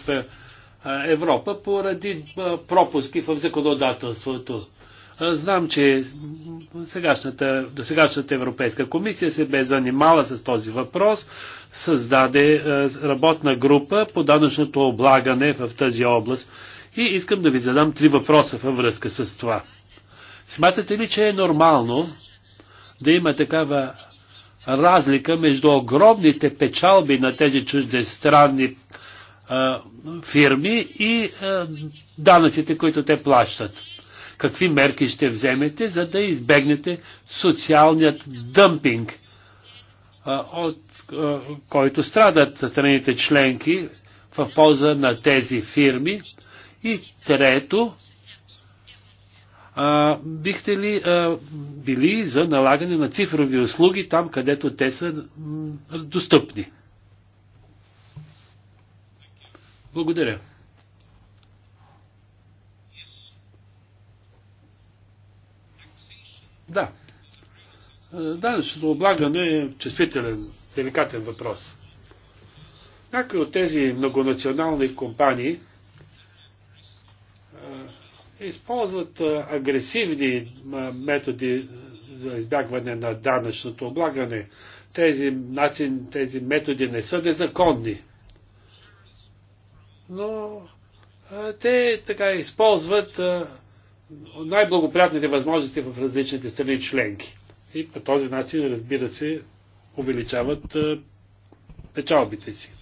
Европа поради пропуски в законодателството. Знам, че сегашната, сегашната Европейска комисия се бе занимала с този въпрос, създаде работна група по данъчното облагане в тази област и искам да ви задам три въпроса във връзка с това. Смятате ли, че е нормално да има такава разлика между огромните печалби на тези чуждестранни фирми и данъците, които те плащат. Какви мерки ще вземете, за да избегнете социалният дъмпинг, от който страдат страните членки в полза на тези фирми? И трето, а, бихте ли а, били за налагане на цифрови услуги там, където те са достъпни? Благодаря. Да. Данъчното облагане е чувствителен, деликатен въпрос. Някои от тези многонационални компании използват агресивни методи за избягване на данъчното облагане. Тези, начин, тези методи не са незаконни. Но те така използват най-благоприятните възможности в различните страни членки. И по този начин, разбира се, увеличават печалбите си.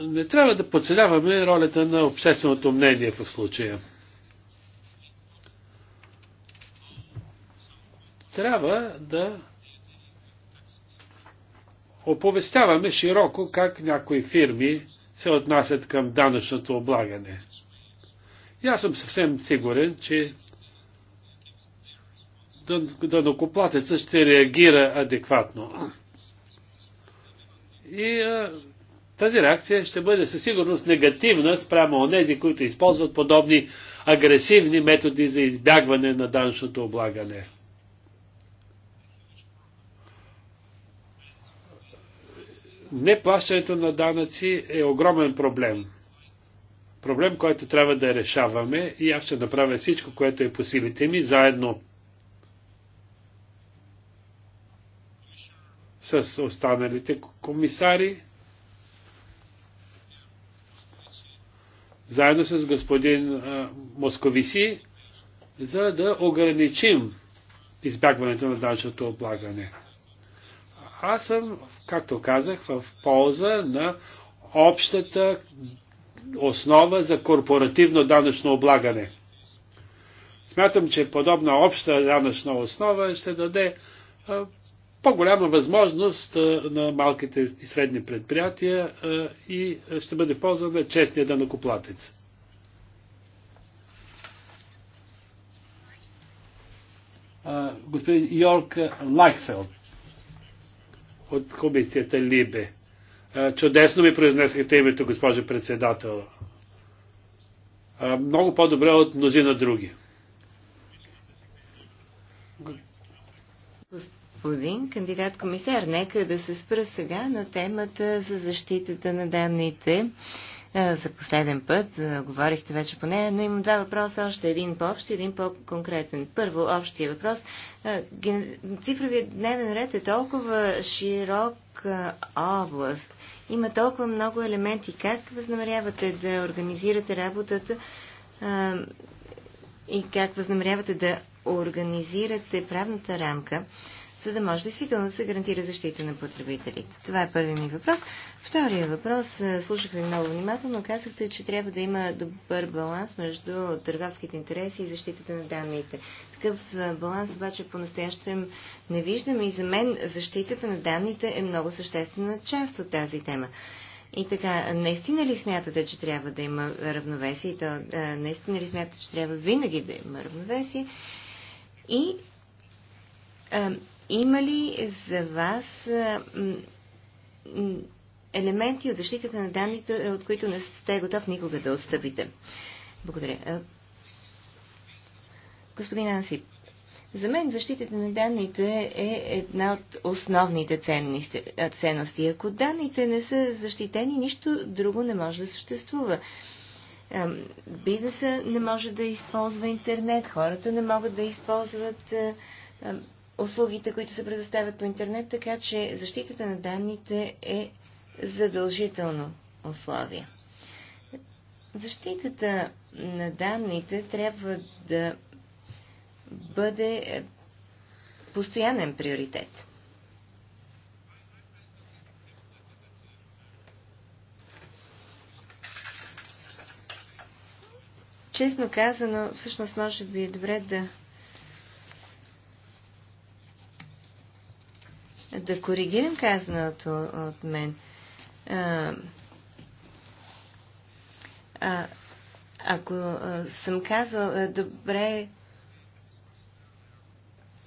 не трябва да подцеляваме ролята на общественото мнение в случая. Трябва да оповестяваме широко как някои фирми се отнасят към данъчното облагане. И аз съм съвсем сигурен, че дънокоплатецът ще реагира адекватно. И а, тази реакция ще бъде със сигурност негативна спрямо онези, които използват подобни агресивни методи за избягване на данъчното облагане. Неплащането на данъци е огромен проблем. Проблем, който трябва да решаваме и аз ще направя всичко, което е по силите ми, заедно с останалите комисари, заедно с господин Московиси, за да ограничим избягването на данчното облагане. Аз съм, както казах, в полза на общата основа за корпоративно данъчно облагане. Смятам, че подобна обща данъчна основа ще даде по-голяма възможност на малките и средни предприятия и ще бъде в полза на честния данъкоплатец. Господин Йорк Лайхфелд от комисията Либе. Чудесно ми произнесахте името, госпожо председател. Много по-добре от мнозина други. господин кандидат-комисар. Нека да се спра сега на темата за защитата на данните. За последен път говорихте вече по нея, но имам два въпроса. Още един по-общ и един по-конкретен. Първо, общия въпрос. Цифровият дневен ред е толкова широк област. Има толкова много елементи. Как възнамерявате да организирате работата и как възнамерявате да организирате правната рамка за да може действително да се гарантира защита на потребителите? Това е първият ми въпрос. Втория въпрос. Е, слушах ви много внимателно. Казахте, че трябва да има добър баланс между търговските интереси и защитата на данните. Такъв е, баланс обаче по-настоящем не виждаме и за мен защитата на данните е много съществена част от тази тема. И така, наистина ли смятате, че трябва да има равновесие? то, е, наистина ли смятате, че трябва винаги да има равновесие? И а, има ли за вас елементи от защитата на данните, е, от които не сте готов никога да отстъпите? Благодаря. Господин Ансип, за мен защитата на данните е една от основните ценности. Ако данните не са защитени, нищо друго не може да съществува. Бизнеса не може да използва интернет, хората не могат да използват услугите, които се предоставят по интернет, така че защитата на данните е задължително условие. Защитата на данните трябва да бъде е, постоянен приоритет. Честно казано, всъщност може би е добре да да коригирам казаното от мен. А, а, ако а, съм казал, а, добре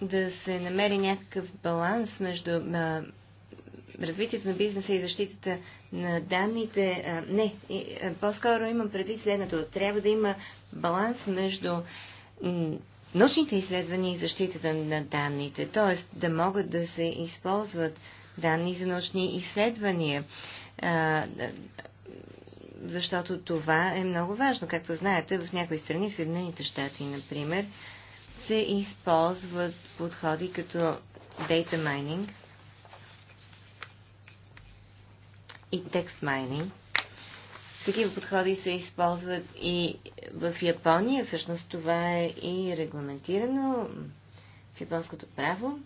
да се намери някакъв баланс между а, развитието на бизнеса и защитата на данните. А, не, по-скоро имам предвид следното. Трябва да има баланс между научните изследвания и защитата на данните, т.е. да могат да се използват данни за научни изследвания, защото това е много важно. Както знаете, в някои страни, в Съединените щати, например, се използват подходи като data mining и text mining, такива подходи се използват и в Япония. Всъщност това е и регламентирано в японското право.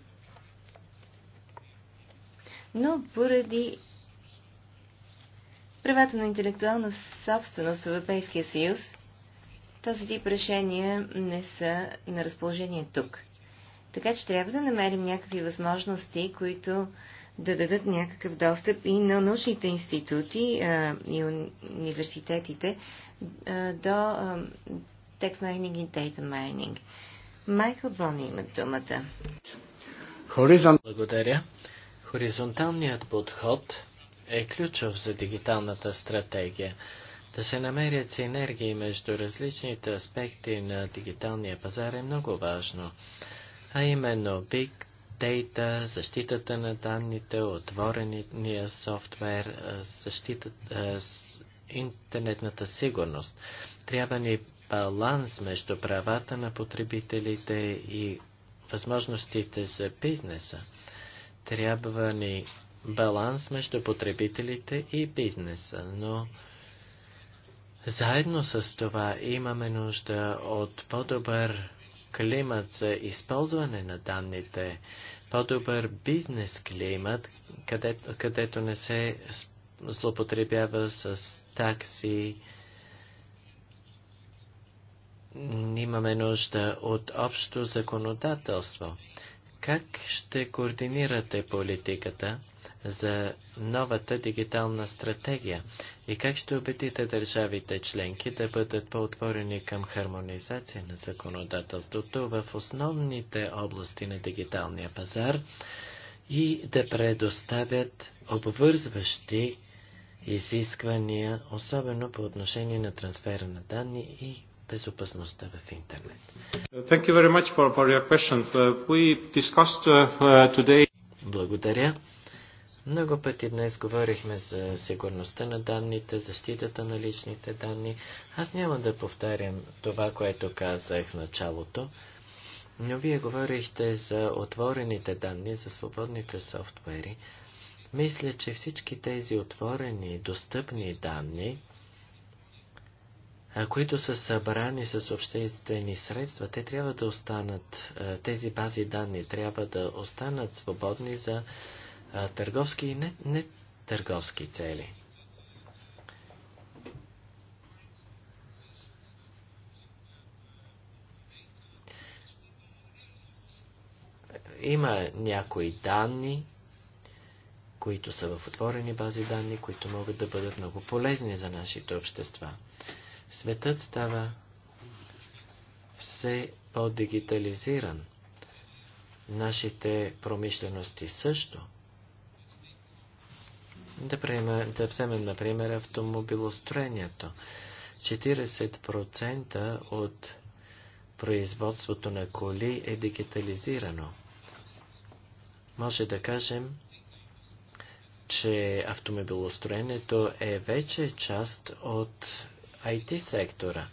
Но поради правата на интелектуална собственост в Европейския съюз, този тип решения не са на разположение тук. Така че трябва да намерим някакви възможности, които да дадат някакъв достъп и на научните институти а, и университетите а, до а, текст майнинг и дейта майнинг. Майкъл Бони има думата. Хоризон... Благодаря. Хоризонталният подход е ключов за дигиталната стратегия. Да се намерят синергии между различните аспекти на дигиталния пазар е много важно, а именно Big Дейта, защитата на данните, отворения софтуер, защитата, интернетната сигурност. Трябва ни баланс между правата на потребителите и възможностите за бизнеса. Трябва ни баланс между потребителите и бизнеса, но заедно с това имаме нужда от по-добър климат за използване на данните, по-добър бизнес климат, където, където не се злоупотребява с такси. Имаме нужда от общо законодателство. Как ще координирате политиката? за новата дигитална стратегия и как ще убедите държавите членки да бъдат по-отворени към хармонизация на законодателството в основните области на дигиталния пазар и да предоставят обвързващи изисквания, особено по отношение на трансфера на данни и безопасността в интернет. Uh, uh, uh, Благодаря. Много пъти днес говорихме за сигурността на данните, защитата на личните данни. Аз няма да повтарям това, което казах в началото, но вие говорихте за отворените данни, за свободните софтуери. Мисля, че всички тези отворени, достъпни данни, които са събрани с обществени средства, те трябва да останат, тези бази данни трябва да останат свободни за търговски и не, не търговски цели. Има някои данни, които са в отворени бази данни, които могат да бъдат много полезни за нашите общества. Светът става все по-дигитализиран. Нашите промишлености също – да, приема, да вземем, например, автомобилостроението. 40% от производството на коли е дигитализирано. Може да кажем, че автомобилостроението е вече част от IT сектора.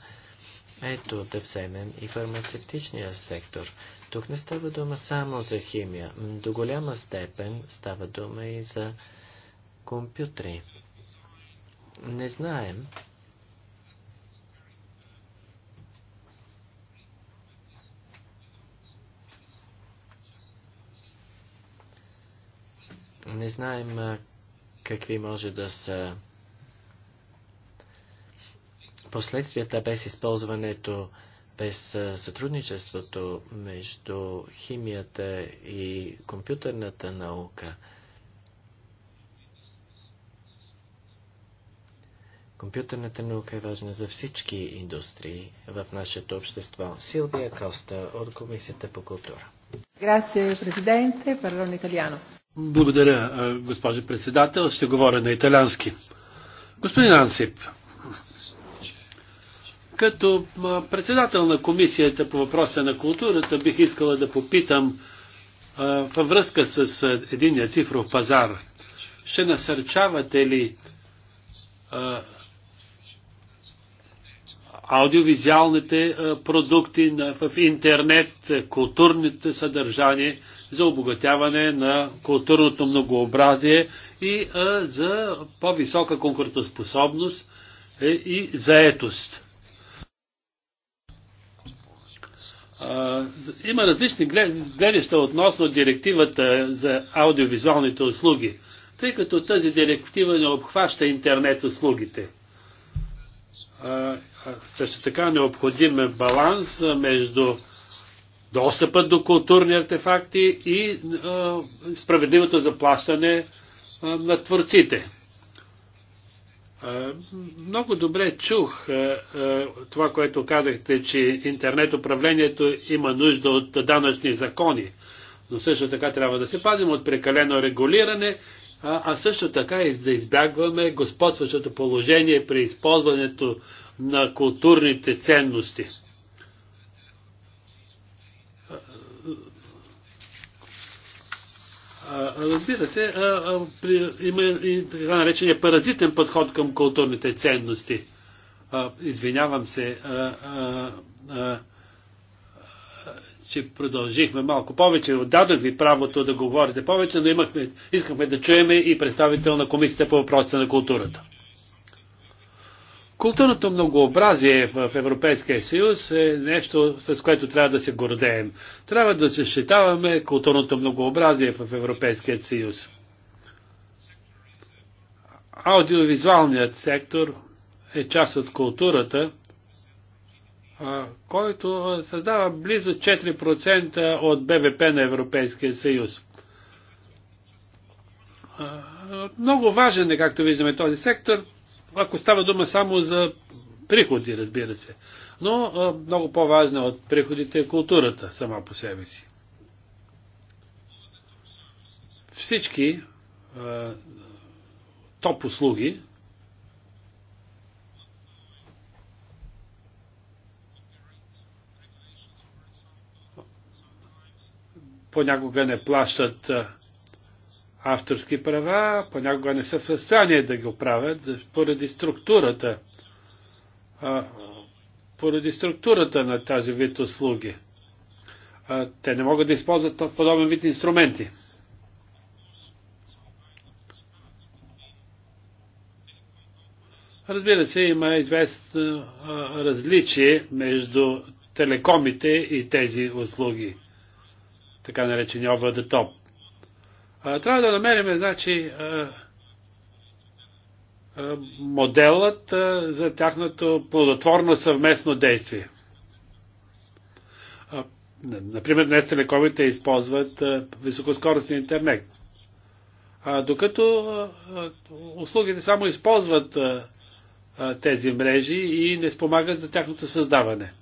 Ето да вземем и фармацевтичния сектор. Тук не става дума само за химия. До голяма степен става дума и за компютри. Не знаем не знаем какви може да са последствията без използването, без сътрудничеството между химията и компютърната наука – Компютърната наука е важна за всички индустрии в нашето общество. Силвия Коста от Комисията по култура. Грация, президенте, парлон италиано. Благодаря, госпожо председател. Ще говоря на италиански. Господин Ансип, като председател на Комисията по въпроса на културата бих искала да попитам във връзка с единия цифров пазар. Ще насърчавате ли аудиовизуалните продукти в интернет, културните съдържания за обогатяване на културното многообразие и за по-висока конкурентоспособност е, и заетост. Има различни гледаща относно директивата за аудиовизуалните услуги, тъй като тази директива не обхваща интернет услугите също така необходим е баланс между достъпът до културни артефакти и а, справедливото заплащане а, на творците. А, много добре чух а, а, това, което казахте, че интернет управлението има нужда от данъчни закони, но също така трябва да се пазим от прекалено регулиране, а, а също така и да избягваме господстващото положение при използването на културните ценности. Разбира се, има и така наречения паразитен подход към културните ценности. Извинявам се, че продължихме малко повече. Отдадох ви правото да говорите повече, но имахме, искахме да чуеме и представител на Комисията по въпросите на културата. Културното многообразие в Европейския съюз е нещо, с което трябва да се гордеем. Трябва да защитаваме културното многообразие в Европейския съюз. Аудиовизуалният сектор е част от културата, който създава близо 4% от БВП на Европейския съюз. Много важен е, както виждаме, този сектор ако става дума само за приходи, разбира се. Но много по-важна от приходите е културата сама по себе си. Всички топ услуги понякога не плащат а, авторски права, понякога не са в състояние да го правят, поради структурата, а, поради структурата на тази вид услуги. А, те не могат да използват подобен вид инструменти. Разбира се, има известно различие между телекомите и тези услуги, така наречени over the top. Трябва да намерим, значи, моделът за тяхното плодотворно съвместно действие. Например, днес телекомите използват високоскоростен интернет. А, докато а, услугите само използват а, а, тези мрежи и не спомагат за тяхното създаване.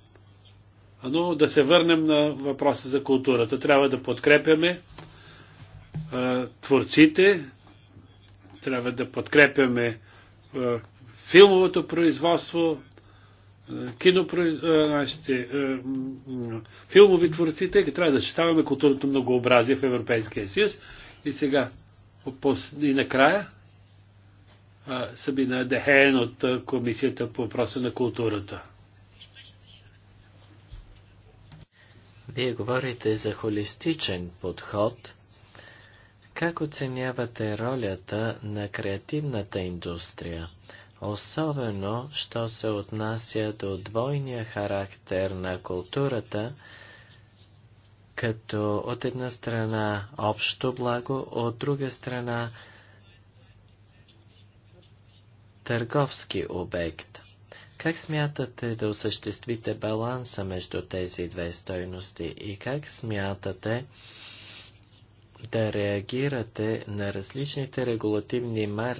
Но да се върнем на въпроса за културата. Трябва да подкрепяме творците, трябва да подкрепяме филмовото производство, кинопроизводство, филмови творци, тъй като трябва да читаваме културното многообразие в Европейския съюз. И сега, и накрая, Сабина Дехен от Комисията по въпроса на културата. Вие говорите за холистичен подход как оценявате ролята на креативната индустрия, особено, що се отнася до двойния характер на културата, като от една страна общо благо, от друга страна търговски обект. Как смятате да осъществите баланса между тези две стойности и как смятате да реагирате на различните регулативни мар,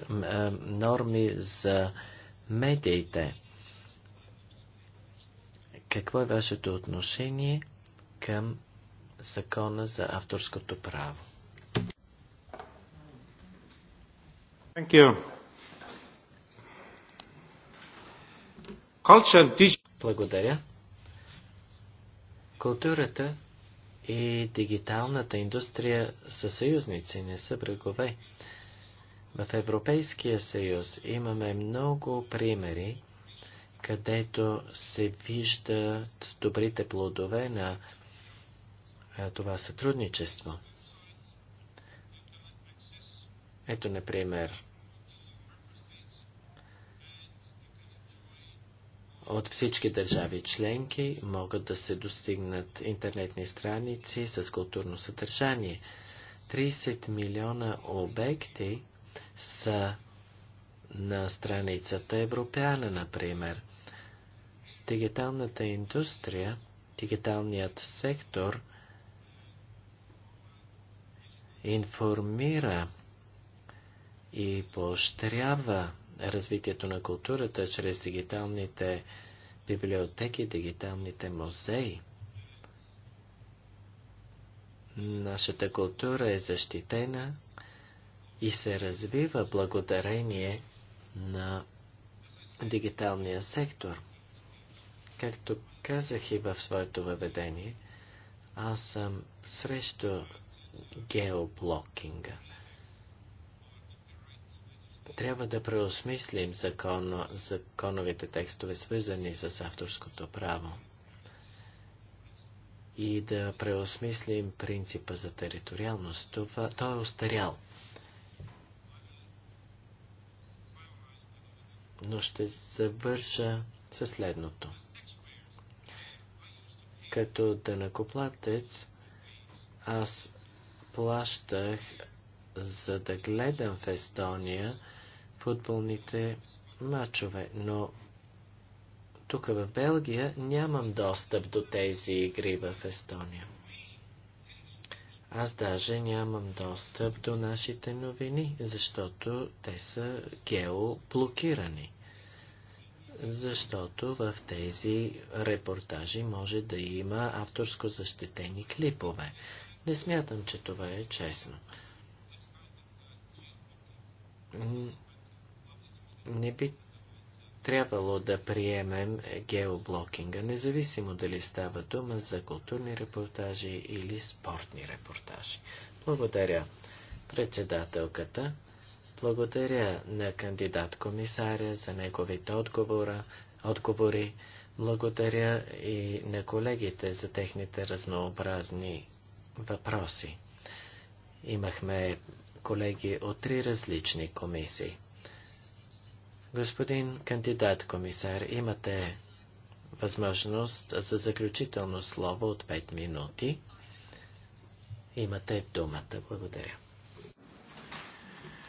норми за медиите. Какво е вашето отношение към закона за авторското право? Thank you. Culture... Благодаря. Културата и дигиталната индустрия са съюзници, не са врагове. В Европейския съюз имаме много примери, където се виждат добрите плодове на това сътрудничество. Ето, например, от всички държави членки могат да се достигнат интернетни страници с културно съдържание. 30 милиона обекти са на страницата Европеана, например. Дигиталната индустрия, дигиталният сектор информира и поощрява развитието на културата чрез дигиталните библиотеки, дигиталните музеи. Нашата култура е защитена и се развива благодарение на дигиталния сектор. Както казах и в своето въведение, аз съм срещу геоблокинга. Трябва да преосмислим закон, законовите текстове, свързани с авторското право и да преосмислим принципа за териториалност. Това, той е устарял. Но ще завърша със следното. Като дънакоплатец, аз плащах за да гледам в Естония футболните матчове, но тук в Белгия нямам достъп до тези игри в Естония. Аз даже нямам достъп до нашите новини, защото те са геоблокирани. Защото в тези репортажи може да има авторско защитени клипове. Не смятам, че това е честно не би трябвало да приемем геоблокинга, независимо дали става дума за културни репортажи или спортни репортажи. Благодаря председателката, благодаря на кандидат-комисаря за неговите отговора, отговори, благодаря и на колегите за техните разнообразни въпроси. Имахме колеги от три различни комисии. Господин кандидат комисар, имате възможност за заключително слово от 5 минути. Имате думата. Благодаря.